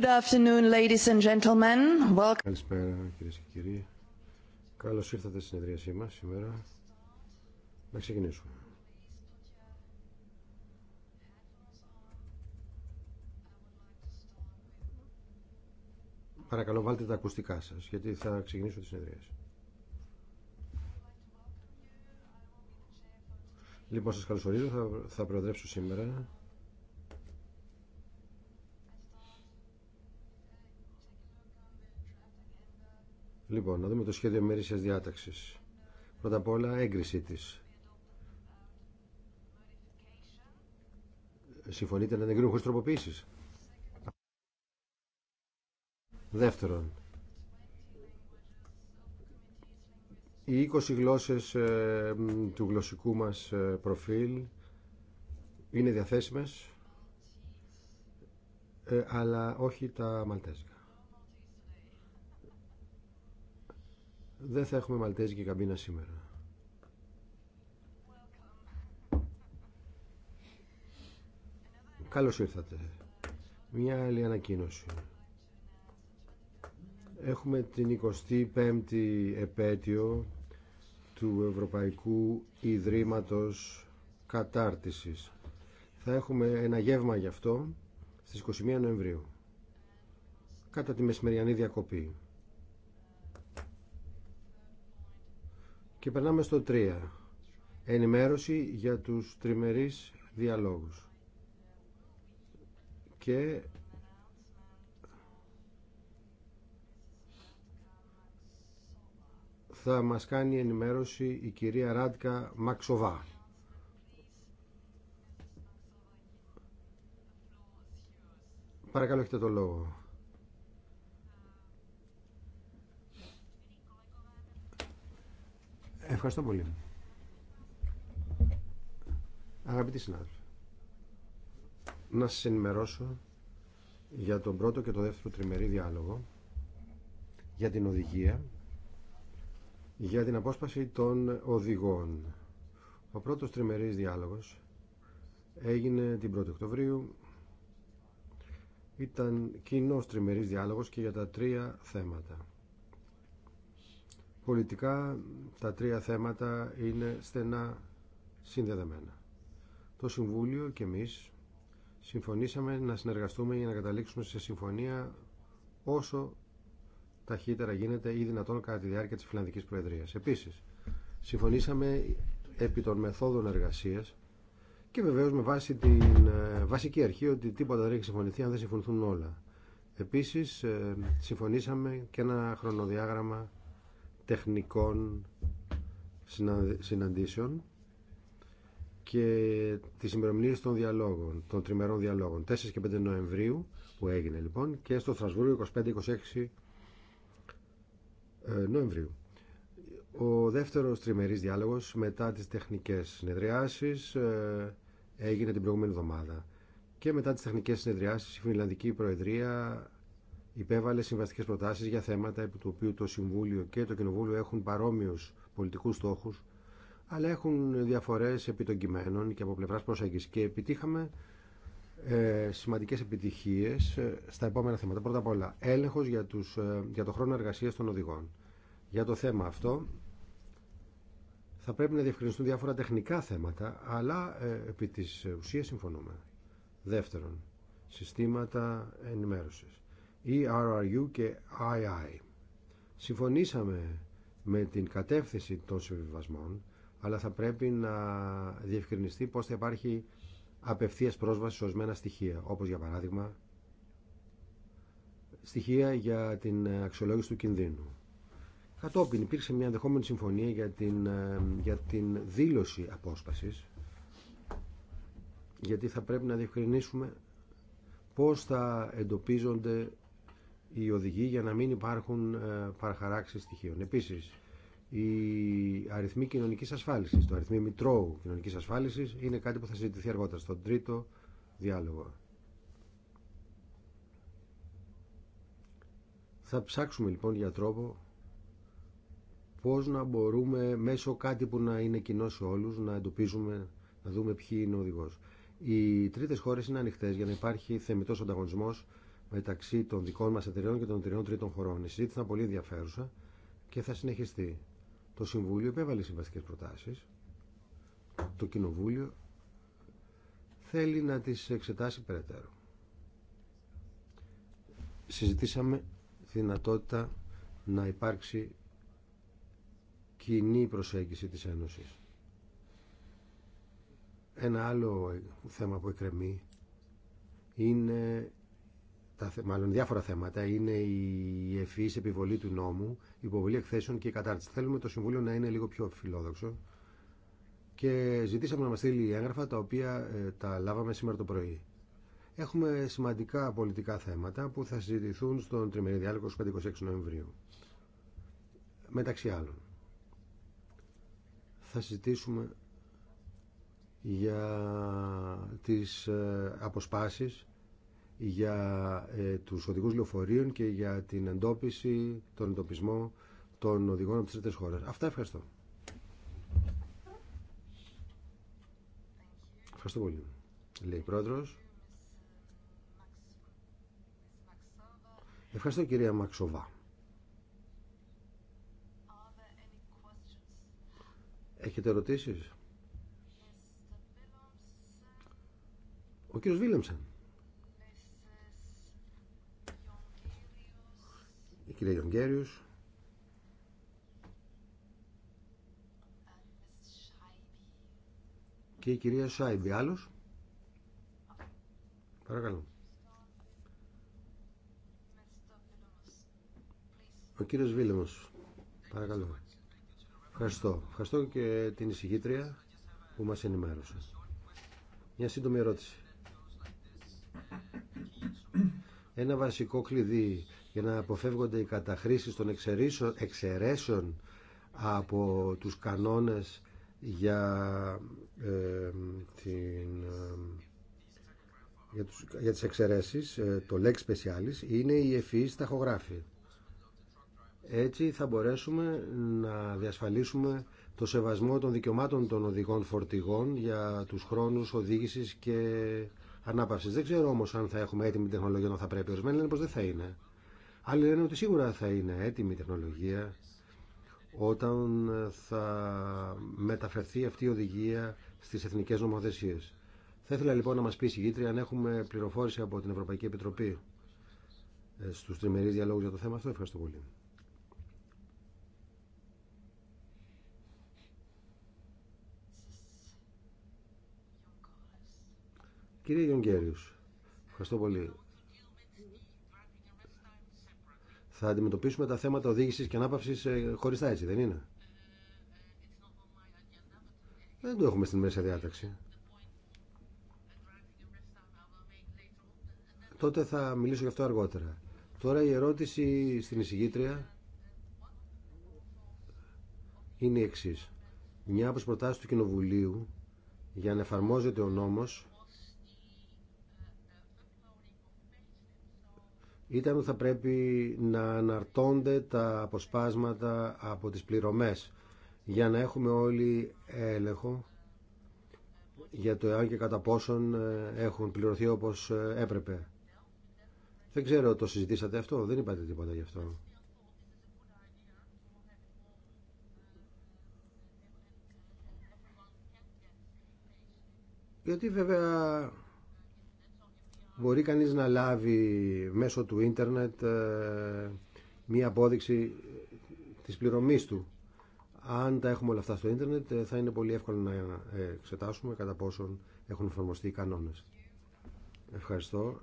Καλησπέρα κυρίε και κύριοι. Καλώ ήρθατε στη συνεδρίασή μα σήμερα. Να ξεκινήσουμε. Παρακαλώ βάλτε τα ακουστικά σας, γιατί θα ξεκινήσω τη συνεδρίαση. Λοιπόν, σας καλωσορίζω, θα, θα σήμερα Λοιπόν, να δούμε το σχέδιο μερίσιας διάταξης. Πρώτα απ' όλα, έγκρισή της. Συμφωνείτε να την εγκρίνουμε χωρίς τροποποίησης. Δεύτερον, οι 20 γλώσσες ε, του γλωσσικού μας ε, προφίλ είναι διαθέσιμες, ε, αλλά όχι τα μαλτέζικα. Δεν θα έχουμε μαλτέζικη καμπίνα σήμερα. Καλώς ήρθατε. Μια άλλη ανακοίνωση. Έχουμε την 25η επέτειο του Ευρωπαϊκού Ιδρύματος Κατάρτισης. Θα έχουμε ένα γεύμα γι' αυτό στις 21 Νοεμβρίου, κατά τη μεσημεριανή διακοπή. Και περνάμε στο 3. Ενημέρωση για τους τριμερείς διαλόγους. Και θα μας κάνει ενημέρωση η κυρία Ράντκα Μαξοβά. Παρακαλώ έχετε το λόγο. Ευχαριστώ πολύ. Αγαπητοί συνάδελφοι, να σας ενημερώσω για τον πρώτο και το δεύτερο τριμερή διάλογο για την οδηγία για την απόσπαση των οδηγών. Ο πρώτος τριμερής διάλογος έγινε την 1η Οκτωβρίου. Ήταν κοινός τριμερής διάλογος και για τα τρία θέματα. Πολιτικά τα τρία θέματα είναι στενά συνδεδεμένα. Το Συμβούλιο και εμείς συμφωνήσαμε να συνεργαστούμε για να καταλήξουμε σε συμφωνία όσο ταχύτερα γίνεται ή δυνατόν κατά τη διάρκεια της Φιλανδικής Προεδρίας. Επίσης, συμφωνήσαμε επί των μεθόδων εργασίας και βεβαίως με βάση την ε, βασική αρχή ότι τίποτα δεν έχει συμφωνηθεί αν δεν συμφωνηθούν όλα. Επίσης, ε, συμφωνήσαμε και ένα χρονοδιάγραμμα τεχνικών συναντήσεων και τις ημερομηνίες των διαλόγων, των τριμερών διαλόγων 4 και 5 Νοεμβρίου που έγινε λοιπόν και στο Στρασβούργο 25-26 ε, Νοεμβρίου. Ο δεύτερος τριμερής διάλογος μετά τις τεχνικές συνεδριάσεις ε, έγινε την προηγούμενη εβδομάδα. Και μετά τις τεχνικές συνεδριάσεις η Φινλανδική Προεδρία υπέβαλε συμβαστικέ προτάσει για θέματα επί του οποίου το Συμβούλιο και το Κοινοβούλιο έχουν παρόμοιου πολιτικού στόχου, αλλά έχουν διαφορέ επί των κειμένων και από πλευρά προσέγγιση. Και επιτύχαμε ε, σημαντικέ επιτυχίε ε, στα επόμενα θέματα. Πρώτα απ' όλα, έλεγχο για, ε, για το χρόνο εργασία των οδηγών. Για το θέμα αυτό θα πρέπει να διευκρινιστούν διάφορα τεχνικά θέματα, αλλά ε, επί της ουσίας συμφωνούμε. Δεύτερον, συστήματα ενημέρωσης. ERRU και II. Συμφωνήσαμε με την κατεύθυνση των συμβιβασμών, αλλά θα πρέπει να διευκρινιστεί πώς θα υπάρχει απευθείας πρόσβαση σε ορισμένα στοιχεία, όπως για παράδειγμα στοιχεία για την αξιολόγηση του κινδύνου. Κατόπιν υπήρξε μια ενδεχόμενη συμφωνία για την, ε, για την δήλωση απόσπασης, γιατί θα πρέπει να διευκρινίσουμε πώς θα εντοπίζονται οι οδηγοί για να μην υπάρχουν ε, παραχαράξεις στοιχείων. Επίσης, η αριθμοί κοινωνικής ασφάλισης, το αριθμή μητρώου κοινωνικής ασφάλισης είναι κάτι που θα συζητηθεί αργότερα στον τρίτο διάλογο. Θα ψάξουμε λοιπόν για τρόπο πώς να μπορούμε μέσω κάτι που να είναι κοινό σε όλους να εντοπίζουμε, να δούμε ποιοι είναι ο οδηγός. Οι τρίτες χώρες είναι ανοιχτές για να υπάρχει θεμητός ανταγωνισμός μεταξύ των δικών μας εταιρεών και των εταιρεών τρίτων χωρών. Η συζήτηση ήταν πολύ ενδιαφέρουσα και θα συνεχιστεί. Το Συμβούλιο επέβαλε συμβαστικές προτάσεις. Το Κοινοβούλιο θέλει να τις εξετάσει περαιτέρω. Συζητήσαμε τη δυνατότητα να υπάρξει κοινή προσέγγιση της Ένωσης. Ένα άλλο θέμα που εκκρεμεί είναι τα, μάλλον διάφορα θέματα είναι η ευφυή επιβολή του νόμου, η υποβολή εκθέσεων και η κατάρτιση. Θέλουμε το Συμβούλιο να είναι λίγο πιο φιλόδοξο και ζητήσαμε να μα στείλει έγγραφα τα οποία ε, τα λάβαμε σήμερα το πρωί. Έχουμε σημαντικά πολιτικά θέματα που θα συζητηθούν στον τριμερή διάλογο στις 26 Νοεμβρίου. Μεταξύ άλλων, θα συζητήσουμε για τις ε, αποσπάσεις για ε, τους οδηγούς λεωφορείων και για την εντόπιση, τον εντοπισμό των οδηγών από τις τρίτες χώρες. Αυτά ευχαριστώ. Ευχαριστώ πολύ. Λέει πρόεδρος. Ευχαριστώ κυρία Μαξοβά. Έχετε ερωτήσεις? Ο κύριος Βίλεμσεν. Κυρίε Γιονγκέριους. Και η κυρία Σάιμπη. Άλλος. Παρακαλώ. Ο κύριος Βίλεμος. Παρακαλώ. Ευχαριστώ. Ευχαριστώ και την εισηγήτρια που μας ενημέρωσε. Μια σύντομη ερώτηση. Ένα βασικό κλειδί για να αποφεύγονται οι καταχρήσεις των εξαιρέσεων από τους κανόνες για, ε, την, ε, για, τους, για τις εξαιρέσεις, ε, το lex specialis, είναι η ευφυής ταχογράφη. Έτσι θα μπορέσουμε να διασφαλίσουμε το σεβασμό των δικαιωμάτων των οδηγών φορτηγών για τους χρόνους οδήγησης και ανάπαυσης. Δεν ξέρω όμως αν θα έχουμε έτοιμη τεχνολογία όταν θα πρέπει. Ορισμένοι λένε πως δεν θα είναι. Άλλοι λένε ότι σίγουρα θα είναι έτοιμη η τεχνολογία όταν θα μεταφερθεί αυτή η οδηγία στις εθνικές νομοθεσίες. Θα ήθελα λοιπόν να μας πει η Γητριά αν έχουμε πληροφόρηση από την Ευρωπαϊκή Επιτροπή ε, στους τριμερείς διαλόγους για το θέμα αυτό. Ευχαριστώ πολύ. Κύριε Γιονγκέριους, ευχαριστώ πολύ. θα αντιμετωπίσουμε τα θέματα οδήγηση και ανάπαυσης ε, χωριστά έτσι δεν είναι. Δεν το έχουμε στην μέσα διάταξη. Τότε θα μιλήσω γι' αυτό αργότερα. Τώρα η ερώτηση στην εισηγήτρια είναι η εξής. Μια από τις προτάσεις του Κοινοβουλίου για να εφαρμόζεται ο νόμος ήταν ότι θα πρέπει να αναρτώνται τα αποσπάσματα από τις πληρωμές για να έχουμε όλοι έλεγχο για το εάν και κατά πόσον ε, έχουν πληρωθεί όπως ε, έπρεπε. Δεν ξέρω, το συζητήσατε αυτό, δεν είπατε τίποτα γι' αυτό. Γιατί βέβαια μπορεί κανείς να λάβει μέσω του ίντερνετ ε, μία απόδειξη της πληρωμής του. Αν τα έχουμε όλα αυτά στο ίντερνετ ε, θα είναι πολύ εύκολο να ε, εξετάσουμε κατά πόσον έχουν εφαρμοστεί οι κανόνες. Ευχαριστώ.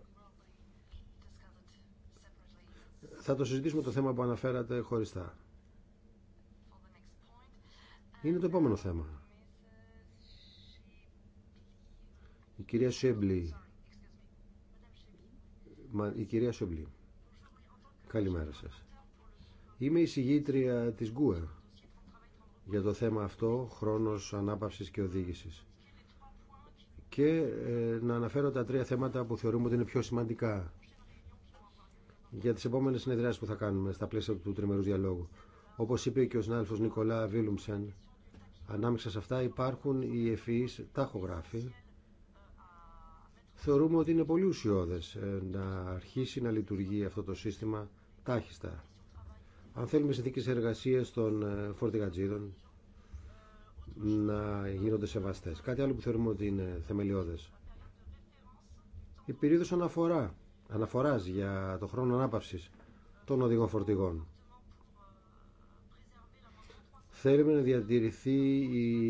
Θα το συζητήσουμε το θέμα που αναφέρατε χωριστά. Είναι το επόμενο θέμα. Η κυρία Σέμπλη η κυρία Σομπλή. Καλημέρα σας. Είμαι η συγγήτρια της Γκουε για το θέμα αυτό, χρόνος ανάπαυσης και οδήγησης. Και ε, να αναφέρω τα τρία θέματα που θεωρούμε ότι είναι πιο σημαντικά για τις επόμενες συνεδριάσεις που θα κάνουμε στα πλαίσια του τριμερούς διαλόγου. Όπως είπε και ο συνάδελφος Νικολά Βίλουμσεν, ανάμεσα σε αυτά υπάρχουν οι ευφυείς τάχογράφοι θεωρούμε ότι είναι πολύ ουσιώδες ε, να αρχίσει να λειτουργεί αυτό το σύστημα τάχιστα. Αν θέλουμε συνθήκε εργασίες των ε, φορτηγατζίδων να γίνονται σεβαστές. Κάτι άλλο που θεωρούμε ότι είναι θεμελιώδες. Η περίοδος αναφορά, αναφοράς για το χρόνο ανάπαυσης των οδηγών φορτηγών. Θέλουμε να διατηρηθεί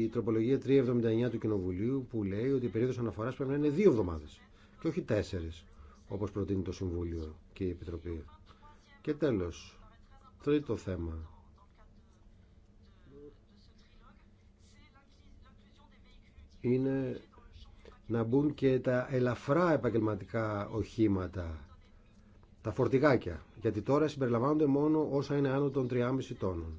η τροπολογία 379 του Κοινοβουλίου που λέει ότι η περίοδος αναφοράς πρέπει να είναι δύο εβδομάδες και όχι τέσσερις όπως προτείνει το Συμβούλιο και η Επιτροπή. Και τέλος, τρίτο θέμα. Είναι να μπουν και τα ελαφρά επαγγελματικά οχήματα, τα φορτηγάκια, γιατί τώρα συμπεριλαμβάνονται μόνο όσα είναι άνω των 3,5 τόνων.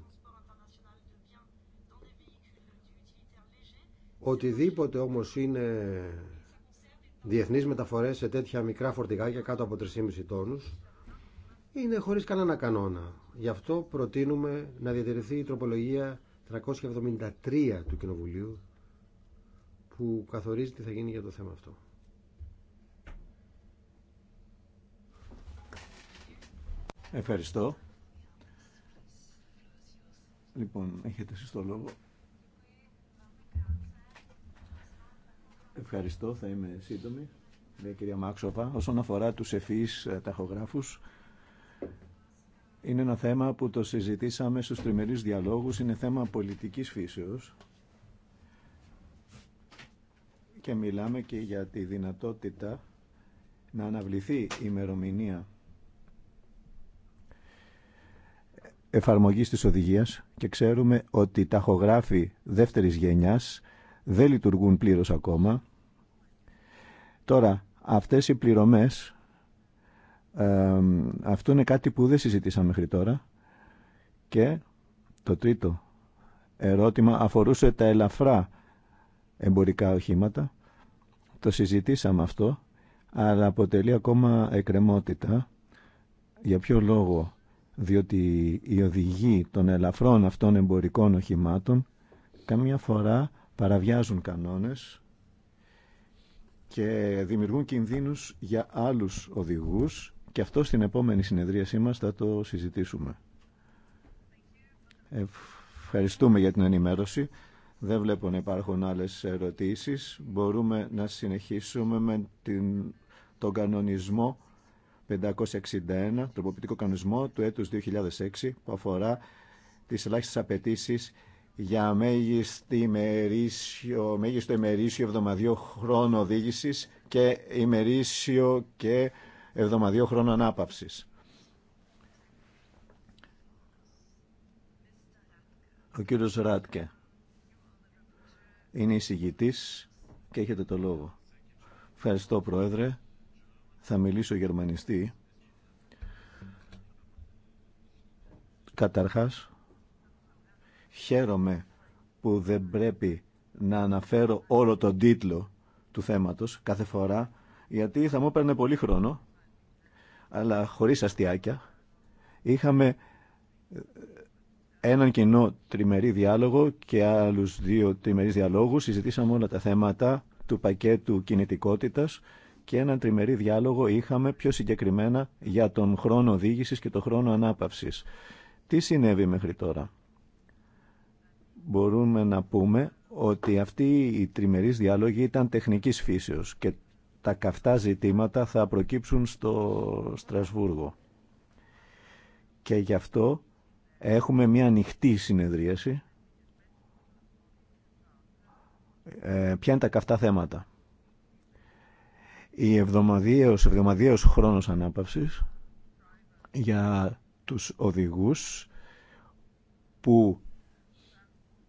Οτιδήποτε όμως είναι διεθνείς μεταφορές σε τέτοια μικρά φορτηγάκια κάτω από 3,5 τόνους είναι χωρίς κανένα κανόνα. Γι' αυτό προτείνουμε να διατηρηθεί η τροπολογία 373 του Κοινοβουλίου που καθορίζει τι θα γίνει για το θέμα αυτό. Ευχαριστώ. Λοιπόν, έχετε εσείς το λόγο. Ευχαριστώ, θα είμαι σύντομη. Λέει κυρία Μάξοβα, όσον αφορά τους ευφυείς ε, ταχογράφους, είναι ένα θέμα που το συζητήσαμε στους τριμερείς διαλόγους, είναι θέμα πολιτικής φύσεως και μιλάμε και για τη δυνατότητα να αναβληθεί η ημερομηνία εφαρμογής της οδηγίας και ξέρουμε ότι ταχογράφοι δεύτερης γενιάς δεν λειτουργούν πλήρως ακόμα. Τώρα, αυτές οι πληρωμές, αυτό είναι κάτι που δεν συζητήσαμε μέχρι τώρα. Και το τρίτο ερώτημα αφορούσε τα ελαφρά εμπορικά οχήματα. Το συζητήσαμε αυτό, αλλά αποτελεί ακόμα εκκρεμότητα. Για ποιο λόγο, διότι η οδηγή των ελαφρών αυτών εμπορικών οχημάτων καμιά φορά παραβιάζουν κανόνες και δημιουργούν κινδύνους για άλλους οδηγούς και αυτό στην επόμενη συνεδρίασή μας θα το συζητήσουμε. Ευχαριστούμε για την ενημέρωση. Δεν βλέπω να υπάρχουν άλλες ερωτήσεις. Μπορούμε να συνεχίσουμε με την, τον κανονισμό 561, τροποποιητικό κανονισμό του έτους 2006 που αφορά τις ελάχιστες απαιτήσει για μέγιστη μερίσιο, μέγιστο ημερήσιο εβδομαδιο χρόνο οδήγηση και ημερήσιο και εβδομαδιο χρόνο ανάπαυση. Ο κύριος Ράτκε είναι εισηγητής και έχετε το λόγο. Ευχαριστώ Πρόεδρε. Θα μιλήσω γερμανιστή. Καταρχάς, Χαίρομαι που δεν πρέπει να αναφέρω όλο τον τίτλο του θέματος κάθε φορά, γιατί θα μου έπαιρνε πολύ χρόνο, αλλά χωρίς αστιάκια. Είχαμε έναν κοινό τριμερή διάλογο και άλλους δύο τριμερείς διαλόγους. Συζητήσαμε όλα τα θέματα του πακέτου κινητικότητας και έναν τριμερή διάλογο είχαμε πιο συγκεκριμένα για τον χρόνο οδήγησης και τον χρόνο ανάπαυσης. Τι συνέβη μέχρι τώρα μπορούμε να πούμε ότι αυτή η τριμερείς διάλογοι ήταν τεχνικής φύσεως και τα καυτά ζητήματα θα προκύψουν στο Στρασβούργο. Και γι' αυτό έχουμε μια ανοιχτή συνεδρίαση. Ε, ποια είναι τα καυτά θέματα. Η εβδομαδιαίος, εβδομαδιαίος χρόνος ανάπαυσης για τους οδηγούς που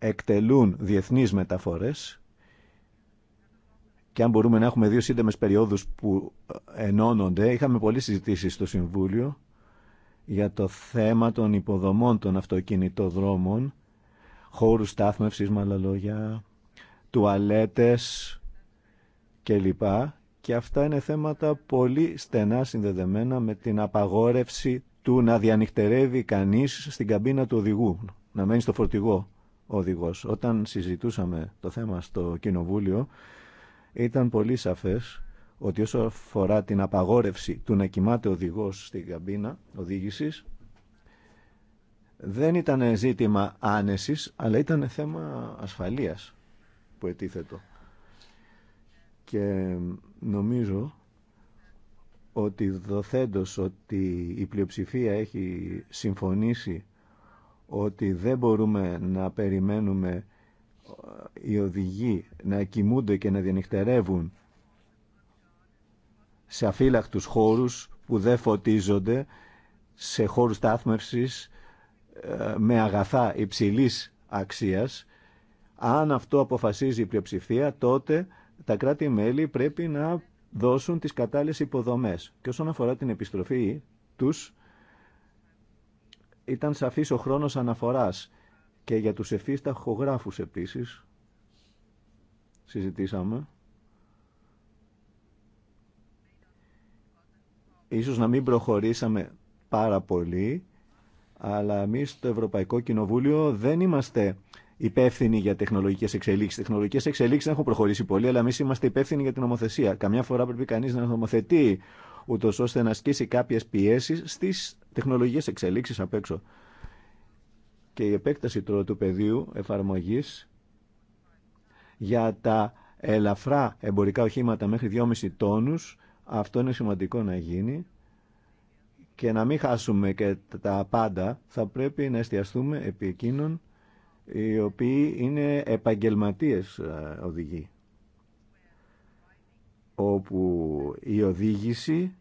εκτελούν διεθνείς μεταφορές και αν μπορούμε να έχουμε δύο σύντομε περιόδους που ενώνονται. Είχαμε πολλές συζητήσεις στο Συμβούλιο για το θέμα των υποδομών των αυτοκινητοδρόμων, χώρου στάθμευσης με άλλα λόγια, τουαλέτες κλπ. Και αυτά είναι θέματα πολύ στενά συνδεδεμένα με την απαγόρευση του να διανυχτερεύει κανείς στην καμπίνα του οδηγού, να μένει στο φορτηγό οδηγός. Όταν συζητούσαμε το θέμα στο Κοινοβούλιο, ήταν πολύ σαφές ότι όσο αφορά την απαγόρευση του να κοιμάται οδηγός στην καμπίνα οδήγησης, δεν ήταν ζήτημα άνεσης, αλλά ήταν θέμα ασφαλείας που ετίθετο. Και νομίζω ότι δοθέντος ότι η πλειοψηφία έχει συμφωνήσει ότι δεν μπορούμε να περιμένουμε ε, οι οδηγοί να κοιμούνται και να διανυχτερεύουν σε αφύλακτους χώρους που δεν φωτίζονται, σε χώρους τάθμευσης ε, με αγαθά υψηλής αξίας. Αν αυτό αποφασίζει η πλειοψηφία, τότε τα κράτη-μέλη πρέπει να δώσουν τις κατάλληλες υποδομές. Και όσον αφορά την επιστροφή τους, ήταν σαφής ο χρόνος αναφοράς και για τους εφίσταχογράφους ταχογράφους επίσης συζητήσαμε. Ίσως να μην προχωρήσαμε πάρα πολύ, αλλά εμεί στο Ευρωπαϊκό Κοινοβούλιο δεν είμαστε υπεύθυνοι για τεχνολογικές εξελίξεις. Τεχνολογικές εξελίξεις δεν έχουν προχωρήσει πολύ, αλλά εμεί είμαστε υπεύθυνοι για την νομοθεσία. Καμιά φορά πρέπει κανείς να νομοθετεί ούτω ώστε να ασκήσει κάποιες πιέσεις στις Τεχνολογίες εξελίξει απ' έξω. Και η επέκταση τώρα του πεδίου εφαρμογής για τα ελαφρά εμπορικά οχήματα μέχρι 2,5 τόνους, αυτό είναι σημαντικό να γίνει και να μην χάσουμε και τα πάντα, θα πρέπει να εστιαστούμε επί εκείνων οι οποίοι είναι επαγγελματίες ε, οδηγοί όπου η οδήγηση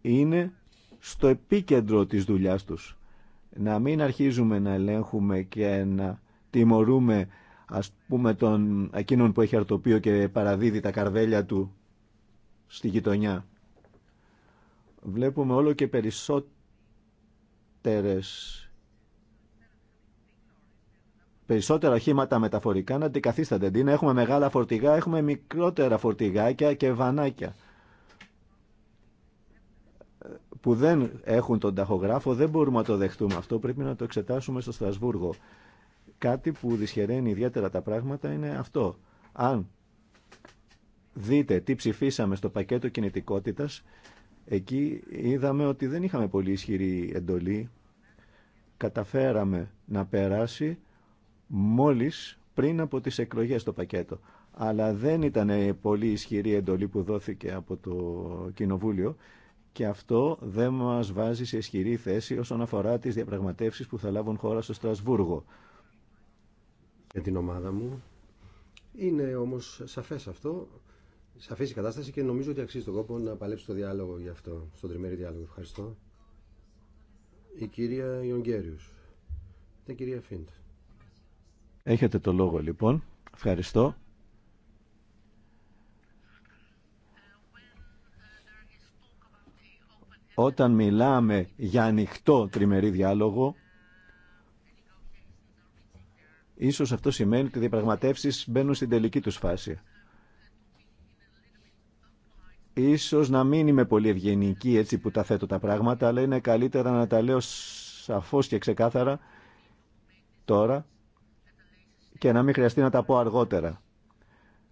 είναι στο επίκεντρο της δουλειάς τους. Να μην αρχίζουμε να ελέγχουμε και να τιμωρούμε ας πούμε τον εκείνον που έχει αρτοπείο και παραδίδει τα καρβέλια του στη γειτονιά. Βλέπουμε όλο και περισσότερες περισσότερα οχήματα μεταφορικά να αντικαθίστανται. να έχουμε μεγάλα φορτηγά, έχουμε μικρότερα φορτηγάκια και βανάκια που δεν έχουν τον ταχογράφο δεν μπορούμε να το δεχτούμε. Αυτό πρέπει να το εξετάσουμε στο Στρασβούργο. Κάτι που δυσχεραίνει ιδιαίτερα τα πράγματα είναι αυτό. Αν δείτε τι ψηφίσαμε στο πακέτο κινητικότητας, εκεί είδαμε ότι δεν είχαμε πολύ ισχυρή εντολή. Καταφέραμε να περάσει μόλις πριν από τις εκλογές το πακέτο. Αλλά δεν ήταν πολύ ισχυρή εντολή που δόθηκε από το Κοινοβούλιο και αυτό δεν μας βάζει σε ισχυρή θέση όσον αφορά τι διαπραγματεύσεις που θα λάβουν χώρα στο Στρασβούργο. Για την ομάδα μου είναι όμως σαφές αυτό, Σαφή η κατάσταση και νομίζω ότι αξίζει τον κόπο να παλέψει το διάλογο γι' αυτό, στον τριμέρι διάλογο. Ευχαριστώ. Η κυρία Ιονγκέριους, η κυρία Φίντ. Έχετε το λόγο λοιπόν. Ευχαριστώ. Όταν μιλάμε για ανοιχτό τριμερή διάλογο, ίσως αυτό σημαίνει ότι οι διαπραγματεύσεις μπαίνουν στην τελική τους φάση. Ίσως να μην είμαι πολύ ευγενική έτσι που τα θέτω τα πράγματα, αλλά είναι καλύτερα να τα λέω σαφώς και ξεκάθαρα τώρα και να μην χρειαστεί να τα πω αργότερα.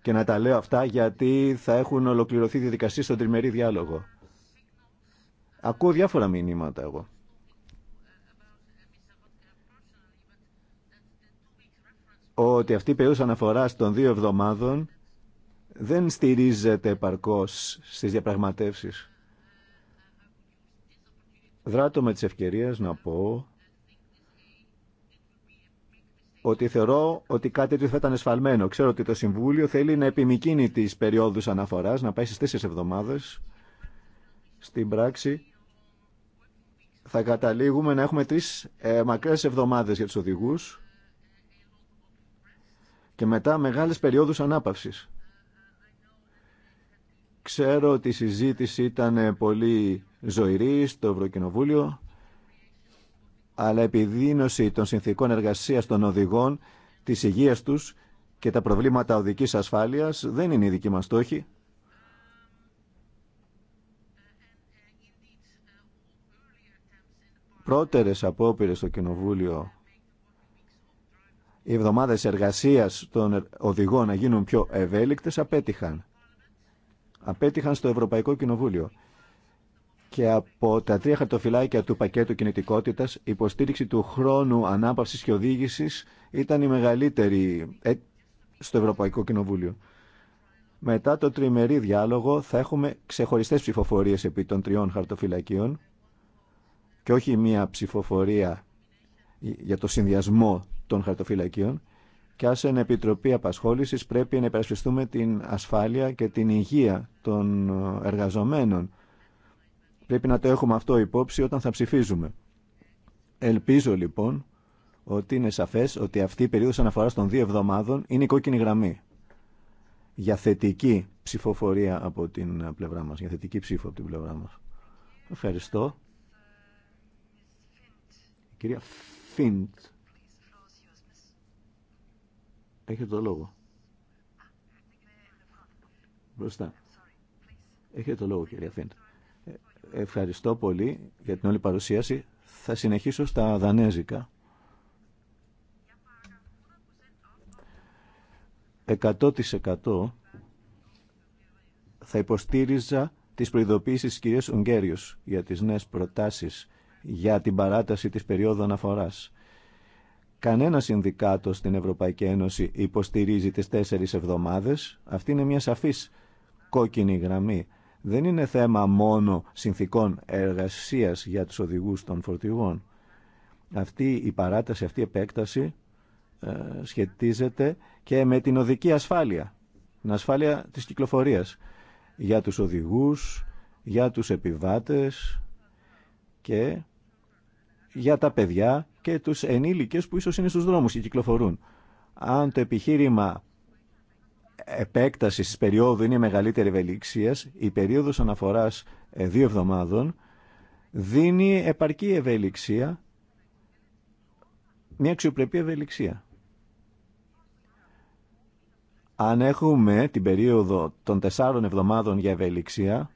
Και να τα λέω αυτά γιατί θα έχουν ολοκληρωθεί διαδικασίες στον τριμερή διάλογο. Ακούω διάφορα μηνύματα εγώ. Ότι αυτή η περίοδος αναφοράς των δύο εβδομάδων δεν στηρίζεται επαρκώς στις διαπραγματεύσεις. Δράτω με τις ευκαιρίες να πω ότι θεωρώ ότι κάτι τέτοιο θα ήταν εσφαλμένο. Ξέρω ότι το Συμβούλιο θέλει να επιμηκύνει τις περιόδους αναφοράς, να πάει στις τέσσερις εβδομάδες. Στην πράξη θα καταλήγουμε να έχουμε τρεις ε, μακρές εβδομάδες για τους οδηγούς και μετά μεγάλες περιόδους ανάπαυσης. Ξέρω ότι η συζήτηση ήταν πολύ ζωηρή στο Ευρωκοινοβούλιο, αλλά επιδείνωση των συνθήκων εργασίας των οδηγών, της υγείας τους και τα προβλήματα οδικής ασφάλειας δεν είναι η δική μας στόχη. πρώτερες απόπειρες στο Κοινοβούλιο οι εβδομάδες εργασίας των οδηγών να γίνουν πιο ευέλικτες απέτυχαν. Απέτυχαν στο Ευρωπαϊκό Κοινοβούλιο. Και από τα τρία χαρτοφυλάκια του πακέτου κινητικότητας, η υποστήριξη του χρόνου ανάπαυσης και οδήγησης ήταν η μεγαλύτερη ε, στο Ευρωπαϊκό Κοινοβούλιο. Μετά το τριμερή διάλογο θα έχουμε ξεχωριστές ψηφοφορίες επί των τριών χαρτοφυλακίων και όχι μία ψηφοφορία για το συνδυασμό των χαρτοφυλακίων και ας εν Επιτροπή Απασχόλησης πρέπει να υπερασπιστούμε την ασφάλεια και την υγεία των εργαζομένων. Πρέπει να το έχουμε αυτό υπόψη όταν θα ψηφίζουμε. Ελπίζω λοιπόν ότι είναι σαφές ότι αυτή η περίοδος αναφοράς των δύο εβδομάδων είναι η κόκκινη γραμμή για θετική ψηφοφορία από την πλευρά μας, για θετική ψήφο από την πλευρά μας. Ευχαριστώ. Κυρία Φίντ. Έχετε το λόγο. Μπροστά. Έχετε το λόγο, κυρία Φίντ. Ε, ευχαριστώ πολύ για την όλη παρουσίαση. Θα συνεχίσω στα δανέζικα. 100% θα υποστήριζα τις προειδοποίησεις της κυρίας Ουγγέριος για τις νέες προτάσεις για την παράταση της περίοδου αναφοράς. Κανένα συνδικάτο στην Ευρωπαϊκή Ένωση υποστηρίζει τις τέσσερις εβδομάδες. Αυτή είναι μια σαφής κόκκινη γραμμή. Δεν είναι θέμα μόνο συνθήκων εργασίας για τους οδηγούς των φορτηγών. Αυτή η παράταση, αυτή η επέκταση ε, σχετίζεται και με την οδική ασφάλεια. Την ασφάλεια της κυκλοφορίας για τους οδηγούς, για τους επιβάτες και για τα παιδιά και τους ενήλικες που ίσως είναι στους δρόμους και κυκλοφορούν. Αν το επιχείρημα επέκταση τη περίοδου είναι μεγαλύτερη ευελιξία, η περίοδο αναφορά ε, δύο εβδομάδων δίνει επαρκή ευελιξία, μια αξιοπρεπή ευελιξία. Αν έχουμε την περίοδο των τεσσάρων εβδομάδων για ευελιξία,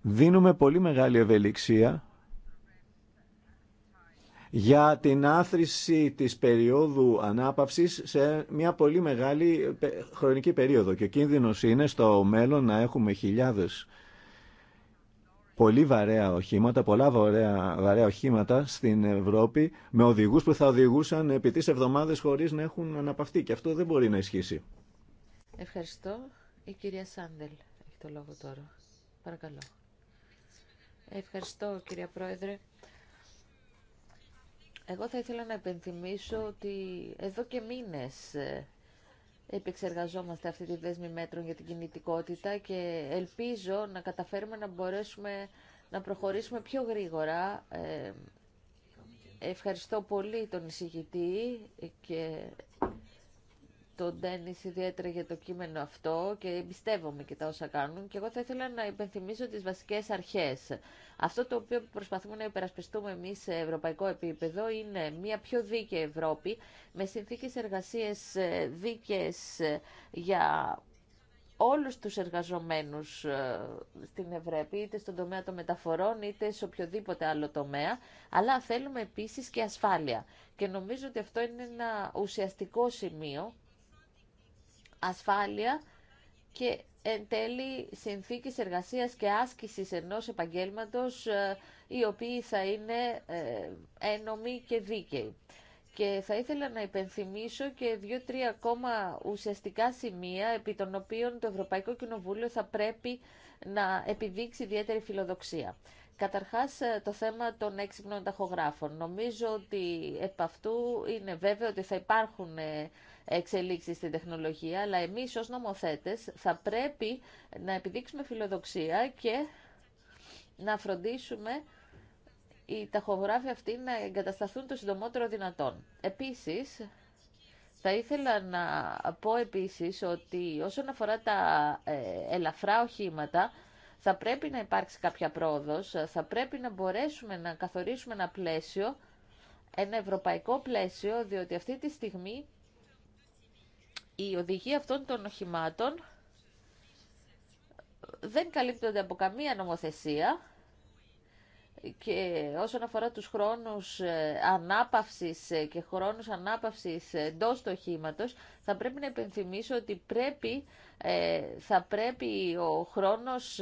δίνουμε πολύ μεγάλη ευελιξία για την άθρηση της περίοδου ανάπαυσης σε μια πολύ μεγάλη χρονική περίοδο και ο κίνδυνος είναι στο μέλλον να έχουμε χιλιάδες πολύ βαρέα οχήματα, πολλά βαρέα, βαρέα οχήματα στην Ευρώπη με οδηγούς που θα οδηγούσαν επί τις εβδομάδες χωρίς να έχουν αναπαυτεί και αυτό δεν μπορεί να ισχύσει. Ευχαριστώ. Η κυρία Σάντελ έχει το λόγο τώρα. Παρακαλώ. Ευχαριστώ κυρία Πρόεδρε. Εγώ θα ήθελα να επενθυμίσω ότι εδώ και μήνες ε, επεξεργαζόμαστε αυτή τη δέσμη μέτρων για την κινητικότητα και ελπίζω να καταφέρουμε να μπορέσουμε να προχωρήσουμε πιο γρήγορα. Ε, ευχαριστώ πολύ τον εισηγητή και τον Ντένις ιδιαίτερα για το κείμενο αυτό και εμπιστεύομαι και τα όσα κάνουν και εγώ θα ήθελα να υπενθυμίσω τις βασικές αρχές. Αυτό το οποίο προσπαθούμε να υπερασπιστούμε εμείς σε ευρωπαϊκό επίπεδο είναι μια πιο δίκαιη Ευρώπη με συνθήκες εργασίες ε, δίκαιες ε, για όλους τους εργαζομένους ε, στην Ευρώπη, είτε στον τομέα των μεταφορών, είτε σε οποιοδήποτε άλλο τομέα, αλλά θέλουμε επίσης και ασφάλεια. Και νομίζω ότι αυτό είναι ένα ουσιαστικό σημείο ασφάλεια και εν τέλει συνθήκες εργασίας και άσκησης ενός επαγγέλματος ε, οι οποίοι θα είναι ε, ένομοι και δίκαιοι. Και θα ήθελα να υπενθυμίσω και δύο-τρία ακόμα ουσιαστικά σημεία επί των οποίων το Ευρωπαϊκό Κοινοβούλιο θα πρέπει να επιδείξει ιδιαίτερη φιλοδοξία. Καταρχάς ε, το θέμα των έξυπνων ταχογράφων. Νομίζω ότι επ' αυτού είναι βέβαιο ότι θα υπάρχουν Έξελίξει στην τεχνολογία, αλλά εμείς ως νομοθέτε, θα πρέπει να επιδείξουμε φιλοδοξία και να φροντίσουμε οι ταχογράφοι αυτοί να εγκατασταθούν το συντομότερο δυνατόν. Επίσης, θα ήθελα να πω επίσης ότι όσον αφορά τα ε, ελαφρά οχήματα, θα πρέπει να υπάρξει κάποια πρόοδος, θα πρέπει να μπορέσουμε να καθορίσουμε ένα πλαίσιο, ένα ευρωπαϊκό πλαίσιο, διότι αυτή τη στιγμή η οδηγία αυτών των οχημάτων δεν καλύπτονται από καμία νομοθεσία και όσον αφορά τους χρόνους ε, ανάπαυσης ε, και χρόνους ανάπαυσης ε, εντό του θα πρέπει να υπενθυμίσω ότι πρέπει, θα πρέπει ο χρόνος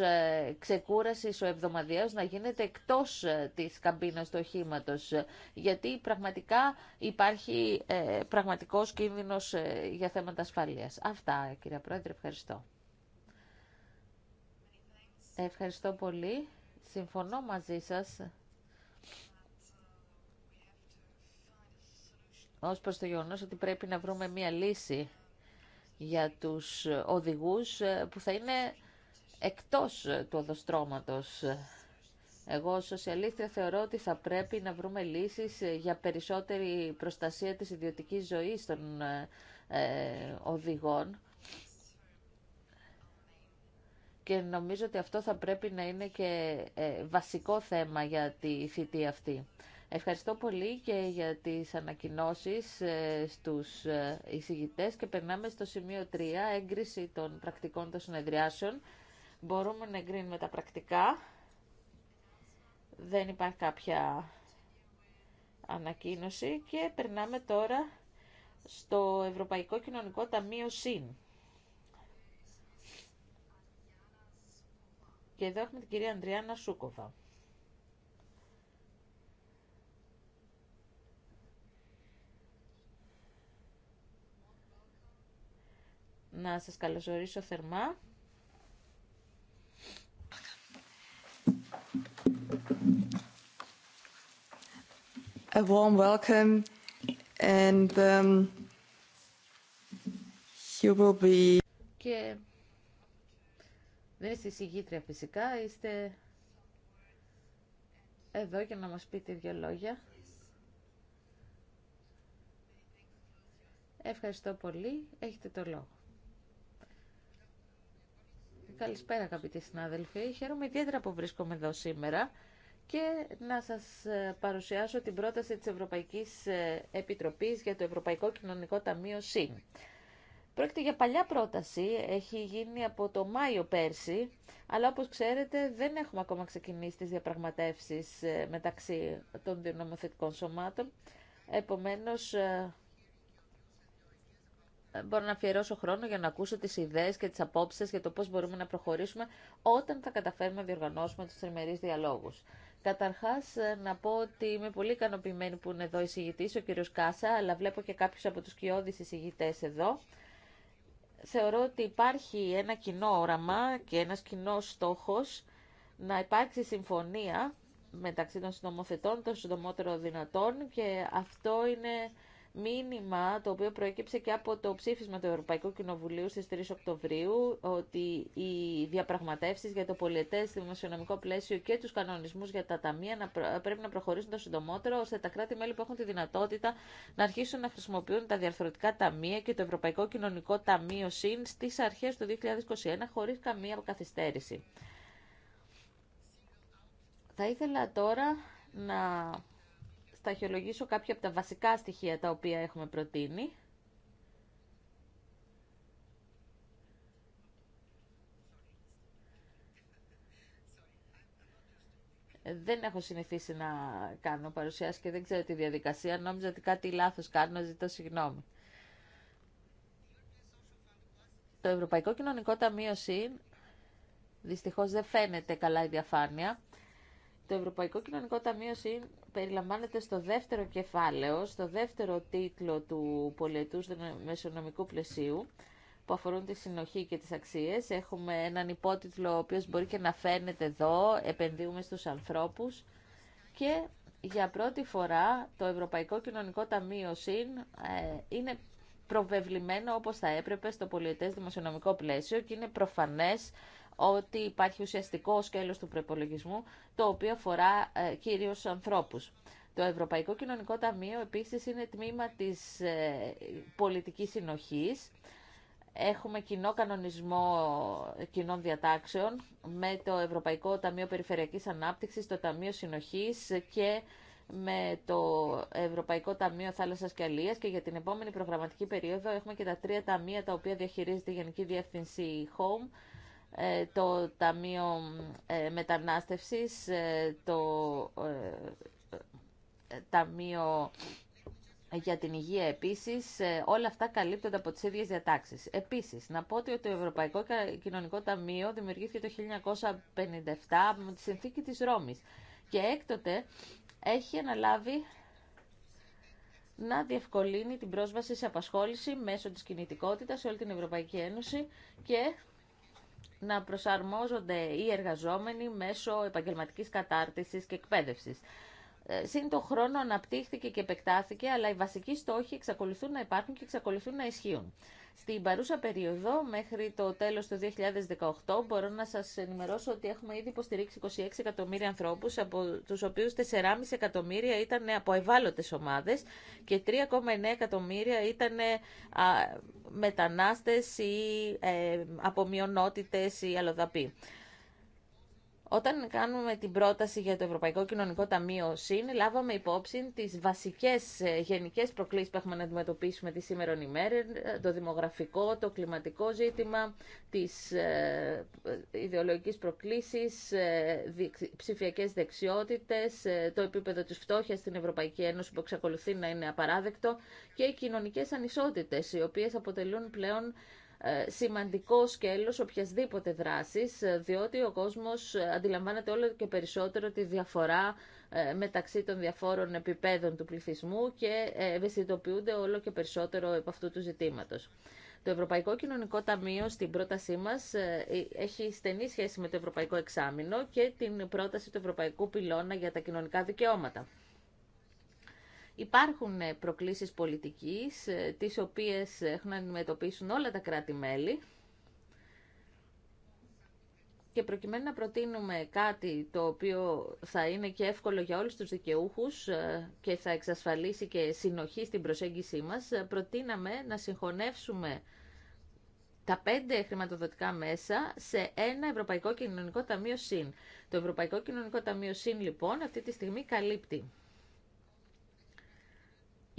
ξεκούρασης ο εβδομαδιαίος να γίνεται εκτός της καμπίνας του οχήματο, γιατί πραγματικά υπάρχει πραγματικός κίνδυνος για θέματα ασφαλείας. Αυτά, κυρία Πρόεδρε, ευχαριστώ. Ευχαριστώ πολύ. Συμφωνώ μαζί σας ως προς το γεγονός ότι πρέπει να βρούμε μία λύση για τους οδηγούς που θα είναι εκτός του οδοστρώματος. Εγώ ως σοσιαλίστρια θεωρώ ότι θα πρέπει να βρούμε λύσεις για περισσότερη προστασία της ιδιωτικής ζωής των ε, ε, οδηγών και νομίζω ότι αυτό θα πρέπει να είναι και ε, βασικό θέμα για τη θητή αυτή. Ευχαριστώ πολύ και για τις ανακοινώσεις ε, στους ε, εισηγητές και περνάμε στο σημείο 3, έγκριση των πρακτικών των συνεδριάσεων. Μπορούμε να εγκρίνουμε τα πρακτικά. Δεν υπάρχει κάποια ανακοίνωση και περνάμε τώρα στο Ευρωπαϊκό Κοινωνικό Ταμείο ΣΥΝ. Και εδώ έχουμε την κυρία Ανδριάννα Σούκοβα. Να σας καλωσορίσω θερμά. A warm welcome and um, you will be... Και δεν ναι, είστε συγγήτρια φυσικά, είστε εδώ για να μας πείτε δύο λόγια. Ευχαριστώ πολύ. Έχετε το λόγο. Καλησπέρα αγαπητοί συνάδελφοι. Χαίρομαι ιδιαίτερα που βρίσκομαι εδώ σήμερα και να σας ε, παρουσιάσω την πρόταση της Ευρωπαϊκής ε, Επιτροπής για το Ευρωπαϊκό Κοινωνικό Ταμείο ΣΥΝ. Πρόκειται για παλιά πρόταση, έχει γίνει από το Μάιο πέρσι, αλλά όπως ξέρετε δεν έχουμε ακόμα ξεκινήσει τις διαπραγματεύσεις ε, μεταξύ των δύο νομοθετικών σωμάτων. Επομένως, ε, ε, μπορώ να αφιερώσω χρόνο για να ακούσω τις ιδέες και τις απόψεις για το πώς μπορούμε να προχωρήσουμε όταν θα καταφέρουμε να διοργανώσουμε τους τριμερείς διαλόγους. Καταρχάς, να πω ότι είμαι πολύ ικανοποιημένη που είναι εδώ συγητής, ο κύριος Κάσα, αλλά βλέπω και κάποιους από τους κοιόδης εισηγητές εδώ θεωρώ ότι υπάρχει ένα κοινό όραμα και ένας κοινό στόχος να υπάρξει συμφωνία μεταξύ των συνομοθετών των συντομότερων δυνατόν και αυτό είναι μήνυμα το οποίο προέκυψε και από το ψήφισμα του Ευρωπαϊκού Κοινοβουλίου στις 3 Οκτωβρίου ότι οι διαπραγματεύσεις για το πολιετές δημοσιονομικό πλαίσιο και τους κανονισμούς για τα ταμεία πρέπει να προχωρήσουν το συντομότερο ώστε τα κράτη-μέλη που έχουν τη δυνατότητα να αρχίσουν να χρησιμοποιούν τα διαρθρωτικά ταμεία και το Ευρωπαϊκό Κοινωνικό Ταμείο ΣΥΝ στις αρχές του 2021 χωρίς καμία καθυστέρηση. Θα ήθελα τώρα να θα αρχαιολογήσω κάποια από τα βασικά στοιχεία τα οποία έχουμε προτείνει. Δεν έχω συνηθίσει να κάνω παρουσιάσει και δεν ξέρω τη διαδικασία. Νόμιζα ότι κάτι λάθος κάνω, ζητώ συγγνώμη. Το Ευρωπαϊκό Κοινωνικό Ταμείο ΣΥΝ δυστυχώς δεν φαίνεται καλά η διαφάνεια. Το Ευρωπαϊκό Κοινωνικό Ταμείο ΣΥΝ περιλαμβάνεται στο δεύτερο κεφάλαιο, στο δεύτερο τίτλο του πολιετού μεσονομικού πλαισίου που αφορούν τη συνοχή και τις αξίες. Έχουμε έναν υπότιτλο ο οποίος μπορεί και να φαίνεται εδώ, επενδύουμε στους ανθρώπους και για πρώτη φορά το Ευρωπαϊκό Κοινωνικό Ταμείο ΣΥΝ ε, είναι προβεβλημένο όπως θα έπρεπε στο πολιετές δημοσιονομικό πλαίσιο και είναι προφανές ότι υπάρχει ουσιαστικό σκέλος του προπολογισμού, το οποίο αφορά ε, κυρίως ανθρώπους. Το Ευρωπαϊκό Κοινωνικό Ταμείο επίσης είναι τμήμα της ε, πολιτικής συνοχής. Έχουμε κοινό κανονισμό ε, κοινών διατάξεων με το Ευρωπαϊκό Ταμείο Περιφερειακής Ανάπτυξης, το Ταμείο Συνοχής και με το Ευρωπαϊκό Ταμείο Θάλασσας και και για την επόμενη προγραμματική περίοδο έχουμε και τα τρία ταμεία τα οποία διαχειρίζεται η Γενική Διεύθυνση Home ε, το Ταμείο ε, Μετανάστευσης, ε, το Ταμείο για την υγεία επίσης, όλα αυτά καλύπτονται από τις ίδιες διατάξεις. Επίσης, να πω ότι το Ευρωπαϊκό Κοινωνικό Ταμείο δημιουργήθηκε το 1957 με τη συνθήκη της Ρώμης και έκτοτε έχει αναλάβει να διευκολύνει την πρόσβαση σε απασχόληση μέσω της κινητικότητας σε όλη την Ευρωπαϊκή Ένωση και να προσαρμόζονται οι εργαζόμενοι μέσω επαγγελματικής κατάρτισης και εκπαίδευσης. Ε, συν το χρόνο αναπτύχθηκε και επεκτάθηκε, αλλά οι βασικοί στόχοι εξακολουθούν να υπάρχουν και εξακολουθούν να ισχύουν. Στην παρούσα περίοδο, μέχρι το τέλος του 2018, μπορώ να σας ενημερώσω ότι έχουμε ήδη υποστηρίξει 26 εκατομμύρια ανθρώπους, από τους οποίους 4,5 εκατομμύρια ήταν από ευάλωτε ομάδες και 3,9 εκατομμύρια ήταν μετανάστες ή ε, από ή αλλοδαποί. Όταν κάνουμε την πρόταση για το Ευρωπαϊκό Κοινωνικό Ταμείο ΣΥΝ, λάβαμε υπόψη τις βασικές ε, γενικές προκλήσεις που έχουμε να αντιμετωπίσουμε τη σήμερα ημέρα, ε, το δημογραφικό, το κλιματικό ζήτημα, τις ε, ιδεολογικές προκλήσεις, ε, δεξιότητες, ε, το επίπεδο της φτώχειας στην Ευρωπαϊκή Ένωση που εξακολουθεί να είναι απαράδεκτο και οι κοινωνικέ ανισότητε, οι οποίε αποτελούν πλέον ε, σημαντικό σκέλος οποιασδήποτε δράσης, ε, διότι ο κόσμος ε, αντιλαμβάνεται όλο και περισσότερο τη διαφορά μεταξύ των διαφόρων επιπέδων του πληθυσμού και ευαισθητοποιούνται όλο και περισσότερο από αυτού του ζητήματος. Το Ευρωπαϊκό Κοινωνικό Ταμείο στην πρότασή μας έχει στενή σχέση με το Ευρωπαϊκό Εξάμεινο και την πρόταση του Ευρωπαϊκού Πυλώνα για τα κοινωνικά δικαιώματα. Υπάρχουν ε, προκλήσεις πολιτικής, ε, τις οποίες έχουν να αντιμετωπίσουν όλα τα κράτη-μέλη και προκειμένου να προτείνουμε κάτι το οποίο θα είναι και εύκολο για όλους τους δικαιούχους ε, και θα εξασφαλίσει και συνοχή στην προσέγγιση μας, προτείναμε να συγχωνεύσουμε τα πέντε χρηματοδοτικά μέσα σε ένα Ευρωπαϊκό Κοινωνικό Ταμείο ΣΥΝ. Το Ευρωπαϊκό Κοινωνικό Ταμείο ΣΥΝ, λοιπόν, αυτή τη στιγμή καλύπτει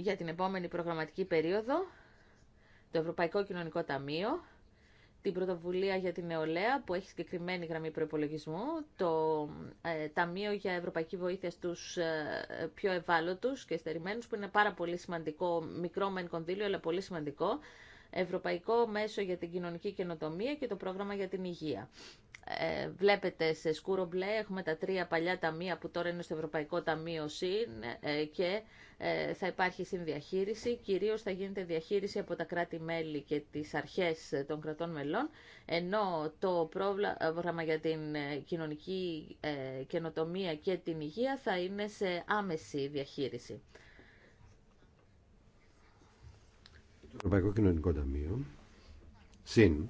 για την επόμενη προγραμματική περίοδο, το Ευρωπαϊκό Κοινωνικό Ταμείο, την Πρωτοβουλία για την Νεολαία που έχει συγκεκριμένη γραμμή προπολογισμού, το ε, Ταμείο για Ευρωπαϊκή Βοήθεια στους ε, πιο ευάλωτους και στερημένους που είναι πάρα πολύ σημαντικό, μικρό μεν κονδύλιο αλλά πολύ σημαντικό, Ευρωπαϊκό Μέσο για την Κοινωνική Καινοτομία και το Πρόγραμμα για την Υγεία. Ε, βλέπετε σε σκούρο μπλε έχουμε τα τρία παλιά ταμεία που τώρα είναι στο Ευρωπαϊκό Ταμείο ΣΥΝ ε, και ε, θα υπάρχει συνδιαχείριση. Κυρίως θα γίνεται διαχείριση από τα κράτη-μέλη και τις αρχές των κρατών μελών, ενώ το ε, πρόγραμμα για την κοινωνική καινοτομία και την υγεία θα είναι σε άμεση διαχείριση. το Ευρωπαϊκό Κοινωνικό Ταμείο συν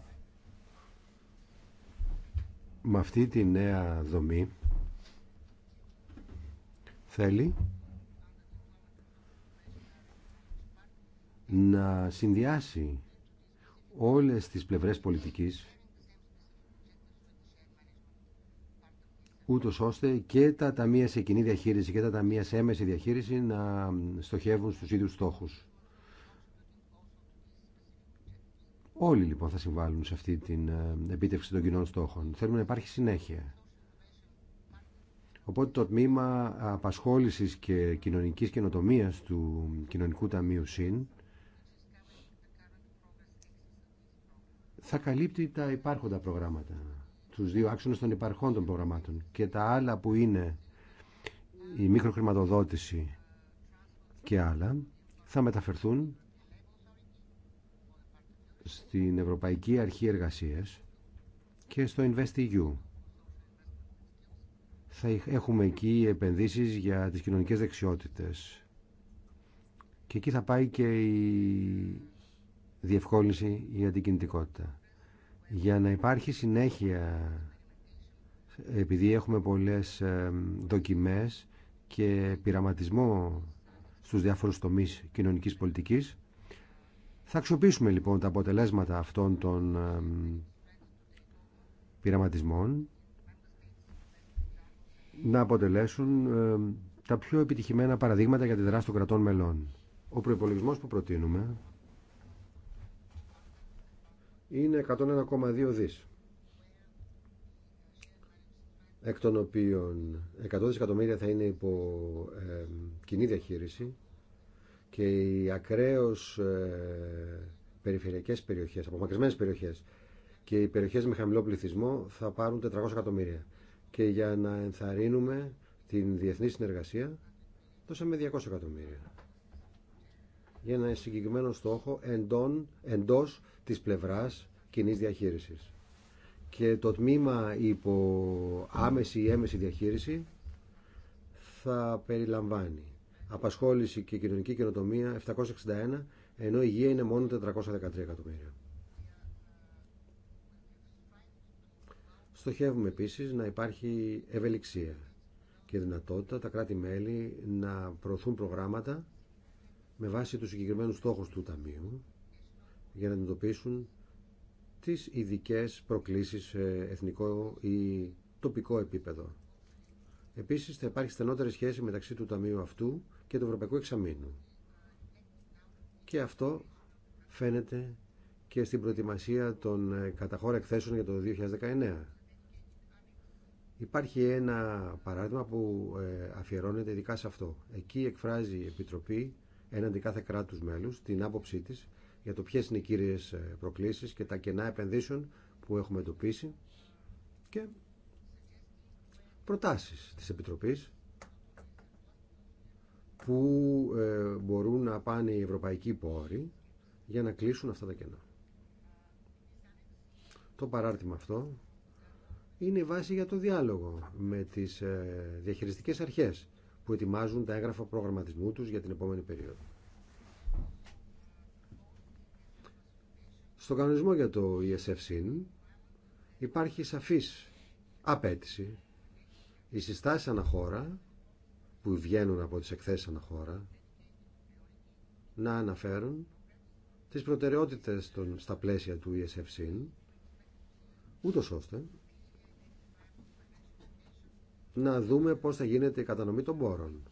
με αυτή τη νέα δομή θέλει να συνδυάσει όλες τις πλευρές πολιτικής ούτω ώστε και τα ταμεία σε κοινή διαχείριση και τα ταμεία σε έμεση διαχείριση να στοχεύουν στους ίδιους στόχους. Όλοι λοιπόν θα συμβάλλουν σε αυτή την ε, επίτευξη των κοινών στόχων. Θέλουμε να υπάρχει συνέχεια. Οπότε το τμήμα απασχόλησης και κοινωνικής καινοτομίας του Κοινωνικού Ταμείου ΣΥΝ θα καλύπτει τα υπάρχοντα προγράμματα, τους δύο άξονες των υπαρχόντων προγραμμάτων και τα άλλα που είναι η μικροχρηματοδότηση και άλλα θα μεταφερθούν στην Ευρωπαϊκή Αρχή Εργασίας και στο InvestEU. Θα έχουμε εκεί επενδύσεις για τις κοινωνικές δεξιότητες. Και εκεί θα πάει και η διευκόλυνση, την κινητικότητα. Για να υπάρχει συνέχεια, επειδή έχουμε πολλές δοκιμές και πειραματισμό στους διάφορους τομείς κοινωνικής πολιτικής, θα αξιοποιήσουμε λοιπόν τα αποτελέσματα αυτών των πειραματισμών να αποτελέσουν τα πιο επιτυχημένα παραδείγματα για τη δράση των κρατών μελών. Ο προπολογισμό που προτείνουμε είναι 101,2 δις εκ των οποίων 100 δισεκατομμύρια θα είναι υπό ε, κοινή διαχείριση και οι ακραίως ε, περιφερειακές περιοχές, απομακρυσμένες περιοχές και οι περιοχές με χαμηλό πληθυσμό θα πάρουν 400 εκατομμύρια. Και για να ενθαρρύνουμε την διεθνή συνεργασία δώσαμε 200 εκατομμύρια. Για ένα συγκεκριμένο στόχο εντό εντός της πλευράς κοινή διαχείρισης. Και το τμήμα υπό άμεση ή έμεση διαχείριση θα περιλαμβάνει απασχόληση και κοινωνική καινοτομία 761, ενώ η υγεία είναι μόνο 413 εκατομμύρια. Στοχεύουμε επίσης να υπάρχει ευελιξία και δυνατότητα τα κράτη-μέλη να προωθούν προγράμματα με βάση τους συγκεκριμένους στόχους του Ταμείου για να αντιμετωπίσουν τις ειδικέ προκλήσεις σε εθνικό ή τοπικό επίπεδο. Επίσης θα υπάρχει στενότερη σχέση μεταξύ του Ταμείου αυτού και του Ευρωπαϊκού Εξαμήνου. Και αυτό φαίνεται και στην προετοιμασία των ε, καταχώρα εκθέσεων για το 2019. Υπάρχει ένα παράδειγμα που ε, αφιερώνεται ειδικά σε αυτό. Εκεί εκφράζει η Επιτροπή έναντι κάθε κράτους μέλους την άποψή της για το ποιες είναι οι κύριες ε, προκλήσεις και τα κενά επενδύσεων που έχουμε εντοπίσει και προτάσεις της Επιτροπής πού ε, μπορούν να πάνε οι ευρωπαϊκοί πόροι για να κλείσουν αυτά τα κενά. Το παράρτημα αυτό είναι η βάση για το διάλογο με τις ε, διαχειριστικές αρχές που ετοιμάζουν τα έγγραφα προγραμματισμού τους για την επόμενη περίοδο. Στο κανονισμό για το esf sin υπάρχει σαφής απέτηση η συστάση αναχώρα που βγαίνουν από τις εκθέσεις αναχώρα να αναφέρουν τις προτεραιότητες των, στα πλαίσια του ESFC ούτως ώστε να δούμε πώς θα γίνεται η κατανομή των πόρων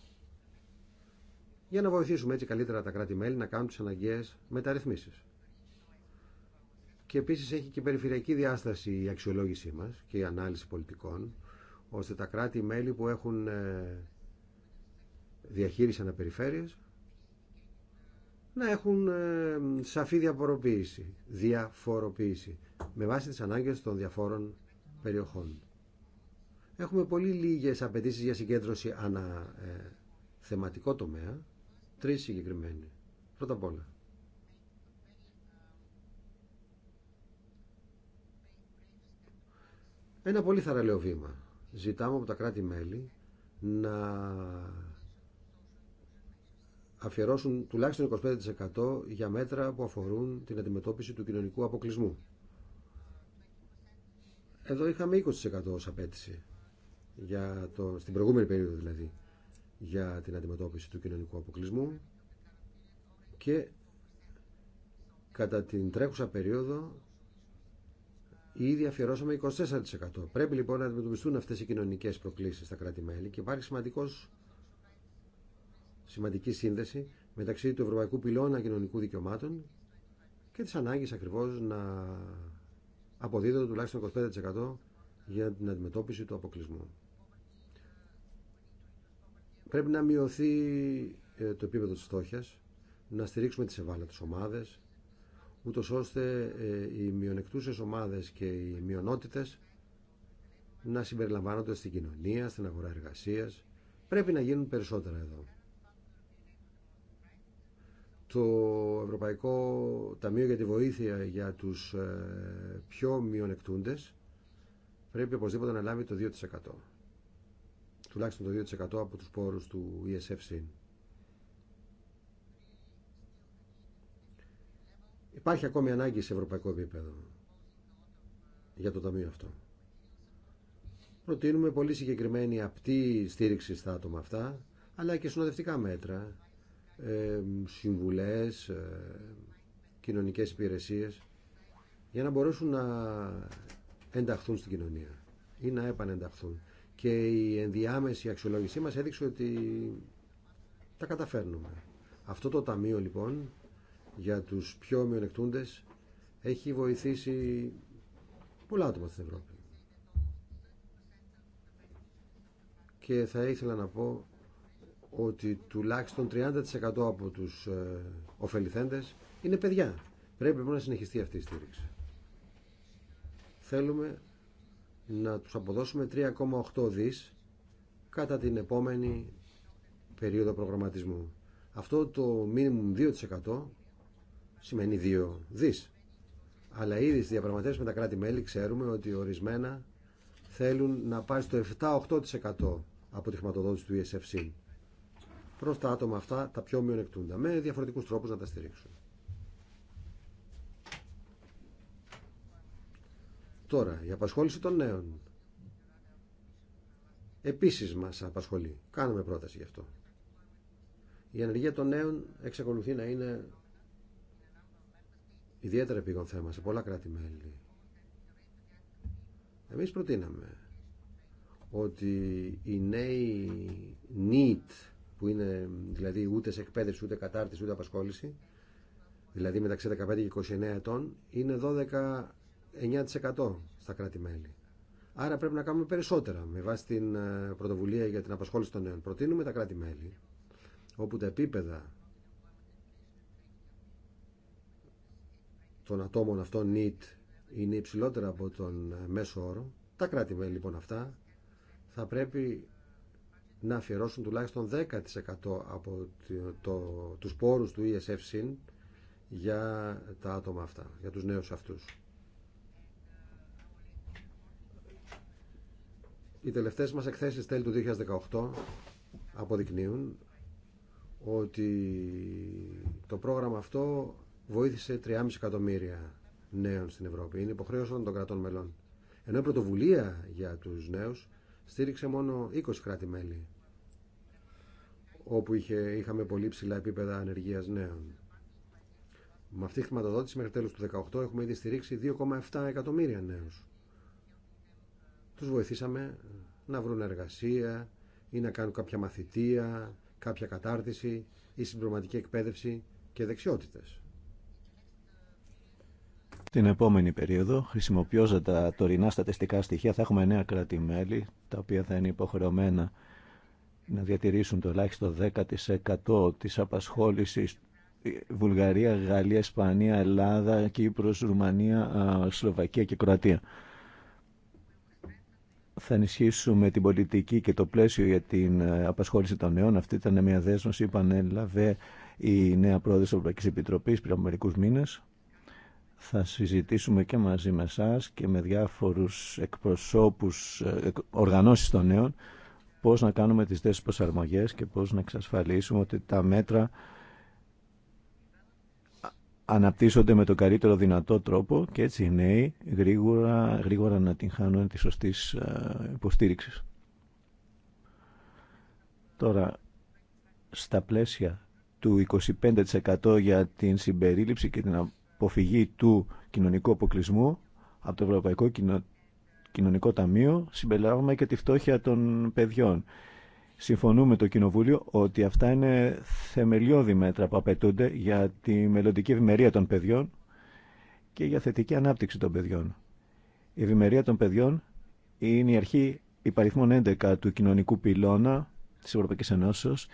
για να βοηθήσουμε έτσι καλύτερα τα κράτη-μέλη να κάνουν τις αναγκαίες μεταρρυθμίσεις. Και επίσης έχει και περιφερειακή διάσταση η αξιολόγησή μας και η ανάλυση πολιτικών, ώστε τα κράτη-μέλη που έχουν ε, διαχείριση αναπεριφέρειας να έχουν ε, σαφή διαφοροποίηση, διαφοροποίηση με βάση τις ανάγκες των διαφόρων περιοχών. Έχουμε πολύ λίγες απαιτήσει για συγκέντρωση ανά ε, θεματικό τομέα, τρεις συγκεκριμένοι. Πρώτα απ' όλα. Ένα πολύ θαραλέο βήμα. Ζητάμε από τα κράτη-μέλη να αφιερώσουν τουλάχιστον 25% για μέτρα που αφορούν την αντιμετώπιση του κοινωνικού αποκλεισμού. Εδώ είχαμε 20% ως απέτηση, για το, στην προηγούμενη περίοδο δηλαδή, για την αντιμετώπιση του κοινωνικού αποκλεισμού και κατά την τρέχουσα περίοδο ήδη αφιερώσαμε 24%. Πρέπει λοιπόν να αντιμετωπιστούν αυτές οι κοινωνικές προκλήσεις στα κράτη-μέλη και υπάρχει σημαντικός σημαντική σύνδεση μεταξύ του Ευρωπαϊκού Πυλώνα Κοινωνικού Δικαιωμάτων και της ανάγκης ακριβώς να αποδίδονται τουλάχιστον 25% για την αντιμετώπιση του αποκλεισμού. Πρέπει να μειωθεί ε, το επίπεδο της φτώχειας, να στηρίξουμε τις ευάλωτες ομάδες, ούτω ώστε ε, οι μειονεκτούσες ομάδες και οι μειονότητες να συμπεριλαμβάνονται στην κοινωνία, στην αγορά εργασίας. Πρέπει να γίνουν περισσότερα εδώ το Ευρωπαϊκό Ταμείο για τη Βοήθεια για τους ε, πιο μειονεκτούντες πρέπει οπωσδήποτε να λάβει το 2%. Τουλάχιστον το 2% από τους πόρους του esf sin Υπάρχει ακόμη ανάγκη σε ευρωπαϊκό επίπεδο για το Ταμείο αυτό. Προτείνουμε πολύ συγκεκριμένη απτή στήριξη στα άτομα αυτά, αλλά και συνοδευτικά μέτρα συμβουλές, ε, κοινωνικές υπηρεσίες για να μπορέσουν να ενταχθούν στην κοινωνία ή να επανενταχθούν. Και η ενδιάμεση αξιολόγησή μας έδειξε ότι τα καταφέρνουμε. Αυτό το ταμείο λοιπόν για τους πιο μειονεκτούντες έχει βοηθήσει πολλά άτομα στην Ευρώπη. Και θα ήθελα να πω ότι τουλάχιστον 30% από τους ε, ωφεληθέντες είναι παιδιά. Πρέπει λοιπόν να συνεχιστεί αυτή η στήριξη. Θέλουμε να τους αποδώσουμε 3,8 δις κατά την επόμενη περίοδο προγραμματισμού. Αυτό το minimum 2% σημαίνει 2 δις. Αλλά ήδη στις διαπραγματεύσεις με τα κράτη-μέλη ξέρουμε ότι ορισμένα θέλουν να πάει το 7-8% από τη χρηματοδότηση του ESFC. Προ τα άτομα αυτά τα πιο μειονεκτούντα με διαφορετικούς τρόπους να τα στηρίξουν. Τώρα, η απασχόληση των νέων. Επίσης μας απασχολεί. Κάνουμε πρόταση γι' αυτό. Η ανεργία των νέων εξακολουθεί να είναι ιδιαίτερα επίγον θέμα σε πολλά κράτη-μέλη. Εμείς προτείναμε ότι οι νέοι need που είναι δηλαδή ούτε σε εκπαίδευση, ούτε κατάρτιση, ούτε απασχόληση, δηλαδή μεταξύ 15 και 29 ετών, είναι 12-9% στα κράτη-μέλη. Άρα πρέπει να κάνουμε περισσότερα με βάση την ε, πρωτοβουλία για την απασχόληση των νέων. Προτείνουμε τα κράτη-μέλη, όπου τα επίπεδα των ατόμων αυτών NEET είναι υψηλότερα από τον ε, μέσο όρο, τα κράτη-μέλη λοιπόν αυτά θα πρέπει να αφιερώσουν τουλάχιστον 10% από το, τους πόρους του ESF-SYN για τα άτομα αυτά, για τους νέους αυτούς. Οι τελευταίες μας εκθέσεις τέλη του 2018 αποδεικνύουν ότι το πρόγραμμα αυτό βοήθησε 3,5 εκατομμύρια νέων στην Ευρώπη. Είναι υποχρέωση των κρατών μελών. Ενώ η πρωτοβουλία για τους νέους στήριξε μόνο 20 κράτη-μέλη όπου είχε, είχαμε πολύ ψηλά επίπεδα ανεργίας νέων. Με αυτή τη χρηματοδότηση μέχρι τέλος του 2018 έχουμε ήδη στηρίξει 2,7 εκατομμύρια νέους. Τους βοηθήσαμε να βρουν εργασία ή να κάνουν κάποια μαθητεία, κάποια κατάρτιση ή συμπληρωματική εκπαίδευση και δεξιότητες. Την επόμενη περίοδο, χρησιμοποιώντα τα τωρινά στατιστικά στοιχεία, θα έχουμε νέα κράτη-μέλη, τα οποία θα είναι υποχρεωμένα να διατηρήσουν το ελάχιστο 10% της απασχόλησης Βουλγαρία, Γαλλία, Ισπανία, Ελλάδα, Κύπρος, Ρουμανία, Σλοβακία και Κροατία. Θα ενισχύσουμε την πολιτική και το πλαίσιο για την ε, απασχόληση των νέων. Αυτή ήταν μια δέσμευση που ανέλαβε η νέα πρόεδρος της Ευρωπαϊκής Επιτροπής πριν από μερικούς θα συζητήσουμε και μαζί με εσά και με διάφορους εκπροσώπους ε, οργανώσεις των νέων πώς να κάνουμε τις τέσσερις προσαρμογές και πώς να εξασφαλίσουμε ότι τα μέτρα αναπτύσσονται με τον καλύτερο δυνατό τρόπο και έτσι οι νέοι γρήγορα, γρήγορα να την χάνουν τη σωστή ε, υποστήριξη. Τώρα, στα πλαίσια του 25% για την συμπερίληψη και την υποφυγή του κοινωνικού αποκλεισμού από το Ευρωπαϊκό Κοινωνικό Ταμείο συμπεριλάβουμε και τη φτώχεια των παιδιών. Συμφωνούμε το Κοινοβούλιο ότι αυτά είναι θεμελιώδη μέτρα που απαιτούνται για τη μελλοντική ευημερία των παιδιών και για θετική ανάπτυξη των παιδιών. Η ευημερία των παιδιών είναι η αρχή υπαριθμών 11 του κοινωνικού πυλώνα της Ευρωπαϊκής Ενώσεως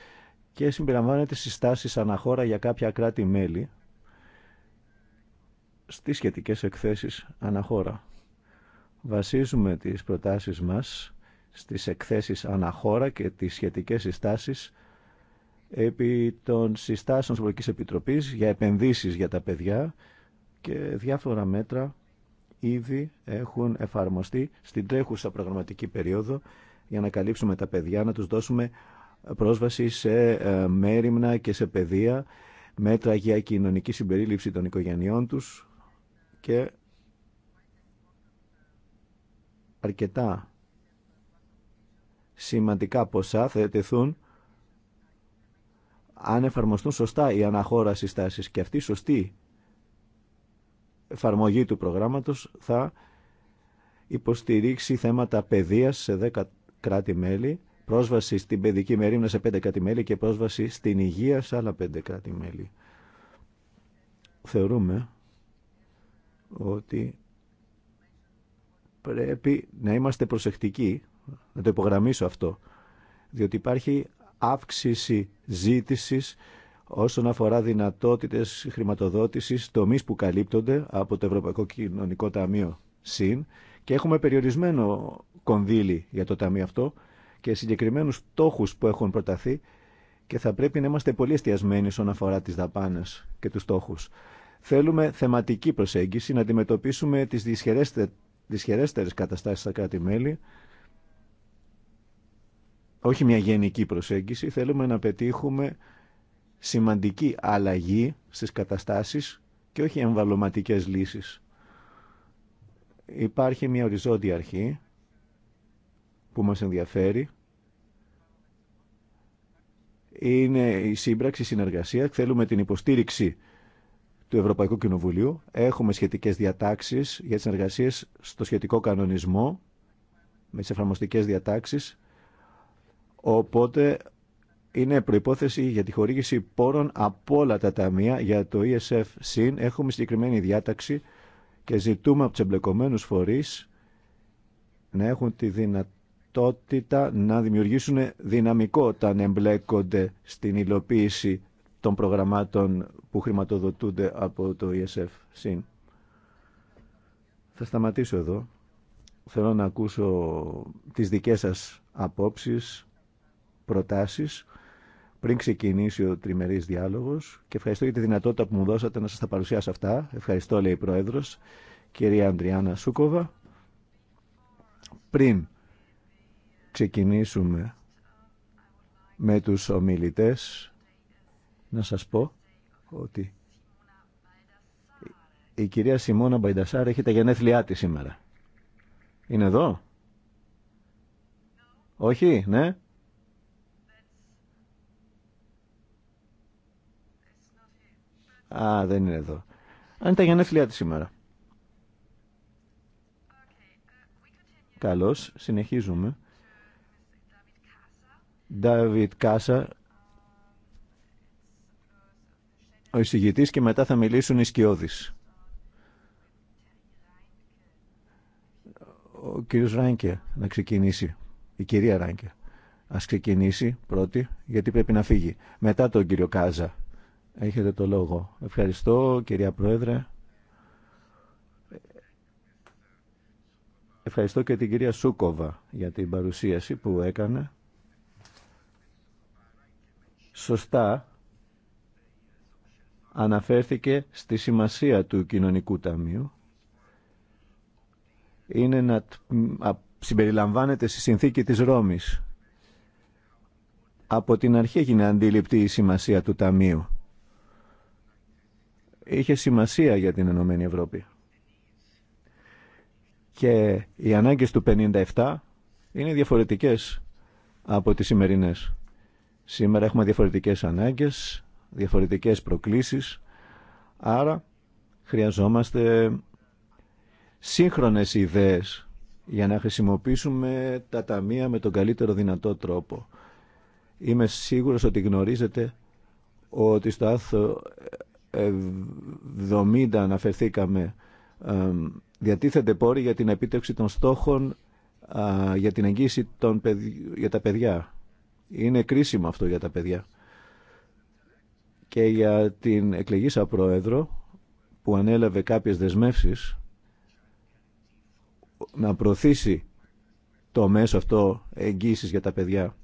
και συμπεριλαμβάνεται στις στάσεις αναχώρα για κάποια κράτη-μέλη στις σχετικές εκθέσεις αναχώρα. Βασίζουμε τις προτάσεις μας στις εκθέσεις αναχώρα και τις σχετικές συστάσεις επί των συστάσεων της Ευρωπαϊκής Επιτροπής για επενδύσεις για τα παιδιά και διάφορα μέτρα ήδη έχουν εφαρμοστεί στην τρέχουσα προγραμματική περίοδο για να καλύψουμε τα παιδιά, να τους δώσουμε πρόσβαση σε ε, μέρημνα και σε παιδεία, μέτρα για κοινωνική συμπερίληψη των οικογενειών τους, και αρκετά σημαντικά ποσά θα τεθούν αν εφαρμοστούν σωστά οι αναχώρα συστάσεις και αυτή η σωστή εφαρμογή του προγράμματος θα υποστηρίξει θέματα παιδείας σε 10 κράτη-μέλη, πρόσβαση στην παιδική μερίμνα σε 5 κράτη-μέλη και πρόσβαση στην υγεία σε άλλα 5 κράτη-μέλη. Θεωρούμε ότι πρέπει να είμαστε προσεκτικοί, να το υπογραμμίσω αυτό, διότι υπάρχει αύξηση ζήτησης όσον αφορά δυνατότητες χρηματοδότησης τομείς που καλύπτονται από το Ευρωπαϊκό Κοινωνικό Ταμείο ΣΥΝ και έχουμε περιορισμένο κονδύλι για το ταμείο αυτό και συγκεκριμένους στόχους που έχουν προταθεί και θα πρέπει να είμαστε πολύ εστιασμένοι όσον αφορά τις δαπάνες και τους στόχους. Θέλουμε θεματική προσέγγιση να αντιμετωπίσουμε τις δυσχερέστερες καταστάσεις στα κράτη-μέλη. Όχι μια γενική προσέγγιση, θέλουμε να πετύχουμε σημαντική αλλαγή στις καταστάσεις και όχι εμβαλωματικές λύσεις. Υπάρχει μια οριζόντια αρχή που μας ενδιαφέρει. Είναι η σύμπραξη, η συνεργασία. Θέλουμε την υποστήριξη του Ευρωπαϊκού Κοινοβουλίου. Έχουμε σχετικέ διατάξεις για τι εργασίες στο σχετικό κανονισμό με τι εφαρμοστικές διατάξεις. Οπότε είναι προπόθεση για τη χορήγηση πόρων από όλα τα ταμεία για το ESF συν. Έχουμε συγκεκριμένη διάταξη και ζητούμε από του εμπλεκομένου φορείς να έχουν τη δυνατότητα να δημιουργήσουν δυναμικό όταν εμπλέκονται στην υλοποίηση των προγραμμάτων που χρηματοδοτούνται από το ESF συν. Θα σταματήσω εδώ. Θέλω να ακούσω τις δικές σας απόψεις, προτάσεις, πριν ξεκινήσει ο τριμερής διάλογος και ευχαριστώ για τη δυνατότητα που μου δώσατε να σας τα παρουσιάσω αυτά. Ευχαριστώ, λέει η Πρόεδρος, κυρία Αντριάννα Σούκοβα. Πριν ξεκινήσουμε με τους ομιλητές, να σας πω ότι η κυρία Σιμώνα Μπαϊντασάρ έχει τα γενέθλιά της σήμερα. Είναι εδώ? Όχι, ναι. Α, δεν είναι εδώ. Αν τα γενέθλιά της σήμερα. Καλώς, συνεχίζουμε. Ντάβιτ Κάσα, ο εισηγητής και μετά θα μιλήσουν οι σκιώδεις. Ο κύριος Ράνκε, να ξεκινήσει, η κυρία Ράνκε. Ας ξεκινήσει πρώτη, γιατί πρέπει να φύγει. Μετά τον κύριο Κάζα. Έχετε το λόγο. Ευχαριστώ, κυρία Πρόεδρε. Ευχαριστώ και την κυρία Σούκοβα για την παρουσίαση που έκανε. Σωστά αναφέρθηκε στη σημασία του κοινωνικού ταμείου. Είναι να συμπεριλαμβάνεται στη συνθήκη της Ρώμης. Από την αρχή έγινε αντιληπτή η σημασία του ταμείου. Είχε σημασία για την Ενωμένη Ευρώπη. Και οι ανάγκες του 57 είναι διαφορετικές από τις σημερινές. Σήμερα έχουμε διαφορετικές ανάγκες, διαφορετικές προκλήσεις, άρα χρειαζόμαστε σύγχρονες ιδέες για να χρησιμοποιήσουμε τα ταμεία με τον καλύτερο δυνατό τρόπο. Είμαι σίγουρος ότι γνωρίζετε ότι στο άθρο 70 αναφερθήκαμε διατίθεται πόροι για την επίτευξη των στόχων για την εγγύηση των για τα παιδιά. Είναι κρίσιμο αυτό για τα παιδιά και για την εκλεγήσα πρόεδρο που ανέλαβε κάποιες δεσμεύσεις να προωθήσει το μέσο αυτό εγγύησης για τα παιδιά.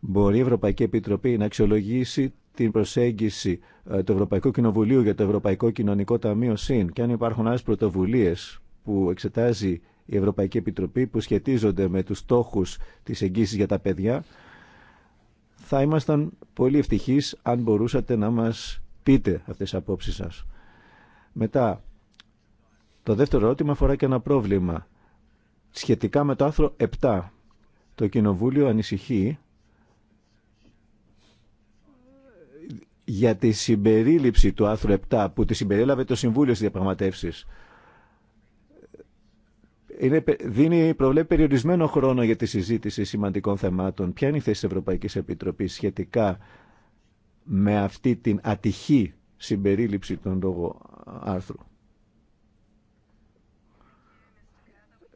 Μπορεί η Ευρωπαϊκή Επιτροπή να αξιολογήσει την προσέγγιση ε, του Ευρωπαϊκού Κοινοβουλίου για το Ευρωπαϊκό Κοινωνικό Ταμείο ΣΥΝ και αν υπάρχουν άλλες πρωτοβουλίες που εξετάζει η Ευρωπαϊκή Επιτροπή που σχετίζονται με τους στόχους της εγγύησης για τα παιδιά θα ήμασταν πολύ ευτυχείς αν μπορούσατε να μας πείτε αυτές τις απόψεις σας. Μετά, το δεύτερο ερώτημα αφορά και ένα πρόβλημα. Σχετικά με το άθρο 7, το Κοινοβούλιο ανησυχεί για τη συμπερίληψη του άθρου 7 που τη συμπεριέλαβε το Συμβούλιο στις διαπραγματεύσεις είναι, δίνει, προβλέπει περιορισμένο χρόνο για τη συζήτηση σημαντικών θεμάτων. Ποια είναι η θέση της Ευρωπαϊκής Επιτροπής σχετικά με αυτή την ατυχή συμπερίληψη των λόγω άρθρου.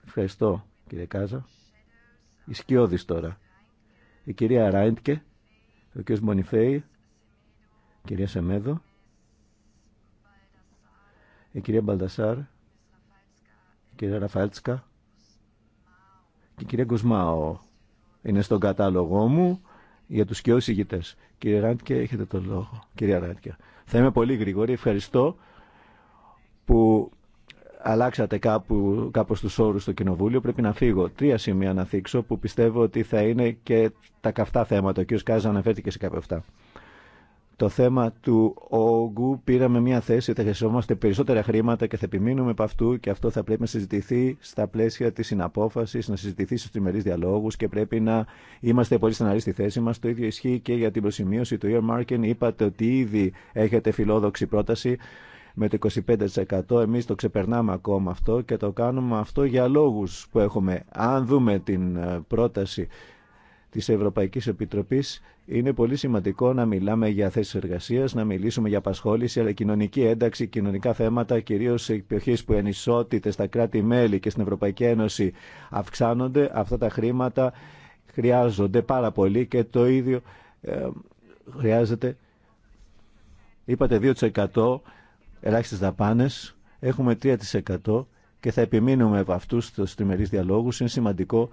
Ευχαριστώ κύριε Κάζα. Η Σκιώδης τώρα. Η κυρία Ράιντκε, ο κύριος Μονιφέη, η κυρία Σεμέδο, η κυρία Μπαλτασάρ, Κύριε Ραφαέλτσκα και κύριε κυρία είναι στον κατάλογό μου για τους και ηγητές. Κύριε Ράντκε, έχετε το λόγο. Κυρία Ράντκε. Θα είμαι πολύ γρήγορη. Ευχαριστώ που αλλάξατε κάπου, κάπως τους όρους στο Κοινοβούλιο. Πρέπει να φύγω. Τρία σημεία να θίξω που πιστεύω ότι θα είναι και τα καυτά θέματα. Ο κ. Κάζα αναφέρθηκε σε κάποια αυτά το θέμα του όγκου πήραμε μια θέση ότι θα χρειαζόμαστε περισσότερα χρήματα και θα επιμείνουμε από αυτού και αυτό θα πρέπει να συζητηθεί στα πλαίσια τη συναπόφαση, να συζητηθεί στου τριμερεί διαλόγου και πρέπει να είμαστε πολύ στεναροί στη θέση μα. Το ίδιο ισχύει και για την προσημείωση του earmarking. Είπατε ότι ήδη έχετε φιλόδοξη πρόταση με το 25%. Εμείς το ξεπερνάμε ακόμα αυτό και το κάνουμε αυτό για λόγους που έχουμε. Αν δούμε την ε, πρόταση της Ευρωπαϊκής Επιτροπής είναι πολύ σημαντικό να μιλάμε για θέσεις εργασίας, να μιλήσουμε για απασχόληση, αλλά κοινωνική ένταξη, κοινωνικά θέματα, κυρίως σε εκπιοχές που ενισότητες στα κράτη-μέλη και στην Ευρωπαϊκή Ένωση αυξάνονται, αυτά τα χρήματα χρειάζονται πάρα πολύ και το ίδιο ε, χρειάζεται, είπατε 2%, ελάχιστες δαπάνες, έχουμε 3% και θα επιμείνουμε από αυτούς στους τριμερείς διαλόγους. Είναι σημαντικό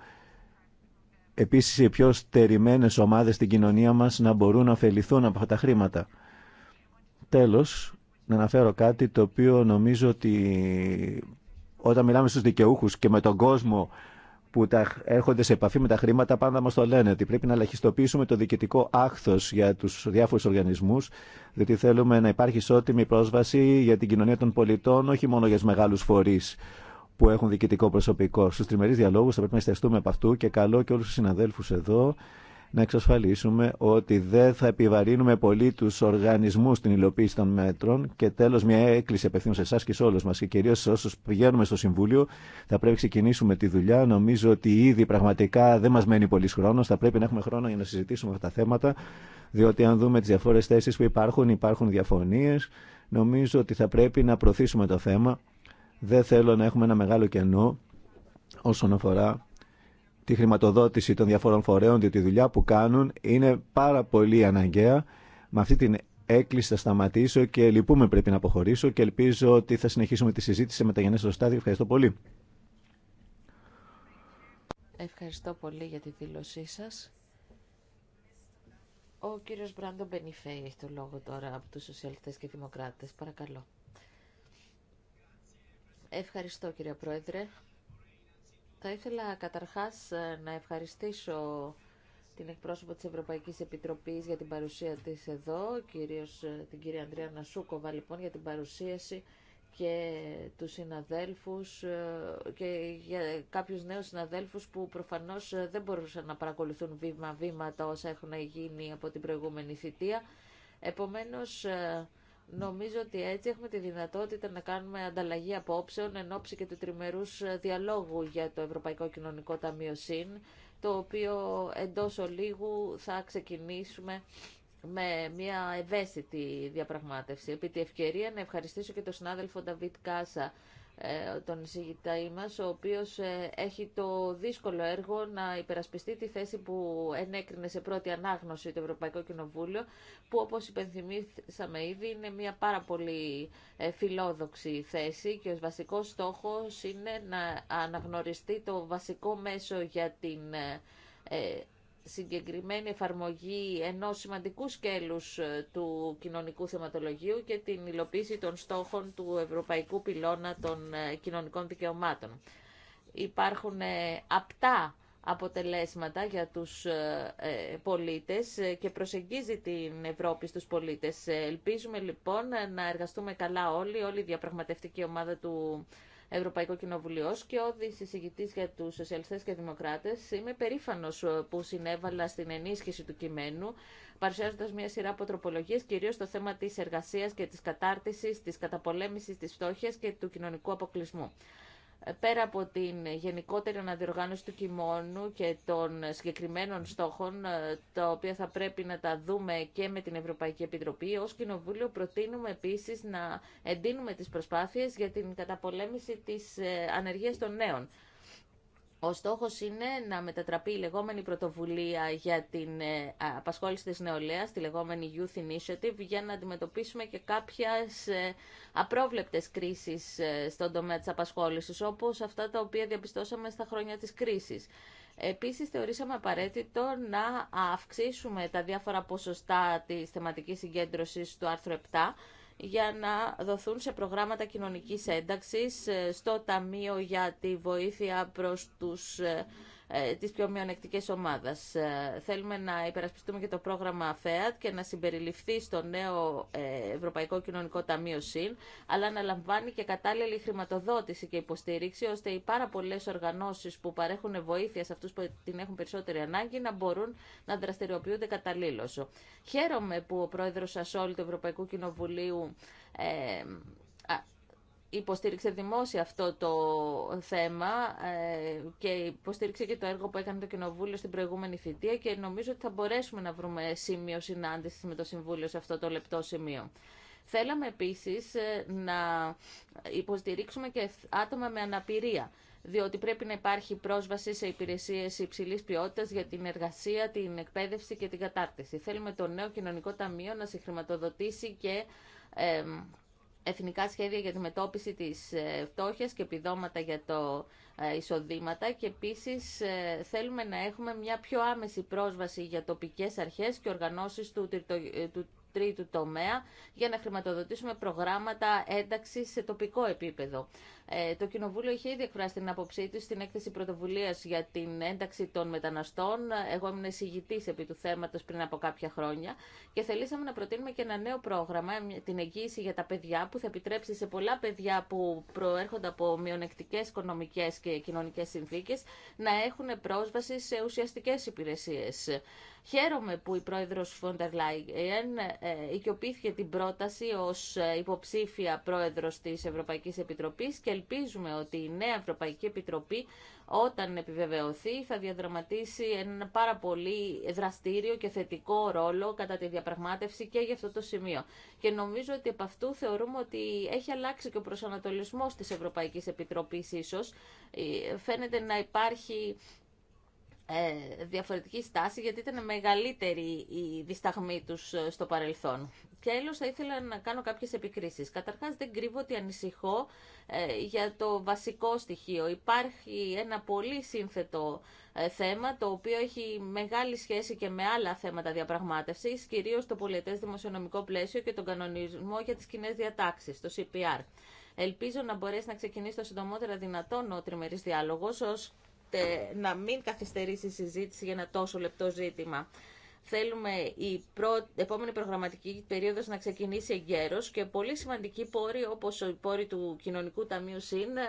επίσης οι πιο στερημένες ομάδες στην κοινωνία μας να μπορούν να ωφεληθούν από αυτά τα χρήματα. Τέλος, να αναφέρω κάτι το οποίο νομίζω ότι όταν μιλάμε στους δικαιούχους και με τον κόσμο που τα έρχονται σε επαφή με τα χρήματα πάντα μας το λένε ότι πρέπει να λαχιστοποιήσουμε το διοικητικό άχθος για τους διάφορους οργανισμού, διότι θέλουμε να υπάρχει ισότιμη πρόσβαση για την κοινωνία των πολιτών όχι μόνο για του μεγάλους φορεί, που έχουν διοικητικό προσωπικό. Στου τριμερεί διαλόγου θα πρέπει να εστιαστούμε από αυτού και καλό και όλου του συναδέλφου εδώ να εξασφαλίσουμε ότι δεν θα επιβαρύνουμε πολύ του οργανισμού στην υλοποίηση των μέτρων. Και τέλο, μια έκκληση απευθύνω σε εσά και σε όλου μα και κυρίω σε όσου πηγαίνουμε στο Συμβούλιο. Θα πρέπει να ξεκινήσουμε τη δουλειά. Νομίζω ότι ήδη πραγματικά δεν μα μένει πολύ χρόνο. Θα πρέπει να έχουμε χρόνο για να συζητήσουμε αυτά τα θέματα. Διότι αν δούμε τι διαφορέ θέσει που υπάρχουν, υπάρχουν διαφωνίε. Νομίζω ότι θα πρέπει να προωθήσουμε το θέμα δεν θέλω να έχουμε ένα μεγάλο κενό όσον αφορά τη χρηματοδότηση των διαφόρων φορέων, διότι η δουλειά που κάνουν είναι πάρα πολύ αναγκαία. Με αυτή την έκκληση θα σταματήσω και λυπούμε πρέπει να αποχωρήσω και ελπίζω ότι θα συνεχίσουμε τη συζήτηση σε μεταγενέστερο στάδιο. Ευχαριστώ πολύ. Ευχαριστώ πολύ για τη δήλωσή σας. Ο κύριος Μπράντο Μπενιφέη έχει το λόγο τώρα από τους Σοσιαλιστές και Δημοκράτες. Παρακαλώ. Ευχαριστώ κύριε Πρόεδρε. Θα ήθελα καταρχάς ε, να ευχαριστήσω την εκπρόσωπο της Ευρωπαϊκής Επιτροπής για την παρουσία της εδώ, κυρίως ε, την κυρία Ανδρέα Νασούκοβα λοιπόν για την παρουσίαση και τους συναδέλφους ε, και για κάποιους νέους συναδέλφους που προφανώς δεν μπορούσαν να παρακολουθούν βήμα-βήμα τα όσα έχουν γίνει από την προηγούμενη θητεία. Νομίζω ότι έτσι έχουμε τη δυνατότητα να κάνουμε ανταλλαγή απόψεων εν ώψη και του τριμερούς ε, διαλόγου για το Ευρωπαϊκό Κοινωνικό Ταμείο ΣΥΝ, το οποίο εντός ολίγου θα ξεκινήσουμε με μια ευαίσθητη διαπραγμάτευση. Επί τη ευκαιρία να ευχαριστήσω και τον συνάδελφο Νταβίτ Κάσα ε, τον συγητα μας, ο οποίος ε, έχει το δύσκολο έργο να υπερασπιστεί τη θέση που ενέκρινε σε πρώτη ανάγνωση το Ευρωπαϊκό Κοινοβούλιο, που όπως υπενθυμίσαμε ήδη είναι μια πάρα πολύ ε, φιλόδοξη θέση και ο βασικός στόχος είναι να αναγνωριστεί το βασικό μέσο για την συγκεκριμένη εφαρμογή ενός σημαντικού σκέλους ε, του κοινωνικού θεματολογίου και την υλοποίηση των στόχων του Ευρωπαϊκού Πυλώνα των ε, Κοινωνικών Δικαιωμάτων. Υπάρχουν ε, απτά αποτελέσματα για τους πολίτες και προσεγγίζει την Ευρώπη στους πολίτες. Ελπίζουμε λοιπόν να εργαστούμε καλά όλοι, όλη η διαπραγματευτική ομάδα του Ευρωπαϊκό Κοινοβουλίο και ο συζητητής για τους Σοσιαλιστέ και δημοκράτε Είμαι περήφανο ε, που συνέβαλα στην ενίσχυση του κειμένου, παρουσιάζοντας μια σειρά από τροπολογίε κυρίως στο θέμα της εργασίας και της κατάρτισης, της καταπολέμησης της φτώχειας και του κοινωνικού αποκλεισμού πέρα από την γενικότερη αναδιοργάνωση του κοιμώνου και των συγκεκριμένων στόχων, ε, τα οποία θα πρέπει να τα δούμε και με την Ευρωπαϊκή Επιτροπή, ως Κοινοβούλιο προτείνουμε επίσης να εντείνουμε τις προσπάθειες για την καταπολέμηση της ε, ανεργίας των νέων. Ο στόχος είναι να μετατραπεί η λεγόμενη πρωτοβουλία για την ε, απασχόληση της νεολαίας, τη λεγόμενη Youth Initiative, για να αντιμετωπίσουμε και κάποιες ε, απρόβλεπτες κρίσεις ε, στον τομέα της απασχόλησης, όπως αυτά τα οποία διαπιστώσαμε στα χρόνια της κρίσης. Επίσης, θεωρήσαμε απαραίτητο να αυξήσουμε τα διάφορα ποσοστά της θεματική συγκέντρωση του άρθρου 7, για να δοθούν σε προγράμματα κοινωνικής ένταξης, ε, στο Ταμείο για τη Βοήθεια προς τους ε, ε, της πιο μειονεκτικής ομάδας. Ε, θέλουμε να υπερασπιστούμε και το πρόγραμμα ΦΕΑΤ και να συμπεριληφθεί στο νέο ε, Ευρωπαϊκό Κοινωνικό Ταμείο ΣΥΝ, αλλά να λαμβάνει και κατάλληλη χρηματοδότηση και υποστήριξη, ώστε οι πάρα πολλέ οργανώσει που παρέχουν βοήθεια σε αυτού που την έχουν περισσότερη ανάγκη να μπορούν να δραστηριοποιούνται καταλήλω. Χαίρομαι που ο πρόεδρο Σασόλη του Ευρωπαϊκού Κοινοβουλίου υποστήριξε δημόσια αυτό το θέμα ε, και υποστήριξε και το έργο που έκανε το Κοινοβούλιο στην προηγούμενη θητεία και νομίζω ότι θα μπορέσουμε να βρούμε σημείο συνάντηση με το Συμβούλιο σε αυτό το λεπτό σημείο. Θέλαμε επίσης ε, να υποστηρίξουμε και άτομα με αναπηρία, διότι πρέπει να υπάρχει πρόσβαση σε υπηρεσίες υψηλής ποιότητας για την εργασία, την εκπαίδευση και την κατάρτιση. Θέλουμε το νέο κοινωνικό ταμείο να συγχρηματοδοτήσει και ε, εθνικά σχέδια για τη μετώπιση της ε, φτώχειας και επιδόματα για το ε, εισοδήματα και επίσης ε, θέλουμε να έχουμε μια πιο άμεση πρόσβαση για τοπικές αρχές και οργανώσεις του, του τρίτου τομέα για να χρηματοδοτήσουμε προγράμματα ένταξης σε τοπικό επίπεδο. Ε, το Κοινοβούλιο είχε ήδη εκφράσει την άποψή του στην έκθεση πρωτοβουλία για την ένταξη των μεταναστών. Εγώ ήμουν εισηγητή επί του θέματο πριν από κάποια χρόνια και θελήσαμε να προτείνουμε και ένα νέο πρόγραμμα, την εγγύηση για τα παιδιά, που θα επιτρέψει σε πολλά παιδιά που προέρχονται από μειονεκτικέ οικονομικέ και κοινωνικέ συνθήκε να έχουν πρόσβαση σε ουσιαστικέ υπηρεσίε. Χαίρομαι που η πρόεδρο Φόντερ Λάιεν ε, οικειοποιήθηκε την πρόταση ω ε, υποψήφια πρόεδρο τη Ευρωπαϊκή Επιτροπή και ελπίζουμε ότι η νέα Ευρωπαϊκή Επιτροπή όταν επιβεβαιωθεί θα διαδραματίσει ένα πάρα πολύ δραστήριο και θετικό ρόλο κατά τη διαπραγμάτευση και για αυτό το σημείο. Και νομίζω ότι από αυτού θεωρούμε ότι έχει αλλάξει και ο προσανατολισμός της Ευρωπαϊκής Επιτροπής ίσως. Ε, φαίνεται να υπάρχει ε, διαφορετική στάση γιατί ήταν μεγαλύτερη η δισταγμή τους ε, στο παρελθόν. Και έλος θα ήθελα να κάνω κάποιες επικρίσεις. Καταρχάς δεν κρύβω ότι ανησυχώ ε, για το βασικό στοιχείο. Υπάρχει ένα πολύ σύνθετο θέμα το οποίο έχει μεγάλη σχέση και με άλλα θέματα διαπραγμάτευσης, κυρίως το πολιετές δημοσιονομικό πλαίσιο και τον κανονισμό για τις κοινέ διατάξεις, το CPR. Ελπίζω να μπορέσει να ξεκινήσει το συντομότερα δυνατόν ο τριμερής διάλογος ως να μην καθυστερήσει η συζήτηση για ένα τόσο λεπτό ζήτημα. Θέλουμε η επόμενη προγραμματική περίοδο να ξεκινήσει εγκαίρω και πολύ σημαντικοί πόροι όπω οι πόροι του Κοινωνικού Ταμείου ΣΥΝ ε,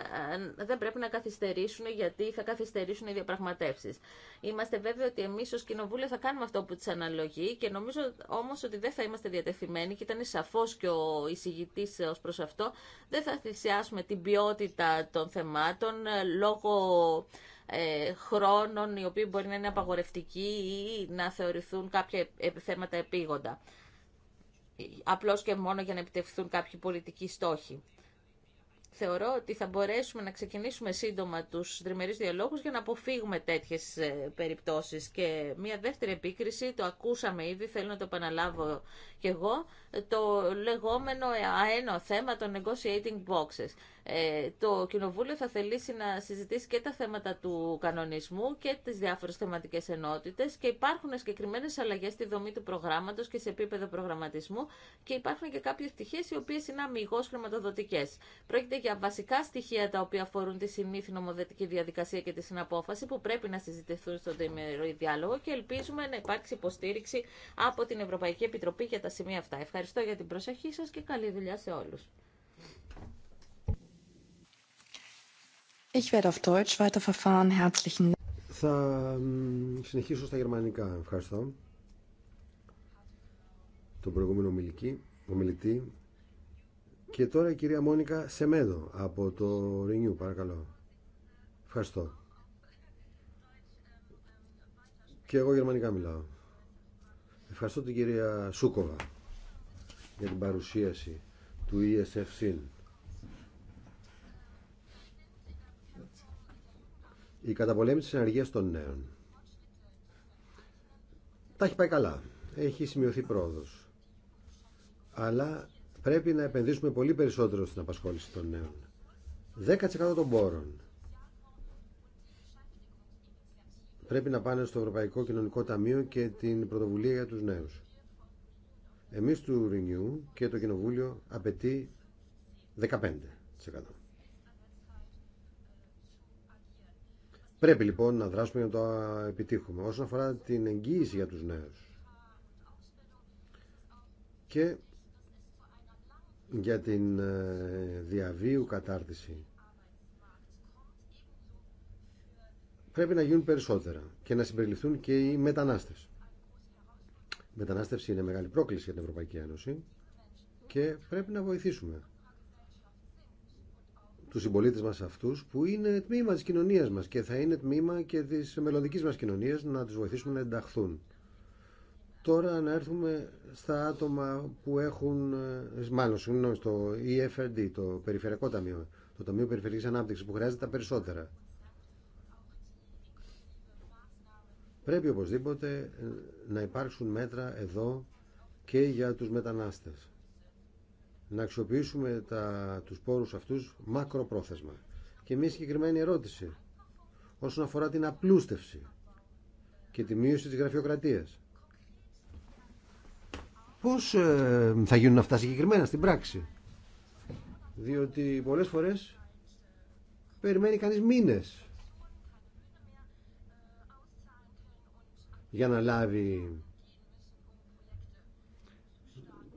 δεν πρέπει να καθυστερήσουν γιατί θα καθυστερήσουν οι διαπραγματεύσει. Είμαστε βέβαιοι ότι εμεί ω Κοινοβούλιο θα κάνουμε αυτό που τη αναλογεί και νομίζω όμω ότι δεν θα είμαστε διατεθειμένοι και ήταν σαφώ και ο εισηγητή ω προ αυτό. Δεν θα θυσιάσουμε την ποιότητα των θεμάτων ε, λόγω ε, χρόνων οι οποίοι μπορεί να είναι απαγορευτικοί ή να θεωρηθούν κάποια θέματα επίγοντα. Απλώς και μόνο για να επιτευχθούν κάποιοι πολιτικοί στόχοι. Θεωρώ ότι θα μπορέσουμε να ξεκινήσουμε σύντομα τους τριμερείς διαλόγους για να αποφύγουμε τέτοιες ε, περιπτώσεις. Και μια δεύτερη επίκριση, το ακούσαμε ήδη, θέλω να το επαναλάβω κι εγώ, το λεγόμενο αένο θέμα των negotiating boxes. Ε, το Κοινοβούλιο θα θελήσει να συζητήσει και τα θέματα του κανονισμού και τι διάφορε θεματικέ ενότητε. και υπάρχουν συγκεκριμένε αλλαγέ στη δομή του προγράμματο και σε επίπεδο προγραμματισμού και υπάρχουν και κάποιε πτυχέ οι οποίε είναι αμυγό χρηματοδοτικέ. Πρόκειται για βασικά στοιχεία τα οποία αφορούν τη συνήθι νομοθετική διαδικασία και τη συναπόφαση που πρέπει να συζητηθούν στον τριμερό διάλογο και ελπίζουμε να υπάρξει υποστήριξη από την Ευρωπαϊκή Επιτροπή για τα σημεία αυτά. Ευχαριστώ για την προσοχή σα και καλή δουλειά σε όλους werde auf Deutsch Herzlichen Θα συνεχίσω στα γερμανικά. Ευχαριστώ. Τον προηγούμενο ομιλική, ομιλητή. Και τώρα η κυρία Μόνικα Σεμέδο από το Renew, παρακαλώ. Ευχαριστώ. Και εγώ γερμανικά μιλάω. Ευχαριστώ την κυρία Σούκοβα για την παρουσίαση του ESF-SYN. Η καταπολέμηση της ενεργείας των νέων. Τα έχει πάει καλά. Έχει σημειωθεί πρόοδος. Αλλά πρέπει να επενδύσουμε πολύ περισσότερο στην απασχόληση των νέων. 10% των πόρων πρέπει να πάνε στο Ευρωπαϊκό Κοινωνικό Ταμείο και την πρωτοβουλία για τους νέους. Εμείς του ΡΙΝΙΟΥ και το Κοινοβούλιο απαιτεί 15%. Πρέπει λοιπόν να δράσουμε για να το επιτύχουμε. Όσον αφορά την εγγύηση για τους νέους και για την ε, διαβίου κατάρτιση πρέπει να γίνουν περισσότερα και να συμπεριληφθούν και οι μετανάστες. Η μετανάστευση είναι μεγάλη πρόκληση για την Ευρωπαϊκή Ένωση και πρέπει να βοηθήσουμε του συμπολίτε μας αυτούς που είναι τμήμα της κοινωνίας μας και θα είναι τμήμα και της μελλοντική μας κοινωνίας να του βοηθήσουμε να ενταχθούν. Τώρα να έρθουμε στα άτομα που έχουν, ε, μάλλον συγγνώμη, στο EFRD, το Περιφερειακό Ταμείο, το Ταμείο Περιφερειακής Ανάπτυξης που χρειάζεται τα περισσότερα. Πρέπει οπωσδήποτε ε, να υπάρξουν μέτρα εδώ και για τους μετανάστες να αξιοποιήσουμε τα, τους πόρους αυτούς μακροπρόθεσμα. Και μια συγκεκριμένη ερώτηση όσον αφορά την απλούστευση και τη μείωση της γραφειοκρατίας. Πώς ε, θα γίνουν αυτά συγκεκριμένα στην πράξη. Διότι πολλές φορές περιμένει κανείς μήνες για να λάβει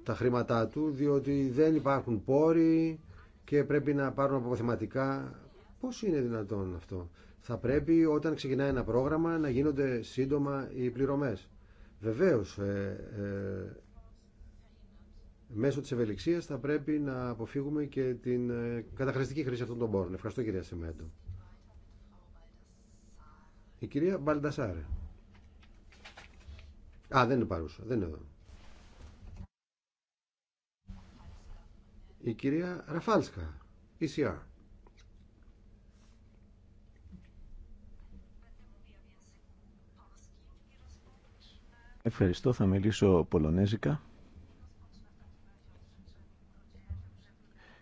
τα χρήματά του διότι δεν υπάρχουν πόροι και πρέπει να πάρουν αποθεματικά. Πώς είναι δυνατόν αυτό. Θα πρέπει όταν ξεκινάει ένα πρόγραμμα να γίνονται σύντομα οι πληρωμές. Βεβαίως, ε, ε, μέσω της ευελιξίας θα πρέπει να αποφύγουμε και την ε, καταχρηστική χρήση αυτών των πόρων. Ευχαριστώ κυρία Σεμέντο. Η κυρία Μπαλντασάρε. Α, δεν είναι παρούσα. Δεν είναι εδώ. Η κυρία Ραφάλσκα, ECR. Ευχαριστώ, θα μιλήσω πολωνέζικα.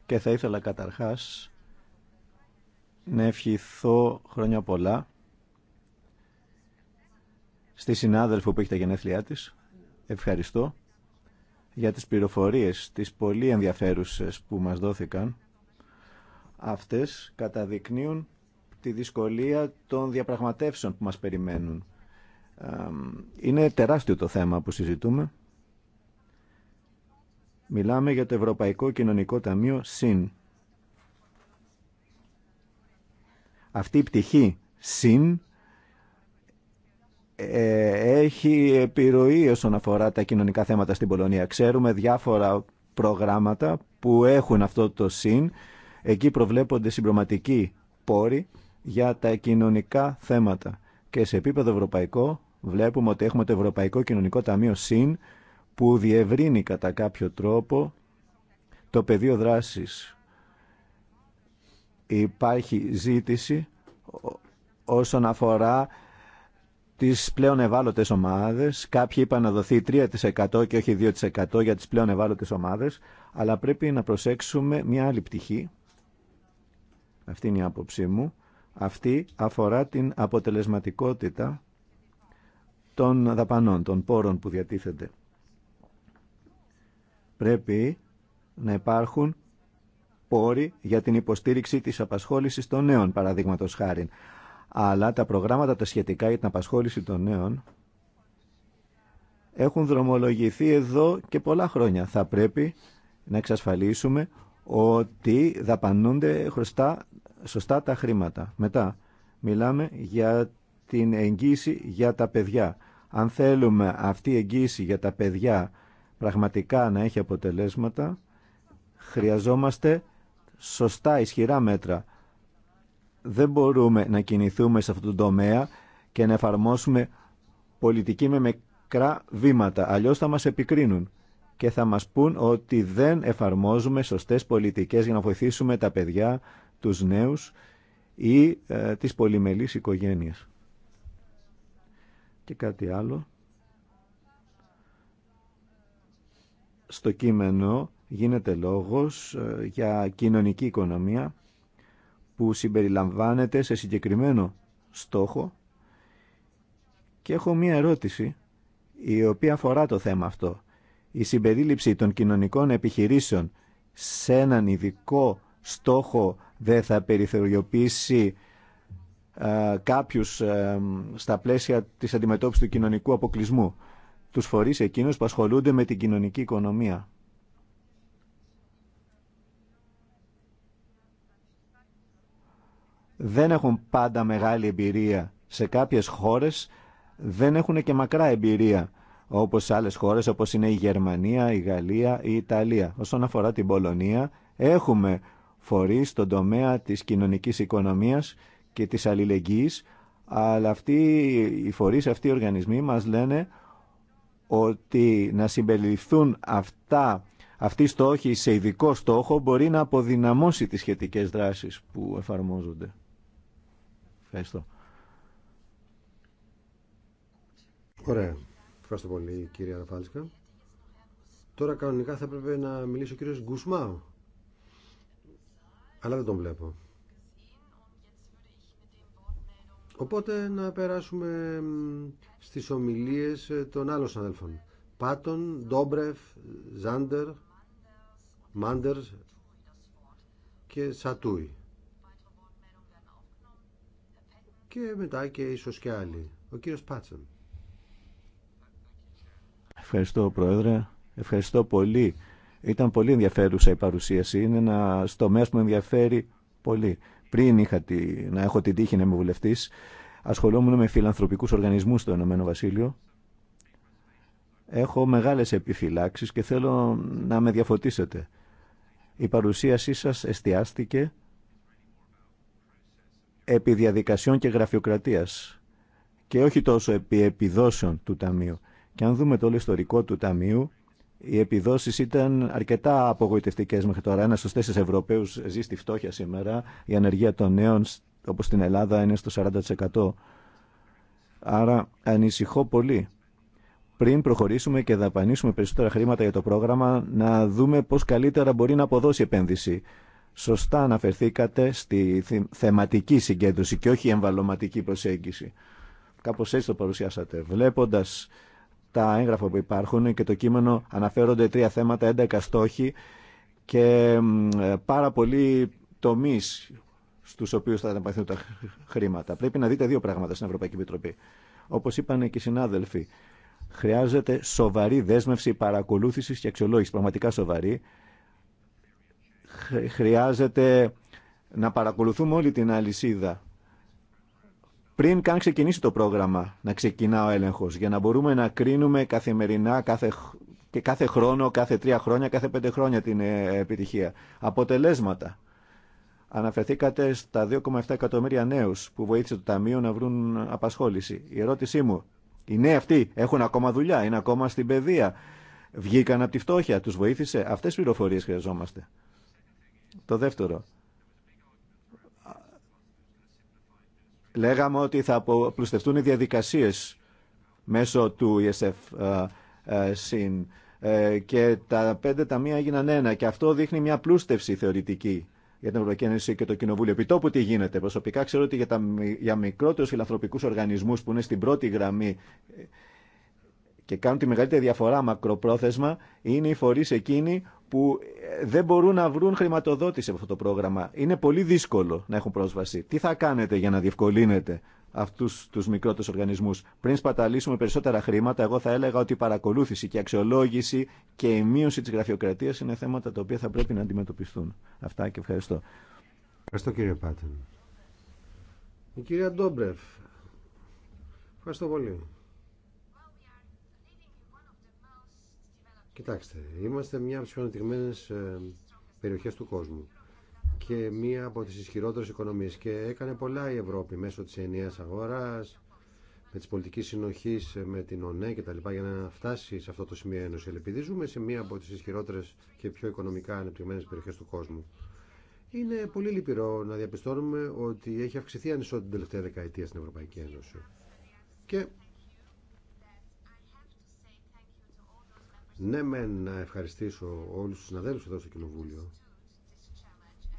Και θα ήθελα καταρχάς να ευχηθώ χρόνια πολλά στη συνάδελφο που έχει τα γενέθλιά της. Ευχαριστώ για τις πληροφορίες, τις πολύ ενδιαφέρουσες που μας δόθηκαν. Αυτές καταδεικνύουν τη δυσκολία των διαπραγματεύσεων που μας περιμένουν. Είναι τεράστιο το θέμα που συζητούμε. Μιλάμε για το Ευρωπαϊκό Κοινωνικό Ταμείο ΣΥΝ. Αυτή η πτυχή ΣΥΝ ε, έχει επιρροή όσον αφορά τα κοινωνικά θέματα στην Πολωνία. Ξέρουμε διάφορα προγράμματα που έχουν αυτό το συν. Εκεί προβλέπονται συμπροματικοί πόροι για τα κοινωνικά θέματα. Και σε επίπεδο ευρωπαϊκό βλέπουμε ότι έχουμε το Ευρωπαϊκό Κοινωνικό Ταμείο ΣΥΝ που διευρύνει κατά κάποιο τρόπο το πεδίο δράσης. Υπάρχει ζήτηση όσον αφορά τις πλέον ευάλωτε ομάδες. Κάποιοι είπαν να δοθεί 3% και όχι 2% για τις πλέον ευάλωτε ομάδες, αλλά πρέπει να προσέξουμε μια άλλη πτυχή. Αυτή είναι η άποψή μου. Αυτή αφορά την αποτελεσματικότητα των δαπανών, των πόρων που διατίθενται. Πρέπει να υπάρχουν πόροι για την υποστήριξη της απασχόλησης των νέων, παραδείγματος χάρη αλλά τα προγράμματα τα σχετικά για την απασχόληση των νέων έχουν δρομολογηθεί εδώ και πολλά χρόνια. Θα πρέπει να εξασφαλίσουμε ότι δαπανούνται χρωστά, σωστά τα χρήματα. Μετά μιλάμε για την εγγύηση για τα παιδιά. Αν θέλουμε αυτή η εγγύηση για τα παιδιά πραγματικά να έχει αποτελέσματα, χρειαζόμαστε σωστά ισχυρά μέτρα δεν μπορούμε να κινηθούμε σε αυτό το τομέα και να εφαρμόσουμε πολιτική με μικρά βήματα. Αλλιώς θα μας επικρίνουν και θα μας πούν ότι δεν εφαρμόζουμε σωστές πολιτικές για να βοηθήσουμε τα παιδιά, τους νέους ή ε, τις πολυμελείς οικογένειες. Και κάτι άλλο. Στο κείμενο γίνεται λόγος ε, για κοινωνική οικονομία που συμπεριλαμβάνεται σε συγκεκριμένο στόχο και έχω μία ερώτηση η οποία αφορά το θέμα αυτό. Η συμπερίληψη των κοινωνικών επιχειρήσεων σε έναν ειδικό στόχο δεν θα περιθωριοποιήσει ε, κάποιους ε, στα πλαίσια της αντιμετώπισης του κοινωνικού αποκλεισμού, τους φορείς εκείνους που ασχολούνται με την κοινωνική οικονομία. δεν έχουν πάντα μεγάλη εμπειρία. Σε κάποιες χώρες δεν έχουν και μακρά εμπειρία, όπως σε άλλες χώρες όπως είναι η Γερμανία, η Γαλλία, η Ιταλία. Όσον αφορά την Πολωνία, έχουμε φορείς στον τομέα της κοινωνικής οικονομίας και της αλληλεγγύης, αλλά αυτοί, οι φορείς, αυτοί οι οργανισμοί μας λένε ότι να συμπεριληφθούν αυτά, αυτή οι στόχη σε ειδικό στόχο μπορεί να αποδυναμώσει τις σχετικές δράσεις που εφαρμόζονται. Ευχαριστώ. Ωραία. Ευχαριστώ πολύ κύριε Ραφάλσκα. Τώρα κανονικά θα έπρεπε να μιλήσει ο κύριος Γκουσμάου. Αλλά δεν τον βλέπω. Οπότε να περάσουμε στις ομιλίες ε, των άλλων συναδέλφων. Πάτον, Ντόμπρεφ, Ζάντερ, Μάντερ και Σατούι. και μετά και ίσως και άλλοι. Ο κύριος Πάτσαν. Ευχαριστώ Πρόεδρε. Ευχαριστώ πολύ. Ήταν πολύ ενδιαφέρουσα η παρουσίαση. Είναι ένα τομέα που με ενδιαφέρει πολύ. Πριν είχα τη, να έχω την τύχη να είμαι βουλευτή, ασχολούμουν με φιλανθρωπικού οργανισμού στο Ηνωμένο Βασίλειο. Έχω μεγάλε επιφυλάξει και θέλω να με διαφωτίσετε. Η παρουσίασή σα εστιάστηκε επί διαδικασιών και γραφειοκρατίας και όχι τόσο επί επιδόσεων του Ταμείου. Και αν δούμε το όλο ιστορικό του Ταμείου, οι επιδόσει ήταν αρκετά απογοητευτικέ μέχρι τώρα. Ένα στου τέσσερι Ευρωπαίου ζει στη φτώχεια σήμερα. Η ανεργία των νέων, όπω στην Ελλάδα, είναι στο 40%. Άρα ανησυχώ πολύ. Πριν προχωρήσουμε και δαπανίσουμε περισσότερα χρήματα για το πρόγραμμα, να δούμε πώ καλύτερα μπορεί να αποδώσει επένδυση. Σωστά αναφερθήκατε στη θεματική συγκέντρωση και όχι εμβαλωματική προσέγγιση. Κάπως έτσι το παρουσιάσατε. Βλέποντας τα έγγραφα που υπάρχουν και το κείμενο αναφέρονται τρία θέματα, 11 στόχοι και ε, πάρα πολλοί τομεί στους οποίους θα αναπαθούν τα χρήματα. Πρέπει να δείτε δύο πράγματα στην Ευρωπαϊκή Επιτροπή. Όπως είπαν και οι συνάδελφοι, χρειάζεται σοβαρή δέσμευση παρακολούθησης και αξιολόγηση, πραγματικά σοβαρή, χρειάζεται να παρακολουθούμε όλη την αλυσίδα. Πριν καν ξεκινήσει το πρόγραμμα να ξεκινά ο έλεγχος, για να μπορούμε να κρίνουμε καθημερινά, κάθε, και κάθε χρόνο, κάθε τρία χρόνια, κάθε πέντε χρόνια την ε, επιτυχία. Αποτελέσματα. Αναφερθήκατε στα 2,7 εκατομμύρια νέους που βοήθησε το Ταμείο να βρουν απασχόληση. Η ερώτησή μου, οι νέοι αυτοί έχουν ακόμα δουλειά, είναι ακόμα στην παιδεία, βγήκαν από τη φτώχεια, τους βοήθησε. Αυτές τις πληροφορίες χρειαζόμαστε. Το δεύτερο. Λέγαμε ότι θα απλουστευτούν οι διαδικασίες μέσω του ESF ε, ε, συν ε, και τα πέντε ταμεία έγιναν ένα και αυτό δείχνει μια πλούστευση θεωρητική για την Ευρωπαϊκή Ένωση και το Κοινοβούλιο. Επιτόπου τι γίνεται. Προσωπικά ξέρω ότι για, τα, για μικρότερους φιλανθρωπικούς οργανισμούς που είναι στην πρώτη γραμμή και κάνουν τη μεγαλύτερη διαφορά μακροπρόθεσμα είναι οι φορείς εκείνοι που ε, δεν μπορούν να βρουν χρηματοδότηση από αυτό το πρόγραμμα. Είναι πολύ δύσκολο να έχουν πρόσβαση. Τι θα κάνετε για να διευκολύνετε αυτούς τους μικρότερους οργανισμούς. Πριν σπαταλήσουμε περισσότερα χρήματα, εγώ θα έλεγα ότι η παρακολούθηση και η αξιολόγηση και η μείωση της γραφειοκρατίας είναι θέματα τα οποία θα πρέπει να αντιμετωπιστούν. Αυτά και ευχαριστώ. Ευχαριστώ κύριε Πάτεν. Η κυρία Ντόμπρεφ. Ευχαριστώ πολύ. Κοιτάξτε, είμαστε μια από τι πιο αναπτυγμένε περιοχέ του κόσμου και μία από τις ισχυρότερες οικονομίες και έκανε πολλά η Ευρώπη μέσω της ενιαίας αγοράς, με τις πολιτικές συνοχής, ε, με την ΟΝΕ και τα λοιπά για να φτάσει σε αυτό το σημείο ένωση. Επειδή ζούμε σε μία από τις ισχυρότερες και πιο οικονομικά ανεπτυγμένες περιοχές του κόσμου, είναι πολύ λυπηρό να διαπιστώνουμε ότι έχει αυξηθεί ανισότητα την τελευταία δεκαετία στην Ευρωπαϊκή Ένωση. Και Ναι μεν να ευχαριστήσω όλους τους συναδέλφους εδώ στο Κοινοβούλιο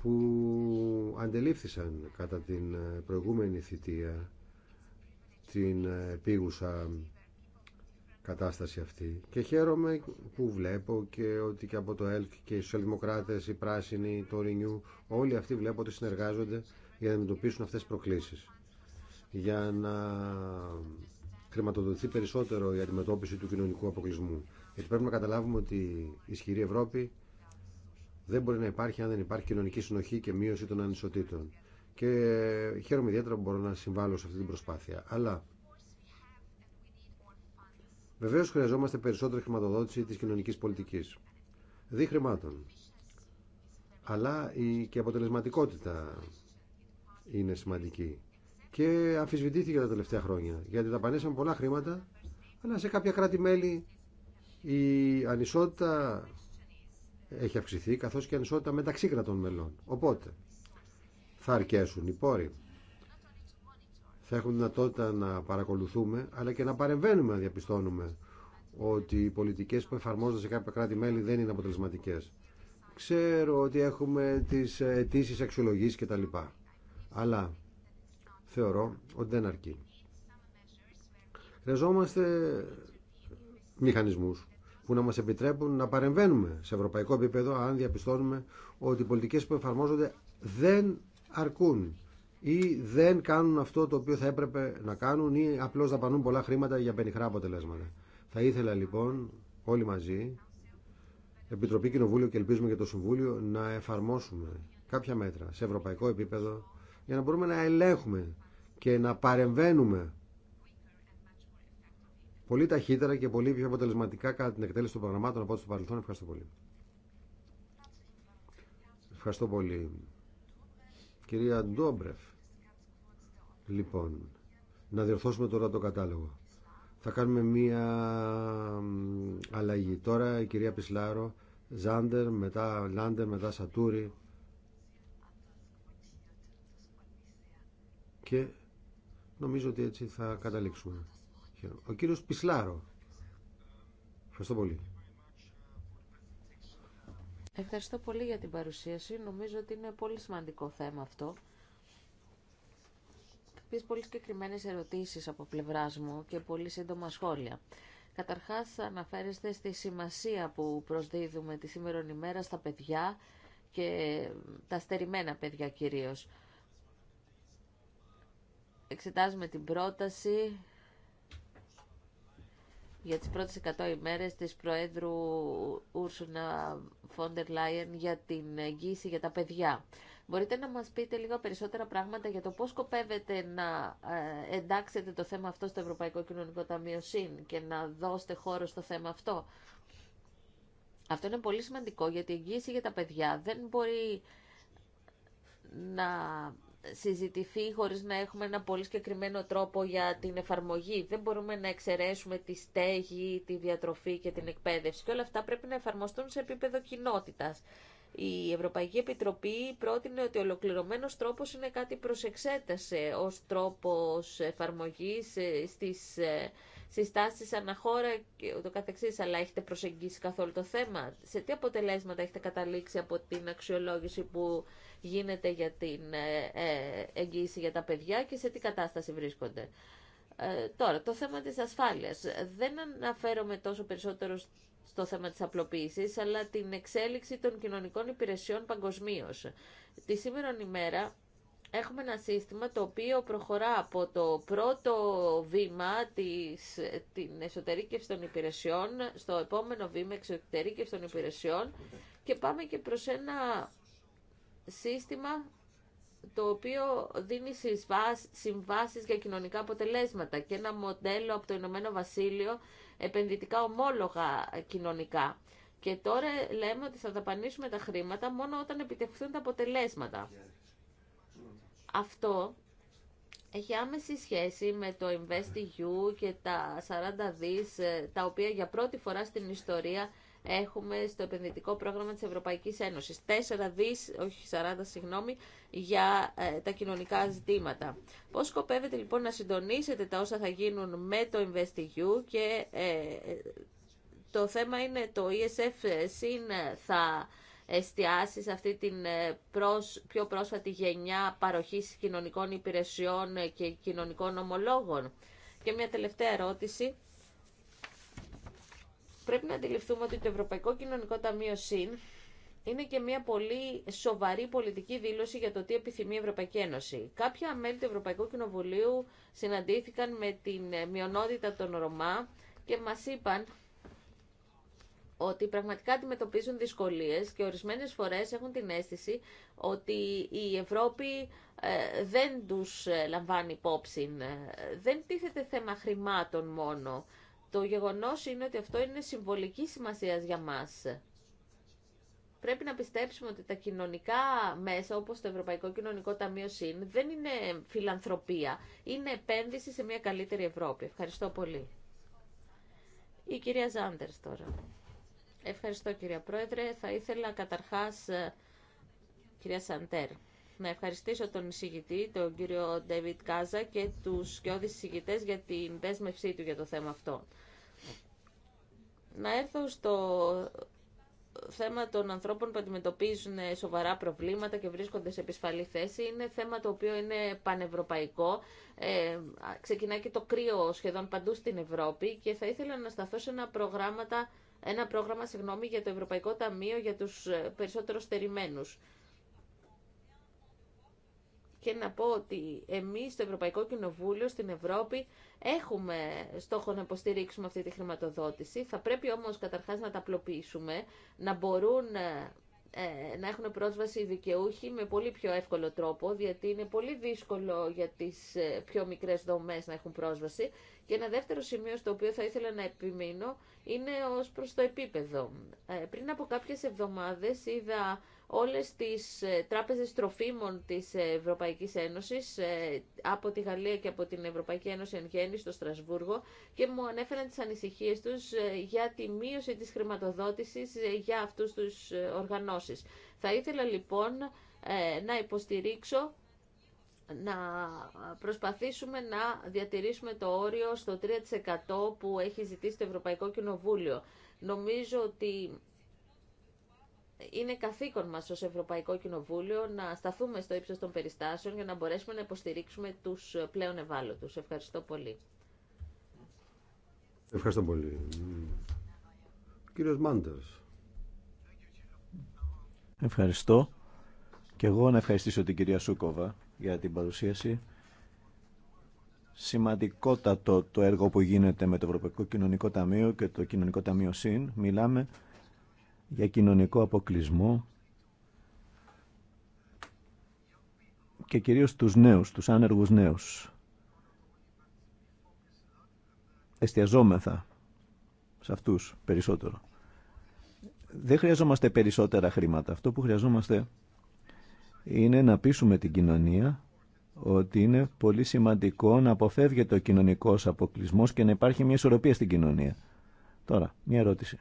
που αντελήφθησαν κατά την ε, προηγούμενη θητεία την ε, επίγουσα κατάσταση αυτή και χαίρομαι που βλέπω και ότι και από το ΕΛΚ και οι σοσιαλδημοκράτες, οι πράσινοι, το ΡΙΝΙΟΥ όλοι αυτοί βλέπω ότι συνεργάζονται για να αντιμετωπίσουν αυτές τις προκλήσεις για να χρηματοδοτηθεί περισσότερο η αντιμετώπιση του κοινωνικού αποκλεισμού γιατί πρέπει να καταλάβουμε ότι η ισχυρή Ευρώπη δεν μπορεί να υπάρχει αν δεν υπάρχει κοινωνική συνοχή και μείωση των ανισοτήτων. Και ε, χαίρομαι ιδιαίτερα που μπορώ να συμβάλλω σε αυτή την προσπάθεια. Αλλά βεβαίω χρειαζόμαστε περισσότερη χρηματοδότηση τη κοινωνική πολιτική. Δι χρημάτων. Αλλά η και αποτελεσματικότητα είναι σημαντική. Και αμφισβητήθηκε τα τελευταία χρόνια. Γιατί τα πολλά χρήματα, αλλά σε κάποια κράτη-μέλη η ανισότητα έχει αυξηθεί, καθώς και η ανισότητα μεταξύ κρατών μελών. Οπότε, θα αρκέσουν οι πόροι. Θα έχουν δυνατότητα να παρακολουθούμε, αλλά και να παρεμβαίνουμε να διαπιστώνουμε ότι οι πολιτικές που εφαρμόζονται σε κάποια κράτη-μέλη δεν είναι αποτελεσματικές. Ξέρω ότι έχουμε τις αιτήσει αξιολογής κτλ. Αλλά θεωρώ ότι δεν αρκεί. Χρειαζόμαστε μηχανισμούς που να μας επιτρέπουν να παρεμβαίνουμε σε ευρωπαϊκό επίπεδο αν διαπιστώνουμε ότι οι πολιτικές που εφαρμόζονται δεν αρκούν ή δεν κάνουν αυτό το οποίο θα έπρεπε να κάνουν ή απλώς δαπανούν πολλά χρήματα για πενιχρά αποτελέσματα. Θα ήθελα λοιπόν όλοι μαζί, Επιτροπή Κοινοβούλιο και ελπίζουμε και το Συμβούλιο, να εφαρμόσουμε κάποια μέτρα σε ευρωπαϊκό επίπεδο για να μπορούμε να ελέγχουμε και να παρεμβαίνουμε πολύ ταχύτερα και πολύ πιο αποτελεσματικά κατά την εκτέλεση των προγραμμάτων από ό,τι στο παρελθόν. Ευχαριστώ πολύ. Ευχαριστώ πολύ. Κυρία Ντόμπρεφ, λοιπόν, να διορθώσουμε τώρα το κατάλογο. Θα κάνουμε μία αλλαγή. Τώρα η κυρία Πισλάρο, Ζάντερ, μετά Λάντερ, μετά Σατούρι. Και νομίζω ότι έτσι θα καταλήξουμε. Ο κύριος Πισλάρο. Ευχαριστώ πολύ. Ευχαριστώ πολύ για την παρουσίαση. Νομίζω ότι είναι πολύ σημαντικό θέμα αυτό. Επίσης πολύ συγκεκριμένε ερωτήσεις από πλευράς μου και πολύ σύντομα σχόλια. Καταρχάς αναφέρεστε στη σημασία που προσδίδουμε τη σήμερα ημέρα στα παιδιά και τα στερημένα παιδιά κυρίως. Εξετάζουμε την πρόταση για τις πρώτες 100 ημέρες της Προέδρου Ούρσουνα Φόντερ Λάιεν για την εγγύηση για τα παιδιά. Μπορείτε να μας πείτε λίγο περισσότερα πράγματα για το πώς σκοπεύετε να ε, εντάξετε το θέμα αυτό στο Ευρωπαϊκό Κοινωνικό Ταμείο ΣΥΝ και να δώσετε χώρο στο θέμα αυτό. Αυτό είναι πολύ σημαντικό γιατί η εγγύηση για τα παιδιά δεν μπορεί να συζητηθεί χωρίς να έχουμε ένα πολύ συγκεκριμένο τρόπο για την εφαρμογή. Δεν μπορούμε να εξαιρέσουμε τη στέγη, τη διατροφή και την εκπαίδευση και όλα αυτά πρέπει να εφαρμοστούν σε επίπεδο κοινότητας. Η Ευρωπαϊκή Επιτροπή πρότεινε ότι ο ολοκληρωμένος τρόπος είναι κάτι προς εξέταση ως τρόπος εφαρμογής ε, στις ε, συστάσεις αναχώρα και ούτω καθεξής, αλλά έχετε προσεγγίσει καθόλου το θέμα. Σε τι αποτελέσματα έχετε καταλήξει από την αξιολόγηση που γίνεται για την ε, ε, εγγύηση για τα παιδιά και σε τι κατάσταση βρίσκονται. Ε, τώρα, το θέμα της ασφάλειας. Δεν αναφέρομαι τόσο περισσότερο στο θέμα της απλοποίησης, αλλά την εξέλιξη των κοινωνικών υπηρεσιών παγκοσμίω. Τη σήμερα ημέρα έχουμε ένα σύστημα το οποίο προχωρά από το πρώτο βήμα της, την εσωτερήκευση των υπηρεσιών στο επόμενο βήμα εξωτερήκευση των υπηρεσιών και πάμε και προς ένα σύστημα το οποίο δίνει συμβάσεις για κοινωνικά αποτελέσματα και ένα μοντέλο από το Ηνωμένο Βασίλειο επενδυτικά ομόλογα κοινωνικά. Και τώρα λέμε ότι θα δαπανίσουμε τα χρήματα μόνο όταν επιτευχθούν τα αποτελέσματα. Αυτό έχει άμεση σχέση με το InvestEU και τα 40 δις, ε, τα οποία για πρώτη φορά στην ιστορία έχουμε στο επενδυτικό πρόγραμμα της Ευρωπαϊκής Ένωσης. 4 δις, όχι 40 συγγνώμη, για ε, τα κοινωνικά ζητήματα. Πώς σκοπεύετε λοιπόν να συντονίσετε τα όσα θα γίνουν με το InvestEU και ε, ε, το θέμα είναι το ESF συν θα εστιάσει σε αυτή την προς, πιο πρόσφατη γενιά παροχής κοινωνικών υπηρεσιών και κοινωνικών ομολόγων. Και μια τελευταία ερώτηση πρέπει να αντιληφθούμε ότι το Ευρωπαϊκό Κοινωνικό Ταμείο ΣΥΝ είναι και μια πολύ σοβαρή πολιτική δήλωση για το τι επιθυμεί η Ευρωπαϊκή Ένωση. Κάποια μέλη του Ευρωπαϊκού Κοινοβουλίου συναντήθηκαν με την μειονότητα των Ρωμά και μας είπαν ότι πραγματικά αντιμετωπίζουν δυσκολίες και ορισμένες φορές έχουν την αίσθηση ότι η Ευρώπη ε, δεν τους ε, λαμβάνει υπόψη. Ε, δεν τίθεται θέμα χρημάτων μόνο το γεγονός είναι ότι αυτό είναι συμβολική σημασία για μας. Πρέπει να πιστέψουμε ότι τα κοινωνικά μέσα, όπως το Ευρωπαϊκό Κοινωνικό Ταμείο ΣΥΝ, δεν είναι φιλανθρωπία. Είναι επένδυση σε μια καλύτερη Ευρώπη. Ευχαριστώ πολύ. Η κυρία Ζάντερς τώρα. Ευχαριστώ κυρία Πρόεδρε. Θα ήθελα καταρχάς, ε, κυρία Σαντέρ, να ευχαριστήσω τον εισηγητή, τον κύριο Ντέβιτ Κάζα και τους κοιόδης εισηγητές για την δέσμευσή του για το θέμα αυτό. Να έρθω στο θέμα των ανθρώπων που αντιμετωπίζουν σοβαρά προβλήματα και βρίσκονται σε επισφαλή θέση είναι θέμα το οποίο είναι πανευρωπαϊκό. Ε, ξεκινάει και το κρύο σχεδόν παντού στην Ευρώπη και θα ήθελα να σταθώ σε ένα, ένα πρόγραμμα για το Ευρωπαϊκό Ταμείο για τους ε, περισσότερο στερημένους και να πω ότι εμείς στο Ευρωπαϊκό Κοινοβούλιο στην Ευρώπη έχουμε στόχο να υποστηρίξουμε αυτή τη χρηματοδότηση. Θα πρέπει όμως καταρχάς να τα απλοποιήσουμε, να μπορούν ε, να έχουν πρόσβαση οι δικαιούχοι με πολύ πιο εύκολο τρόπο, γιατί είναι πολύ δύσκολο για τις ε, πιο μικρές δομές να έχουν πρόσβαση. Και ένα δεύτερο σημείο στο οποίο θα ήθελα να επιμείνω είναι ως προς το επίπεδο. Ε, πριν από κάποιες εβδομάδες είδα όλες τις ε, τράπεζες τροφίμων της Ευρωπαϊκής Ένωσης ε, από τη Γαλλία και από την Ευρωπαϊκή Ένωση εν γέννη στο Στρασβούργο και μου ανέφεραν τις ανησυχίες τους ε, για τη μείωση της χρηματοδότησης για αυτούς τους οργανώσεις. Θα ήθελα λοιπόν να υποστηρίξω να προσπαθήσουμε να διατηρήσουμε το όριο στο 3% που έχει ζητήσει το Ευρωπαϊκό Κοινοβούλιο. Νομίζω ότι είναι καθήκον μας ως Ευρωπαϊκό Κοινοβούλιο να σταθούμε στο ύψος των περιστάσεων για να μπορέσουμε να υποστηρίξουμε τους πλέον ευάλωτους. Ευχαριστώ πολύ. Ευχαριστώ πολύ. Κύριος Μάντερς. Ευχαριστώ. Και εγώ να ευχαριστήσω την κυρία Σούκοβα για την παρουσίαση. Σημαντικότατο το έργο που γίνεται με το Ευρωπαϊκό Κοινωνικό Ταμείο και το Κοινωνικό Ταμείο ΣΥΝ. Μιλάμε για κοινωνικό αποκλεισμό και κυρίως τους νέους, τους άνεργους νέους. Εστιαζόμεθα σε αυτούς περισσότερο. Δεν χρειαζόμαστε περισσότερα χρήματα. Αυτό που χρειαζόμαστε είναι να πείσουμε την κοινωνία ότι είναι πολύ σημαντικό να αποφεύγεται ο κοινωνικός αποκλεισμός και να υπάρχει μια ισορροπία στην κοινωνία. Τώρα, μια ερώτηση.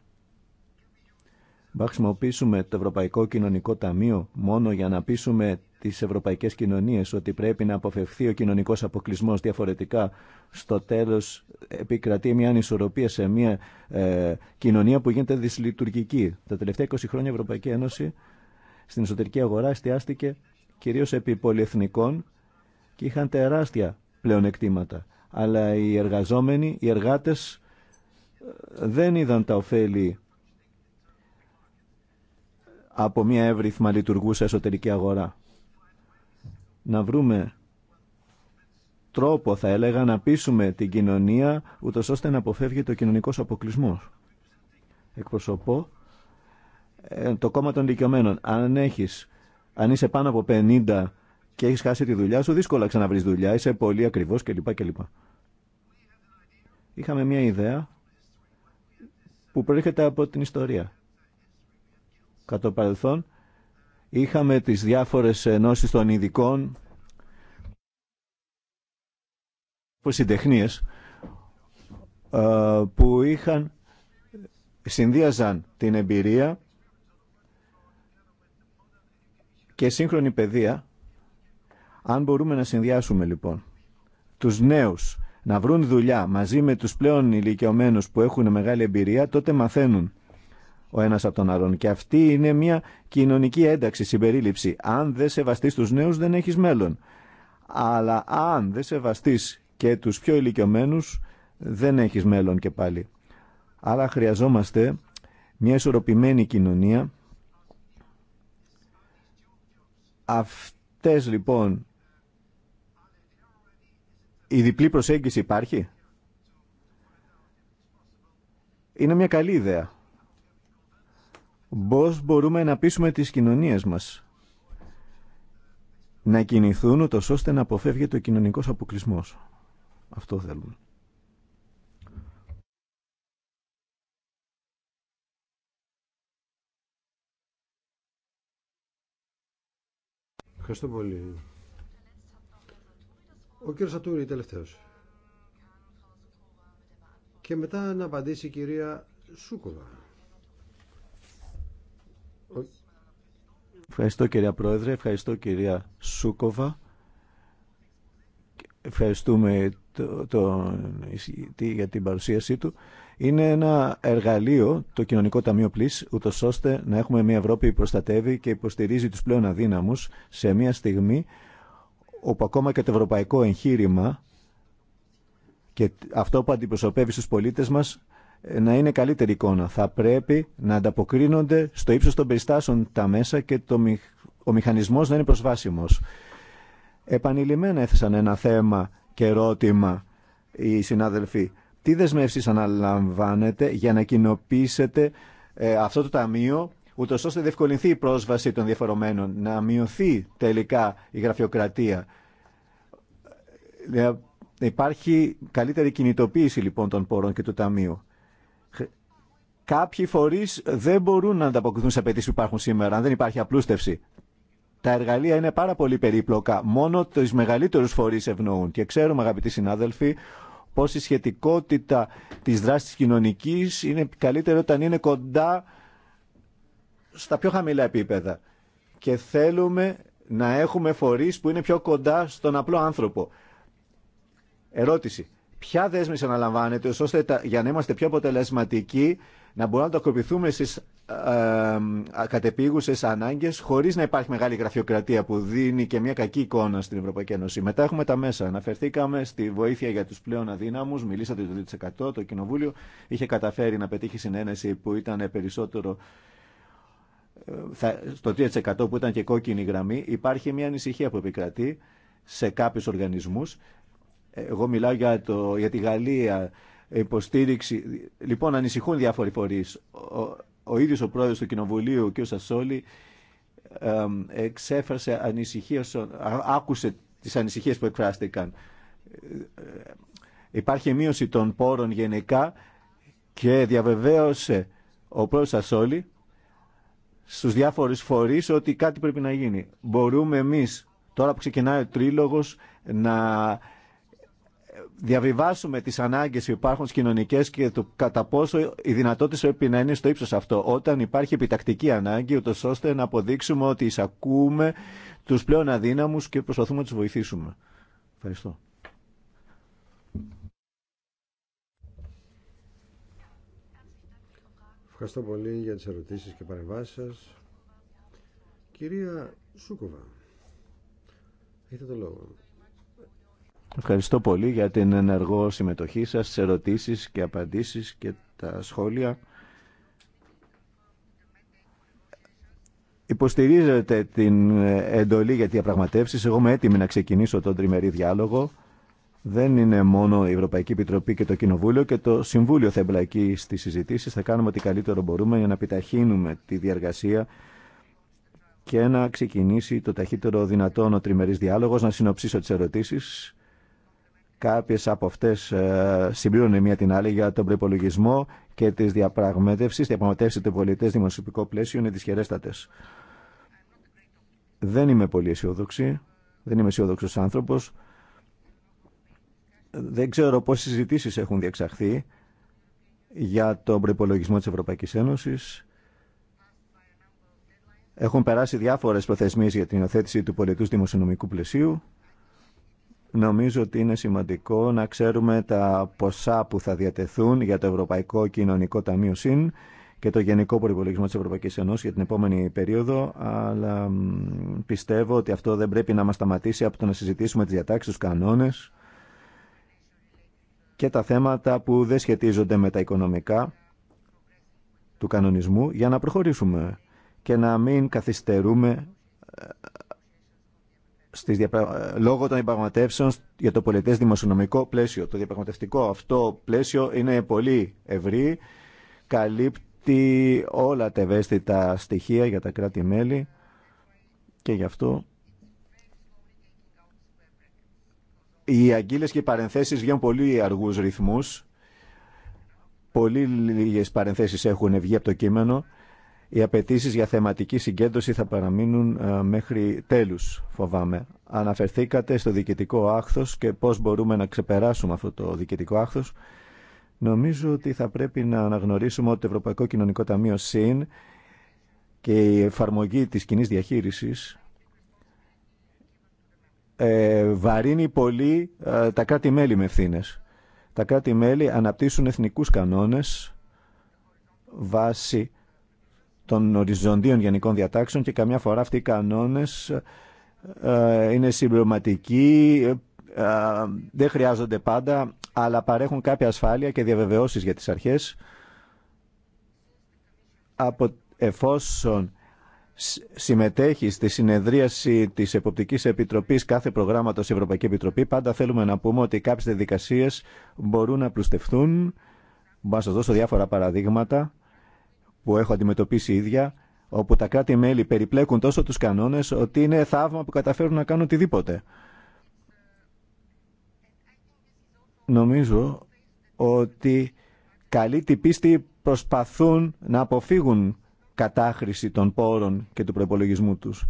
Μπα χρησιμοποιήσουμε το Ευρωπαϊκό Κοινωνικό Ταμείο μόνο για να πείσουμε τι ευρωπαϊκέ κοινωνίε ότι πρέπει να αποφευθεί ο κοινωνικό αποκλεισμό διαφορετικά. Στο τέλο, επικρατεί μια ανισορροπία σε μια ε, κοινωνία που γίνεται δυσλειτουργική. Τα τελευταία 20 χρόνια η Ευρωπαϊκή Ένωση στην εσωτερική αγορά εστιάστηκε κυρίω επί πολυεθνικών και είχαν τεράστια πλεονεκτήματα. Αλλά οι εργαζόμενοι, οι εργάτε ε, δεν είδαν τα ωφέλη από μια εύρυθμα λειτουργούσα εσωτερική αγορά. Να βρούμε τρόπο, θα έλεγα, να πείσουμε την κοινωνία, ούτω ώστε να αποφεύγει το κοινωνικό αποκλεισμό. Εκπροσωπώ ε, το κόμμα των δικαιωμένων. Αν έχεις, αν είσαι πάνω από 50 και έχεις χάσει τη δουλειά σου, δύσκολα ξαναβρει δουλειά, είσαι πολύ ακριβώ κλπ. κλπ. Είχαμε μια ιδέα που προέρχεται από την ιστορία. Κατά το παρελθόν είχαμε τις διάφορες ενώσεις των ειδικών συντεχνίες ε, που είχαν συνδύαζαν την εμπειρία και σύγχρονη παιδεία αν μπορούμε να συνδυάσουμε λοιπόν τους νέους να βρουν δουλειά μαζί με τους πλέον ηλικιωμένους που έχουν μεγάλη εμπειρία τότε μαθαίνουν ο ένας από τον άλλον. Και αυτή είναι μια κοινωνική ένταξη, συμπερίληψη. Αν δεν σεβαστείς τους νέους δεν έχεις μέλλον. Αλλά αν δεν σεβαστείς και τους πιο ηλικιωμένους, δεν έχεις μέλλον και πάλι. Άρα χρειαζόμαστε μια ισορροπημένη κοινωνία. Αυτές λοιπόν η διπλή προσέγγιση υπάρχει. Είναι μια καλή ιδέα πώς μπορούμε να πείσουμε τις κοινωνίες μας να κινηθούν ούτως ώστε να αποφεύγεται το κοινωνικός αποκλεισμός. Αυτό θέλουμε. Ευχαριστώ πολύ. Ο κύριος Σατούρη τελευταίος. Και μετά να απαντήσει η κυρία Σούκοβα. Ευχαριστώ κυρία Πρόεδρε, ευχαριστώ κυρία Σούκοβα. Ευχαριστούμε το, το, για την παρουσίασή του. Είναι ένα εργαλείο, το Κοινωνικό Ταμείο Πλής, ούτω ώστε να έχουμε μια Ευρώπη που προστατεύει και υποστηρίζει τους πλέον αδύναμους σε μια στιγμή όπου ακόμα και το ευρωπαϊκό εγχείρημα και αυτό που αντιπροσωπεύει στους πολίτες μας να είναι καλύτερη εικόνα. Θα πρέπει να ανταποκρίνονται στο ύψος των περιστάσεων τα μέσα και το, ο μηχανισμός να είναι προσβάσιμος. Επανειλημμένα έθεσαν ένα θέμα και ερώτημα οι συνάδελφοι. Τι δεσμεύσει αναλαμβάνετε για να κοινοποιήσετε ε, αυτό το ταμείο, ούτω ώστε να διευκολυνθεί η πρόσβαση των διαφορομένων, να μειωθεί τελικά η γραφειοκρατία. Ε, ε, υπάρχει καλύτερη κινητοποίηση λοιπόν των πόρων και του ταμείου. Κάποιοι φορεί δεν μπορούν να ανταποκριθούν σε απαιτήσει που υπάρχουν σήμερα, αν δεν υπάρχει απλούστευση. Τα εργαλεία είναι πάρα πολύ περίπλοκα. Μόνο του μεγαλύτερου φορεί ευνοούν. Και ξέρουμε, αγαπητοί συνάδελφοι, πω η σχετικότητα τη δράση τη κοινωνική είναι καλύτερη όταν είναι κοντά στα πιο χαμηλά επίπεδα. Και θέλουμε να έχουμε φορεί που είναι πιο κοντά στον απλό άνθρωπο. Ερώτηση. Ποια δέσμευση αναλαμβάνεται ώστε για να είμαστε πιο αποτελεσματικοί να μπορούμε να το ακοπηθούμε στις ε, ε, κατεπίγουσες ανάγκες χωρίς να υπάρχει μεγάλη γραφειοκρατία που δίνει και μια κακή εικόνα στην Ευρωπαϊκή Ένωση. Μετά έχουμε τα μέσα. Αναφερθήκαμε στη βοήθεια για του πλέον αδύναμου, Μιλήσατε το 2%. Το Κοινοβούλιο είχε καταφέρει να πετύχει συνένεση που ήταν περισσότερο ε, στο 3% που ήταν και κόκκινη γραμμή. Υπάρχει μια ανησυχία που επικρατεί σε κάποιους οργανισμούς. Εγώ μιλάω για, το, για τη Γαλλία υποστήριξη. Λοιπόν, ανησυχούν διάφοροι φορεί. Ο, ο ίδιο ο πρόεδρο του Κοινοβουλίου, ο κ. Σασόλη, εξέφρασε ανησυχία, άκουσε τις ανησυχίες που εκφράστηκαν. Ε, υπάρχει μείωση των πόρων γενικά και διαβεβαίωσε ο πρόεδρος Σασόλη στους διάφορους φορείς ότι κάτι πρέπει να γίνει. Μπορούμε εμείς, τώρα που ξεκινάει ο τρίλογος, να διαβιβάσουμε τις ανάγκες που υπάρχουν στις κοινωνικές και το κατά πόσο η δυνατότητα πρέπει να είναι στο ύψος αυτό. Όταν υπάρχει επιτακτική ανάγκη, ούτως ώστε να αποδείξουμε ότι εισακούμε τους πλέον αδύναμους και προσπαθούμε να τους βοηθήσουμε. Ευχαριστώ. Ευχαριστώ πολύ για τις ερωτήσεις και παρεμβάσεις σας. Κυρία Σούκοβα, έχετε το λόγο. Ευχαριστώ πολύ για την ενεργό συμμετοχή σας, τις ερωτήσεις και απαντήσεις και τα σχόλια. Υποστηρίζετε την εντολή για διαπραγματεύσεις. Εγώ είμαι έτοιμη να ξεκινήσω τον τριμερή διάλογο. Δεν είναι μόνο η Ευρωπαϊκή Επιτροπή και το Κοινοβούλιο και το Συμβούλιο θα εμπλακεί στι συζητήσει. Θα κάνουμε ό,τι καλύτερο μπορούμε για να επιταχύνουμε τη διαργασία και να ξεκινήσει το ταχύτερο δυνατόν ο τριμερή διάλογο, να συνοψίσω τι ερωτήσει. Κάποιες από αυτές ε, συμπλήρουν μία την άλλη για τον προπολογισμό και τις διαπραγματεύσεις. Διαπραγματεύσεις του πολιτές δημοσιοπικό πλαίσιο είναι δυσχερέστατες. Δεν είμαι πολύ αισιόδοξη. Δεν είμαι αισιόδοξο άνθρωπος. Δεν ξέρω πόσες συζητήσεις έχουν διεξαχθεί για τον προπολογισμό της Ευρωπαϊκής Ένωσης. Έχουν περάσει διάφορες προθεσμίες για την υιοθέτηση του πολιτούς δημοσιονομικού πλαισίου. Νομίζω ότι είναι σημαντικό να ξέρουμε τα ποσά που θα διατεθούν για το Ευρωπαϊκό Κοινωνικό Ταμείο ΣΥΝ και το Γενικό Προϋπολογισμό της Ευρωπαϊκής Ενώσης για την επόμενη περίοδο, αλλά πιστεύω ότι αυτό δεν πρέπει να μας σταματήσει από το να συζητήσουμε τις διατάξεις, τους κανόνες και τα θέματα που δεν σχετίζονται με τα οικονομικά του κανονισμού για να προχωρήσουμε και να μην καθυστερούμε στις ε, λόγω των διαπραγματεύσεων για το πολιτές δημοσιονομικό πλαίσιο. Το διαπραγματευτικό αυτό πλαίσιο είναι πολύ ευρύ, καλύπτει όλα τα ευαίσθητα στοιχεία για τα κράτη-μέλη και γι' αυτό οι αγγείλες και οι παρενθέσεις βγαίνουν πολύ αργούς ρυθμούς. Πολύ λίγες παρενθέσεις έχουν βγει από το κείμενο οι απαιτήσει για θεματική συγκέντρωση θα παραμείνουν ε, μέχρι τέλους, φοβάμαι. Αναφερθήκατε στο διοικητικό άχθο και πώς μπορούμε να ξεπεράσουμε αυτό το διοικητικό άχθο. Νομίζω ότι θα πρέπει να αναγνωρίσουμε ότι το Ευρωπαϊκό Κοινωνικό Ταμείο ΣΥΝ και η εφαρμογή της κοινή διαχείρισης ε, βαρύνει πολύ ε, τα κράτη-μέλη με ευθύνε. Τα κράτη-μέλη αναπτύσσουν εθνικούς κανόνες βάσει των οριζοντίων γενικών διατάξεων και καμιά φορά αυτοί οι κανόνες ε, είναι συμπληρωματικοί, ε, ε, δεν χρειάζονται πάντα, αλλά παρέχουν κάποια ασφάλεια και διαβεβαιώσεις για τις αρχές. Από, εφόσον συμμετέχει στη συνεδρίαση της Εποπτικής Επιτροπής κάθε προγράμματος Ευρωπαϊκή Επιτροπή, πάντα θέλουμε να πούμε ότι κάποιες διαδικασίε μπορούν να πλουστευτούν. Μπορώ να σας δώσω διάφορα παραδείγματα που έχω αντιμετωπίσει ίδια, όπου τα κράτη-μέλη περιπλέκουν τόσο τους κανόνες ότι είναι θαύμα που καταφέρουν να κάνουν οτιδήποτε. Νομίζω ότι καλοί την πίστη προσπαθούν να αποφύγουν κατάχρηση των πόρων και του προπολογισμού τους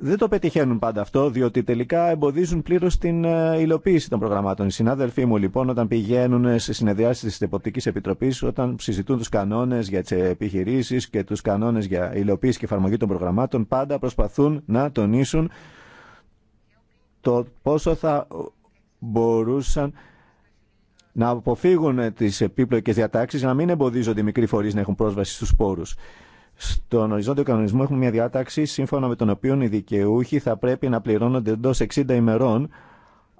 δεν το πετυχαίνουν πάντα αυτό, διότι τελικά εμποδίζουν πλήρω την ε, υλοποίηση των προγραμμάτων. Οι συνάδελφοί μου, λοιπόν, όταν πηγαίνουν σε συνεδριάσει τη Εποπτική Επιτροπή, όταν συζητούν του κανόνε για τι επιχειρήσει και του κανόνε για υλοποίηση και εφαρμογή των προγραμμάτων, πάντα προσπαθούν να τονίσουν το πόσο θα μπορούσαν να αποφύγουν τι επίπλοκε διατάξει, να μην εμποδίζονται οι μικροί φορεί να έχουν πρόσβαση στου πόρου. Στον οριζόντιο κανονισμό έχουμε μια διάταξη σύμφωνα με τον οποίο οι δικαιούχοι θα πρέπει να πληρώνονται εντό 60 ημερών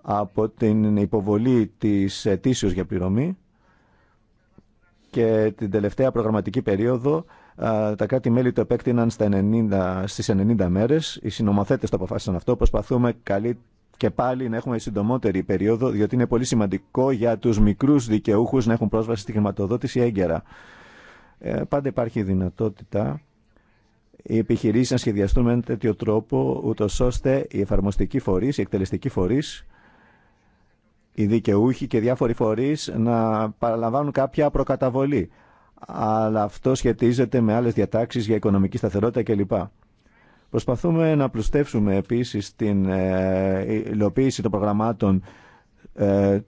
από την υποβολή της αιτήσεως για πληρωμή και την τελευταία προγραμματική περίοδο τα κράτη-μέλη το επέκτηναν στα 90, στις 90 μέρες. Οι συνομοθέτες το αποφάσισαν αυτό. Προσπαθούμε καλή και πάλι να έχουμε συντομότερη περίοδο, διότι είναι πολύ σημαντικό για τους μικρούς δικαιούχους να έχουν πρόσβαση στη χρηματοδότηση έγκαιρα. Ε, πάντα υπάρχει δυνατότητα οι επιχειρήσει να σχεδιαστούν με ένα τέτοιο τρόπο, ούτω ώστε οι εφαρμοστικοί φορεί, οι εκτελεστικοί φορεί, οι δικαιούχοι και διάφοροι φορεί να παραλαμβάνουν κάποια προκαταβολή. Αλλά αυτό σχετίζεται με άλλε διατάξει για οικονομική σταθερότητα κλπ. Προσπαθούμε να πλουστεύσουμε επίση την ε, υλοποίηση των προγραμμάτων ε,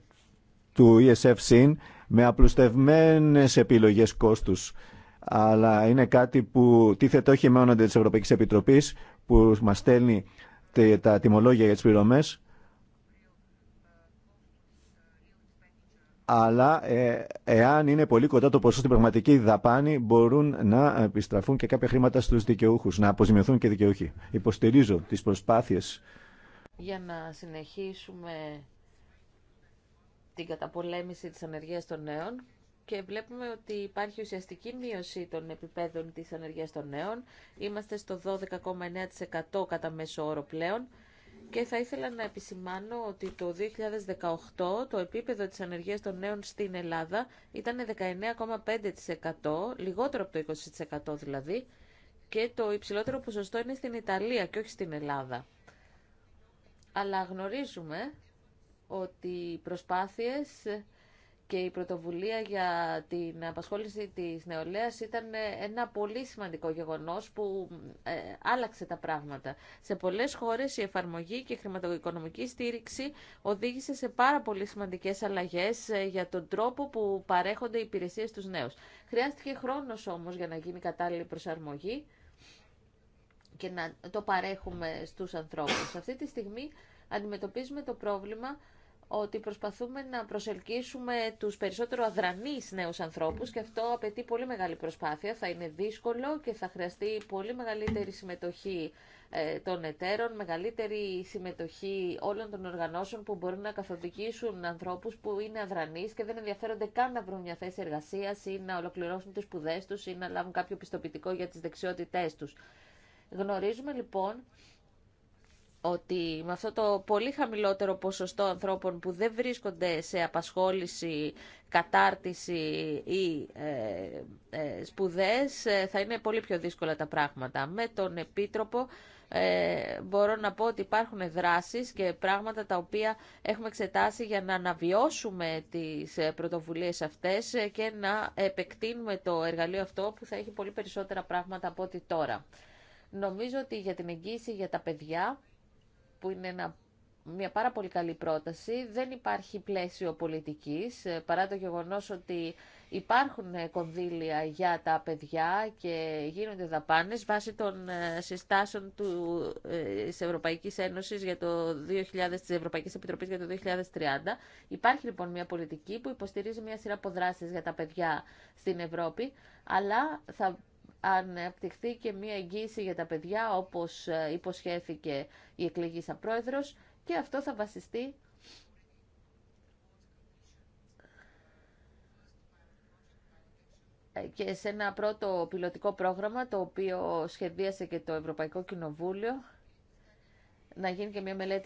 του ESF-SYN με απλουστευμένες επιλογές κόστους. Αλλά είναι κάτι που τίθεται όχι μόνο της Ευρωπαϊκής Επιτροπής που μας στέλνει τα τιμολόγια για τις πληρωμές, αλλά ε, εάν είναι πολύ κοντά το ποσό στην πραγματική δαπάνη, μπορούν να επιστραφούν και κάποια χρήματα στους δικαιούχους, να αποζημιωθούν και δικαιούχοι. Υποστηρίζω τις προσπάθειες. Για να συνεχίσουμε την καταπολέμηση της ανεργίας των νέων και βλέπουμε ότι υπάρχει ουσιαστική μείωση των επιπέδων της ανεργίας των νέων. Είμαστε στο 12,9% κατά μέσο όρο πλέον. Και θα ήθελα να επισημάνω ότι το 2018 το επίπεδο της ανεργίας των νέων στην Ελλάδα ήταν 19,5%, λιγότερο από το 20% δηλαδή, και το υψηλότερο ποσοστό είναι στην Ιταλία και όχι στην Ελλάδα. Αλλά γνωρίζουμε ότι οι προσπάθειες και η πρωτοβουλία για την απασχόληση της νεολαίας ήταν ένα πολύ σημαντικό γεγονός που ε, άλλαξε τα πράγματα. Σε πολλές χώρες η εφαρμογή και η χρηματοοικονομική στήριξη οδήγησε σε πάρα πολύ σημαντικές αλλαγές ε, για τον τρόπο που παρέχονται οι υπηρεσίες στους νέους. Χρειάστηκε χρόνος όμως για να γίνει κατάλληλη προσαρμογή και να το παρέχουμε στους ανθρώπους. Αυτή τη στιγμή αντιμετωπίζουμε το πρόβλημα ότι προσπαθούμε να προσελκύσουμε τους περισσότερο αδρανείς νέους ανθρώπους και αυτό απαιτεί πολύ μεγάλη προσπάθεια, θα είναι δύσκολο και θα χρειαστεί πολύ μεγαλύτερη συμμετοχή ε, των εταίρων, μεγαλύτερη συμμετοχή όλων των οργανώσεων που μπορούν να καθοδηγήσουν ανθρώπους που είναι αδρανείς και δεν ενδιαφέρονται καν να βρουν μια θέση εργασίας ή να ολοκληρώσουν τις σπουδές τους ή να λάβουν κάποιο πιστοποιητικό για τις δεξιότητές τους. Γνωρίζουμε λοιπόν ότι με αυτό το πολύ χαμηλότερο ποσοστό ανθρώπων που δεν βρίσκονται σε απασχόληση, κατάρτιση ή ε, ε σπουδές, ε, θα είναι πολύ πιο δύσκολα τα πράγματα. Με τον Επίτροπο ε, μπορώ να πω ότι υπάρχουν δράσεις και πράγματα τα οποία έχουμε εξετάσει για να αναβιώσουμε τις πρωτοβουλίες αυτές και να επεκτείνουμε το εργαλείο αυτό που θα έχει πολύ περισσότερα πράγματα από ό,τι τώρα. Νομίζω ότι για την εγγύηση για τα παιδιά που είναι μια πάρα πολύ καλή πρόταση. Δεν υπάρχει πλαίσιο πολιτικής, ε, παρά το γεγονός ότι υπάρχουν ε, κονδύλια για τα παιδιά και γίνονται δαπάνες βάσει των ε, συστάσεων του, της Ευρωπαϊκής Ένωσης για το 2000, της Ευρωπαϊκής Επιτροπής για το 2030. Υπάρχει λοιπόν μια πολιτική που υποστηρίζει μια σειρά αποδράσεις για τα παιδιά στην Ευρώπη, αλλά θα αν απτυχθεί και μια εγγυηση για τα παιδια οπως ε, υποσχεθηκε η σαν προεδρος και αυτο θα βασιστει και σε ενα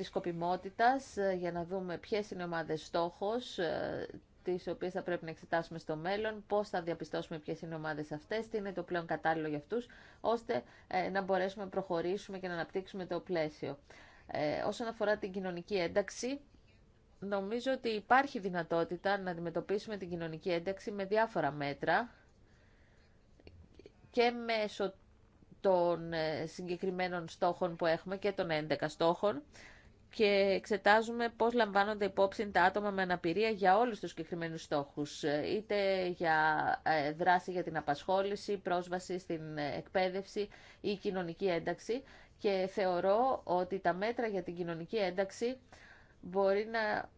σκοπιμότητας ε, για να δούμε ποιες είναι οι ομάδες στόχος, ε, οι οποίε θα πρέπει να εξετάσουμε στο μέλλον, πώ θα διαπιστώσουμε ποιε είναι οι ομάδε αυτές, τι είναι το πλέον κατάλληλο για αυτούς, ώστε ε, να μπορέσουμε να προχωρήσουμε και να αναπτύξουμε το πλαίσιο. Ε, όσον αφορά την κοινωνική ένταξη, νομίζω ότι υπάρχει δυνατότητα να αντιμετωπίσουμε την κοινωνική ένταξη με διάφορα μέτρα και μέσω των ε, συγκεκριμένων στόχων που έχουμε και των 11 στόχων και εξετάζουμε πώς λαμβάνονται υπόψη τα άτομα με αναπηρία για όλους τους συγκεκριμένου στόχους, ε, είτε για ε, δράση για την απασχόληση, πρόσβαση στην εκπαίδευση ή κοινωνική ένταξη. Και θεωρώ ότι τα μέτρα για την κοινωνική ένταξη μπορεί να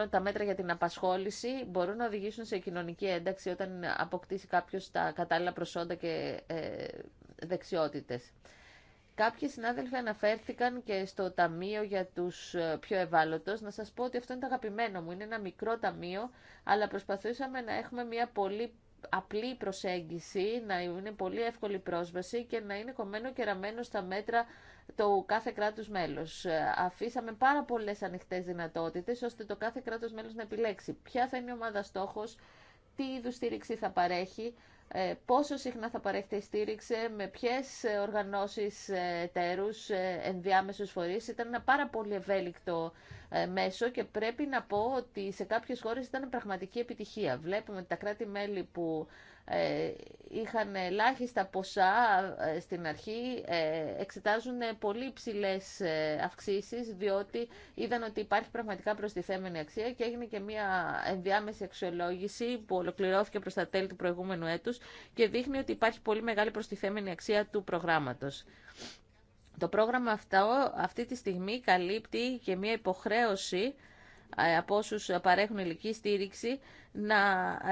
ε, τα μέτρα για την απασχόληση μπορούν να οδηγήσουν σε κοινωνική ένταξη όταν αποκτήσει κάποιος τα κατάλληλα προσόντα και δεξιότητες. Κάποιοι συνάδελφοι αναφέρθηκαν και στο ταμείο για τους ε, πιο ευάλωτος. Να σας πω ότι αυτό είναι το αγαπημένο μου. Είναι ένα μικρό ταμείο, αλλά προσπαθούσαμε να έχουμε μια πολύ απλή προσέγγιση, να είναι πολύ εύκολη πρόσβαση και να είναι κομμένο και ραμμένο στα μέτρα του κάθε κράτους μέλος. Ε, αφήσαμε πάρα πολλές ανοιχτές δυνατότητες, ώστε το κάθε κράτος μέλος να επιλέξει ποια θα είναι η ομάδα στόχος, τι είδου στήριξη θα παρέχει, ε, πόσο συχνά θα παρέχετε στήριξη, με ποιες ε, οργανώσεις ε, τέρους, ενδιάμεσους φορείς. Ήταν ένα πάρα πολύ ευέλικτο μέσο και πρέπει να πω ότι σε κάποιες χώρες ήταν πραγματική επιτυχία. Βλέπουμε τα κράτη-μέλη που ε, είχαν ελάχιστα ποσά ε, στην αρχή, ε, εξετάζουν πολύ ψηλές αυξήσει διότι είδαν ότι υπάρχει πραγματικά προστιθέμενη αξία και έγινε και μια ενδιάμεση αξιολόγηση που ολοκληρώθηκε προ τα τέλη του προηγούμενου έτου και δείχνει ότι υπάρχει πολύ μεγάλη προστιθέμενη αξία του προγράμματος. Το πρόγραμμα αυτό αυτή τη στιγμή καλύπτει και μια υποχρέωση ε, από όσου παρέχουν ηλική στήριξη να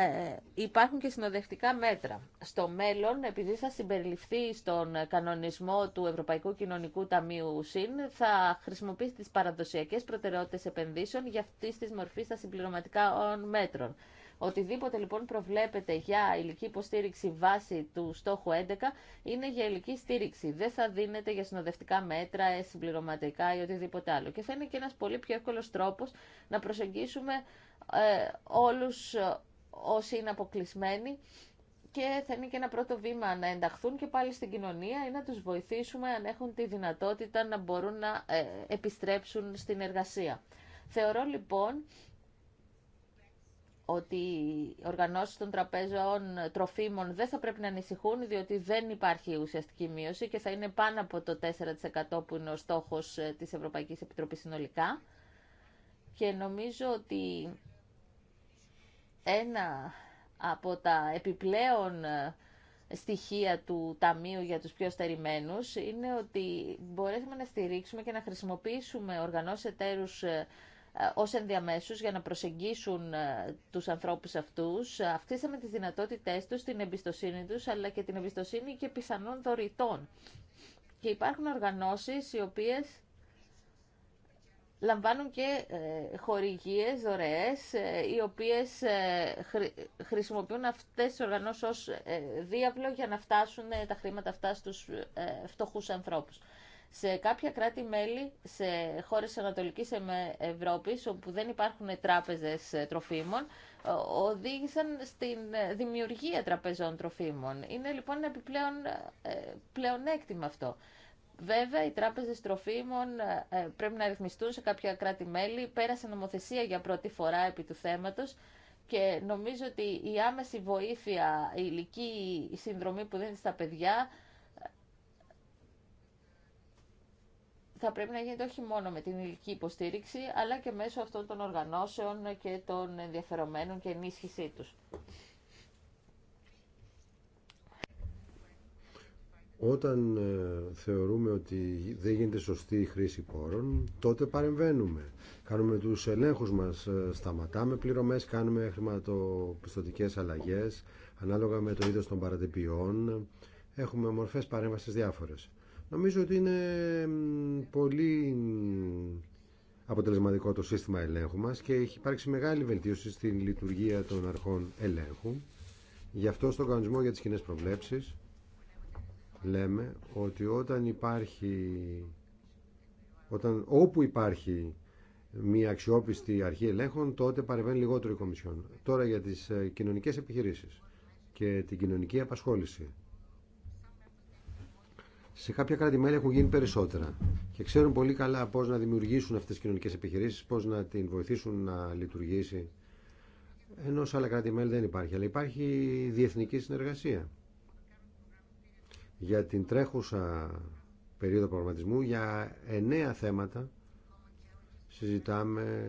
ε, υπάρχουν και συνοδευτικά μέτρα. Στο μέλλον, επειδή θα συμπεριληφθεί στον κανονισμό του Ευρωπαϊκού Κοινωνικού Ταμείου ΣΥΝ, θα χρησιμοποιήσει τι παραδοσιακές προτεραιότητε επενδύσεων για αυτή τη μορφή στα συμπληρωματικά μέτρων. Οτιδήποτε λοιπόν προβλέπεται για ηλική υποστήριξη βάση του στόχου 11 είναι για υλική στήριξη. Δεν θα δίνεται για συνοδευτικά μέτρα, συμπληρωματικά ή οτιδήποτε άλλο. Και θα είναι και ένας πολύ πιο εύκολος τρόπος να προσεγγίσουμε ε, όλους ε, όσοι είναι αποκλεισμένοι και θα είναι και ένα πρώτο βήμα να ενταχθούν και πάλι στην κοινωνία ή να τους βοηθήσουμε αν έχουν τη δυνατότητα να μπορούν να ε, επιστρέψουν στην εργασία. Θεωρώ λοιπόν ότι οι οργανώσεις των τραπέζων τροφίμων δεν θα πρέπει να ανησυχούν διότι δεν υπάρχει ουσιαστική μείωση και θα είναι πάνω από το 4% που είναι ο στόχος ε, της Ευρωπαϊκής Επιτροπής συνολικά. Και νομίζω ότι ένα από τα επιπλέον ε, στοιχεία του Ταμείου για τους πιο στερημένους είναι ότι μπορέσουμε να στηρίξουμε και να χρησιμοποιήσουμε οργανώσεις εταίρους ε, ε, ως ενδιαμέσους για να προσεγγίσουν ε, τους ανθρώπους αυτούς. Αυξήσαμε τις δυνατότητές τους, την εμπιστοσύνη τους, αλλά και την εμπιστοσύνη και πιθανών δωρητών. Και υπάρχουν οργανώσεις οι οποίες λαμβάνουν και ε, χορηγίες, δωρεές, οι οποίες χρησιμοποιούν αυτές τις οργανώσεις ως διάβλο για να φτάσουν τα χρήματα αυτά στους φτωχούς ανθρώπους. Σε κάποια κράτη-μέλη, σε χώρες της Ανατολικής Ευρώπης, όπου δεν υπάρχουν τράπεζες ε, τροφίμων, οδήγησαν στην ε, δημιουργία τραπεζών τροφίμων. Είναι λοιπόν ένα επιπλέον ε, πλεονέκτημα αυτό. Βέβαια, οι τράπεζες τροφίμων πρέπει να ρυθμιστούν σε κάποια κράτη-μέλη. Πέρασε νομοθεσία για πρώτη φορά επί του θέματος και νομίζω ότι η άμεση βοήθεια, η ηλική συνδρομή που δίνει στα παιδιά θα πρέπει να γίνεται όχι μόνο με την ηλική υποστήριξη, αλλά και μέσω αυτών των οργανώσεων και των ενδιαφερομένων και ενίσχυσή τους. Όταν ε, θεωρούμε ότι δεν γίνεται σωστή η χρήση πόρων, τότε παρεμβαίνουμε. Κάνουμε τους ελέγχους μας, ε, σταματάμε πληρωμές, κάνουμε χρηματοπιστωτικές αλλαγές, ανάλογα με το είδος των παρατεπιών, έχουμε μορφές παρέμβασης διάφορες. Νομίζω ότι είναι πολύ αποτελεσματικό το σύστημα ελέγχου μας και έχει υπάρξει μεγάλη βελτίωση στην λειτουργία των αρχών ελέγχου. Γι' αυτό στον κανονισμό για τις κοινέ προβλέψεις λέμε ότι όταν υπάρχει, όταν, όπου υπάρχει μια αξιόπιστη αρχή ελέγχων, τότε παρεμβαίνει λιγότερο η Κομισιόν. Τώρα για τις ε, κοινωνικές επιχειρήσεις και την κοινωνική απασχόληση. Σε κάποια κράτη-μέλη έχουν γίνει περισσότερα και ξέρουν πολύ καλά πώ να δημιουργήσουν αυτέ τι κοινωνικέ επιχειρήσει, πώ να την βοηθήσουν να λειτουργήσει. Ενώ σε άλλα κράτη-μέλη δεν υπάρχει. Αλλά υπάρχει διεθνική συνεργασία. Για την τρέχουσα περίοδο προγραμματισμού, για εννέα θέματα συζητάμε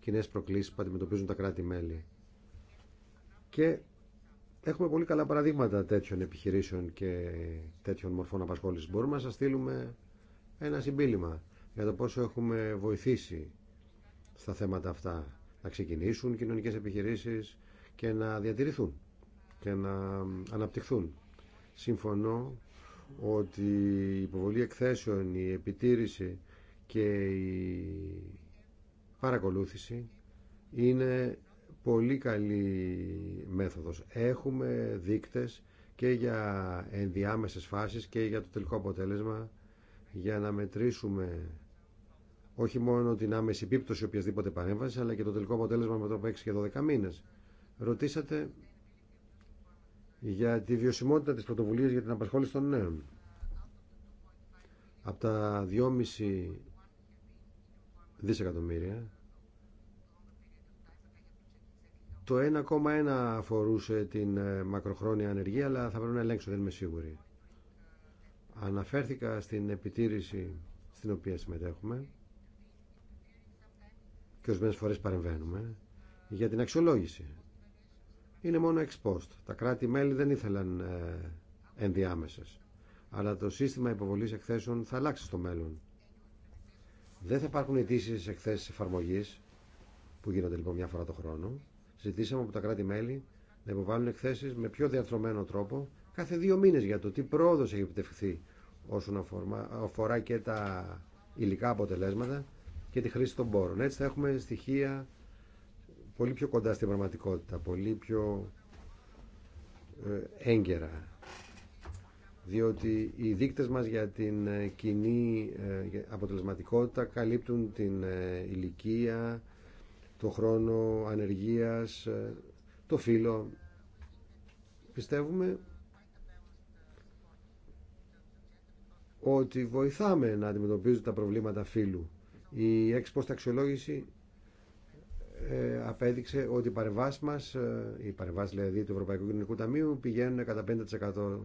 κοινέ προκλήσει που αντιμετωπίζουν τα κράτη-μέλη. Και Έχουμε πολύ καλά παραδείγματα τέτοιων επιχειρήσεων και τέτοιων μορφών απασχόλησης. Μπορούμε να σας στείλουμε ένα συμπίλημα για το πόσο έχουμε βοηθήσει στα θέματα αυτά να ξεκινήσουν κοινωνικές επιχειρήσεις και να διατηρηθούν και να αναπτυχθούν. Συμφωνώ ότι η υποβολή εκθέσεων, η επιτήρηση και η παρακολούθηση είναι πολύ καλή μέθοδος. Έχουμε δείκτες και για ενδιάμεσες φάσεις και για το τελικό αποτέλεσμα για να μετρήσουμε όχι μόνο την άμεση επίπτωση οποιασδήποτε παρέμβαση, αλλά και το τελικό αποτέλεσμα μετά από 6 και 12 μήνες. Ρωτήσατε για τη βιωσιμότητα της πρωτοβουλίας για την απασχόληση των νέων. Από τα 2,5 δισεκατομμύρια Το 1,1 αφορούσε την ε, μακροχρόνια ανεργία, αλλά θα πρέπει να ελέγξω, δεν είμαι σίγουρη. Αναφέρθηκα στην επιτήρηση στην οποία συμμετέχουμε και ορισμένε φορέ παρεμβαίνουμε για την αξιολόγηση. Είναι μόνο ex post. Τα κράτη-μέλη δεν ήθελαν ε, ενδιάμεσες. Αλλά το σύστημα υποβολής εκθέσεων θα αλλάξει στο μέλλον. Δεν θα υπάρχουν αιτήσει εκθέσει εφαρμογή που γίνονται λοιπόν μια φορά το χρόνο. Ζητήσαμε από τα κράτη-μέλη να υποβάλουν εκθέσει με πιο διαρθρωμένο τρόπο κάθε δύο μήνε για το τι πρόοδο έχει επιτευχθεί όσον αφορά και τα υλικά αποτελέσματα και τη χρήση των πόρων. Έτσι θα έχουμε στοιχεία πολύ πιο κοντά στην πραγματικότητα, πολύ πιο ε, έγκαιρα. Διότι οι δείκτες μας για την ε, κοινή ε, αποτελεσματικότητα καλύπτουν την ηλικία, το χρόνο ανεργίας, ε, το φύλλο. Πιστεύουμε ότι βοηθάμε να αντιμετωπίζουν τα προβλήματα φύλου. Η έξποστα αξιολόγηση ε, απέδειξε ότι οι παρεμβάσεις μας, ε, οι παρεμβάσεις δηλαδή του Ευρωπαϊκού Κοινωνικού Ταμείου πηγαίνουν κατά 5%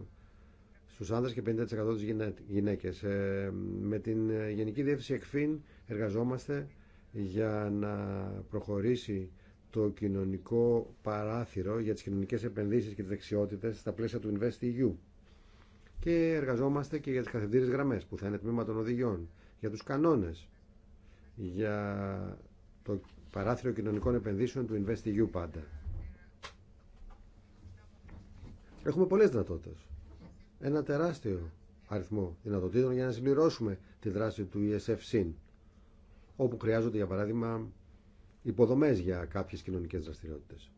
στους άνδρες και 50% στις γυναίκες. Ε, με την Γενική Διεύθυνση ΕΚΦΗΝ εργαζόμαστε για να προχωρήσει το κοινωνικό παράθυρο για τις κοινωνικές επενδύσεις και τις δεξιότητες στα πλαίσια του InvestEU. Και εργαζόμαστε και για τις καθεντήρες γραμμές που θα είναι τμήμα των οδηγιών, για τους κανόνες, για το παράθυρο κοινωνικών επενδύσεων του InvestEU πάντα. Έχουμε πολλές δυνατότητες. Ένα τεράστιο αριθμό δυνατοτήτων για να συμπληρώσουμε τη δράση του ESF-SYN όπου χρειάζονται για παράδειγμα υποδομές για κάποιες κοινωνικές δραστηριότητες.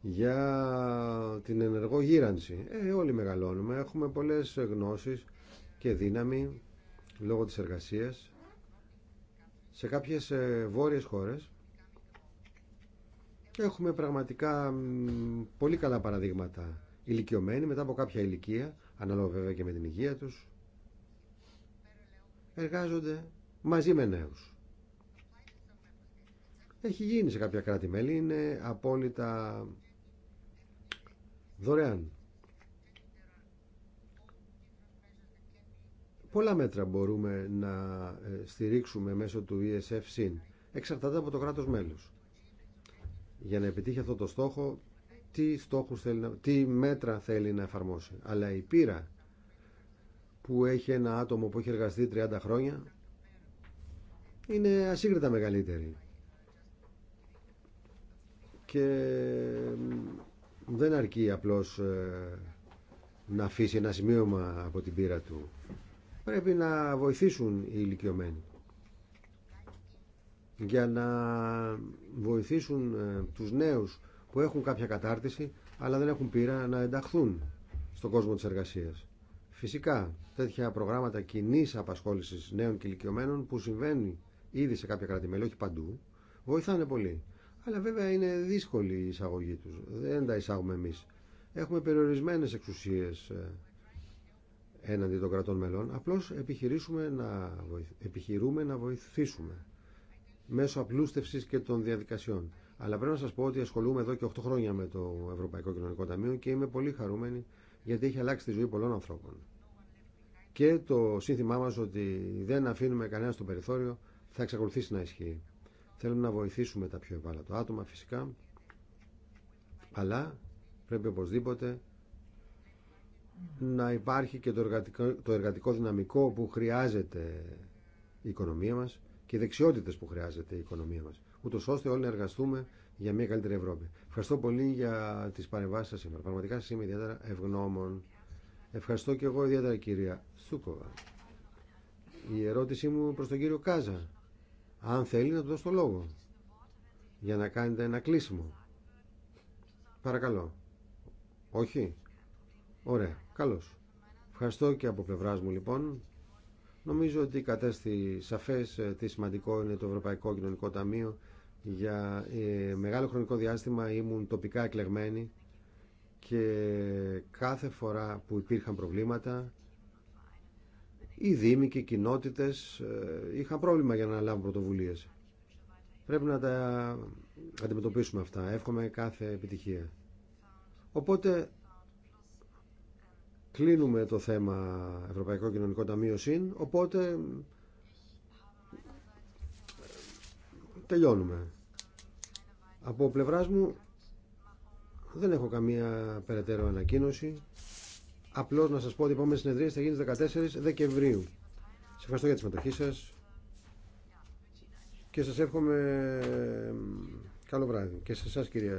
Για την ενεργό γύρανση. Ε, όλοι μεγαλώνουμε, έχουμε πολλές γνώσεις και δύναμη λόγω της εργασίας. Σε κάποιες ε, βόρειες χώρες έχουμε πραγματικά πολύ καλά παραδείγματα. Ηλικιωμένοι μετά από κάποια ηλικία, ανάλογα βέβαια και με την υγεία τους, εργάζονται μαζί με νέους. Έχει γίνει σε κάποια κράτη-μέλη, είναι απόλυτα δωρεάν. Πολλά μέτρα μπορούμε να ε, στηρίξουμε μέσω του esf sin Εξαρτάται από το κράτος μέλος. Για να επιτύχει αυτό το στόχο, τι, στόχους θέλει τι μέτρα θέλει να εφαρμόσει. Αλλά η πείρα που έχει ένα άτομο που έχει εργαστεί 30 χρόνια είναι ασύγκριτα μεγαλύτερη. Και δεν αρκεί απλώς ε, να αφήσει ένα σημείωμα από την πύρα του. Πρέπει να βοηθήσουν οι ηλικιωμένοι για να βοηθήσουν ε, τους νέους που έχουν κάποια κατάρτιση αλλά δεν έχουν πείρα να ενταχθούν στον κόσμο της εργασίας. Φυσικά, τέτοια προγράμματα κοινή απασχόληση νέων και ηλικιωμένων που συμβαίνει ήδη σε κάποια κράτη-μέλη, όχι παντού, βοηθάνε πολύ. Αλλά βέβαια είναι δύσκολη η εισαγωγή του. Δεν τα εισάγουμε εμεί. Έχουμε περιορισμένε εξουσίε ε, έναντι των κρατών μελών. Απλώ να... επιχειρούμε να βοηθήσουμε μέσω απλούστευση και των διαδικασιών. Αλλά πρέπει να σα πω ότι ασχολούμαι εδώ και 8 χρόνια με το Ευρωπαϊκό Κοινωνικό Ταμείο και είμαι πολύ χαρούμενη γιατί έχει αλλάξει τη ζωή πολλών ανθρώπων και το σύνθημά μας ότι δεν αφήνουμε κανένα στο περιθώριο θα εξακολουθήσει να ισχύει. Θέλουμε να βοηθήσουμε τα πιο ευάλωτα άτομα φυσικά, αλλά πρέπει οπωσδήποτε να υπάρχει και το εργατικό, το εργατικό δυναμικό που χρειάζεται η οικονομία μας και οι δεξιότητες που χρειάζεται η οικονομία μας, ούτω ώστε όλοι να εργαστούμε για μια καλύτερη Ευρώπη. Ευχαριστώ πολύ για τις παρεμβάσεις σας σήμερα. Πραγματικά σας είμαι ιδιαίτερα ευγνώμων Ευχαριστώ και εγώ ιδιαίτερα κυρία Σούκοβα. Η ερώτησή μου προς τον κύριο Κάζα. Αν θέλει να του δώσω το λόγο για να κάνετε ένα κλείσιμο. Παρακαλώ. Όχι. Ωραία. Καλώς. Ευχαριστώ και από πλευράς μου λοιπόν. Νομίζω ότι κατέστη σαφές ε, τι σημαντικό είναι το Ευρωπαϊκό Κοινωνικό Ταμείο. Για ε, μεγάλο χρονικό διάστημα ήμουν τοπικά εκλεγμένη και κάθε φορά που υπήρχαν προβλήματα οι δήμοι και οι κοινότητες ε, είχαν πρόβλημα για να λάβουν πρωτοβουλίες. Πρέπει να τα αντιμετωπίσουμε αυτά. Εύχομαι κάθε επιτυχία. Οπότε κλείνουμε το θέμα Ευρωπαϊκό Κοινωνικό Ταμείο ΣΥΝ, οπότε τελειώνουμε. Από πλευράς μου δεν έχω καμία περαιτέρω ανακοίνωση. Απλώς να σας πω ότι η επόμενη συνεδρία θα γίνει 14 Δεκεμβρίου. Σας ευχαριστώ για τη συμμετοχή σας και σας εύχομαι καλό βράδυ. Και σε εσάς κυρία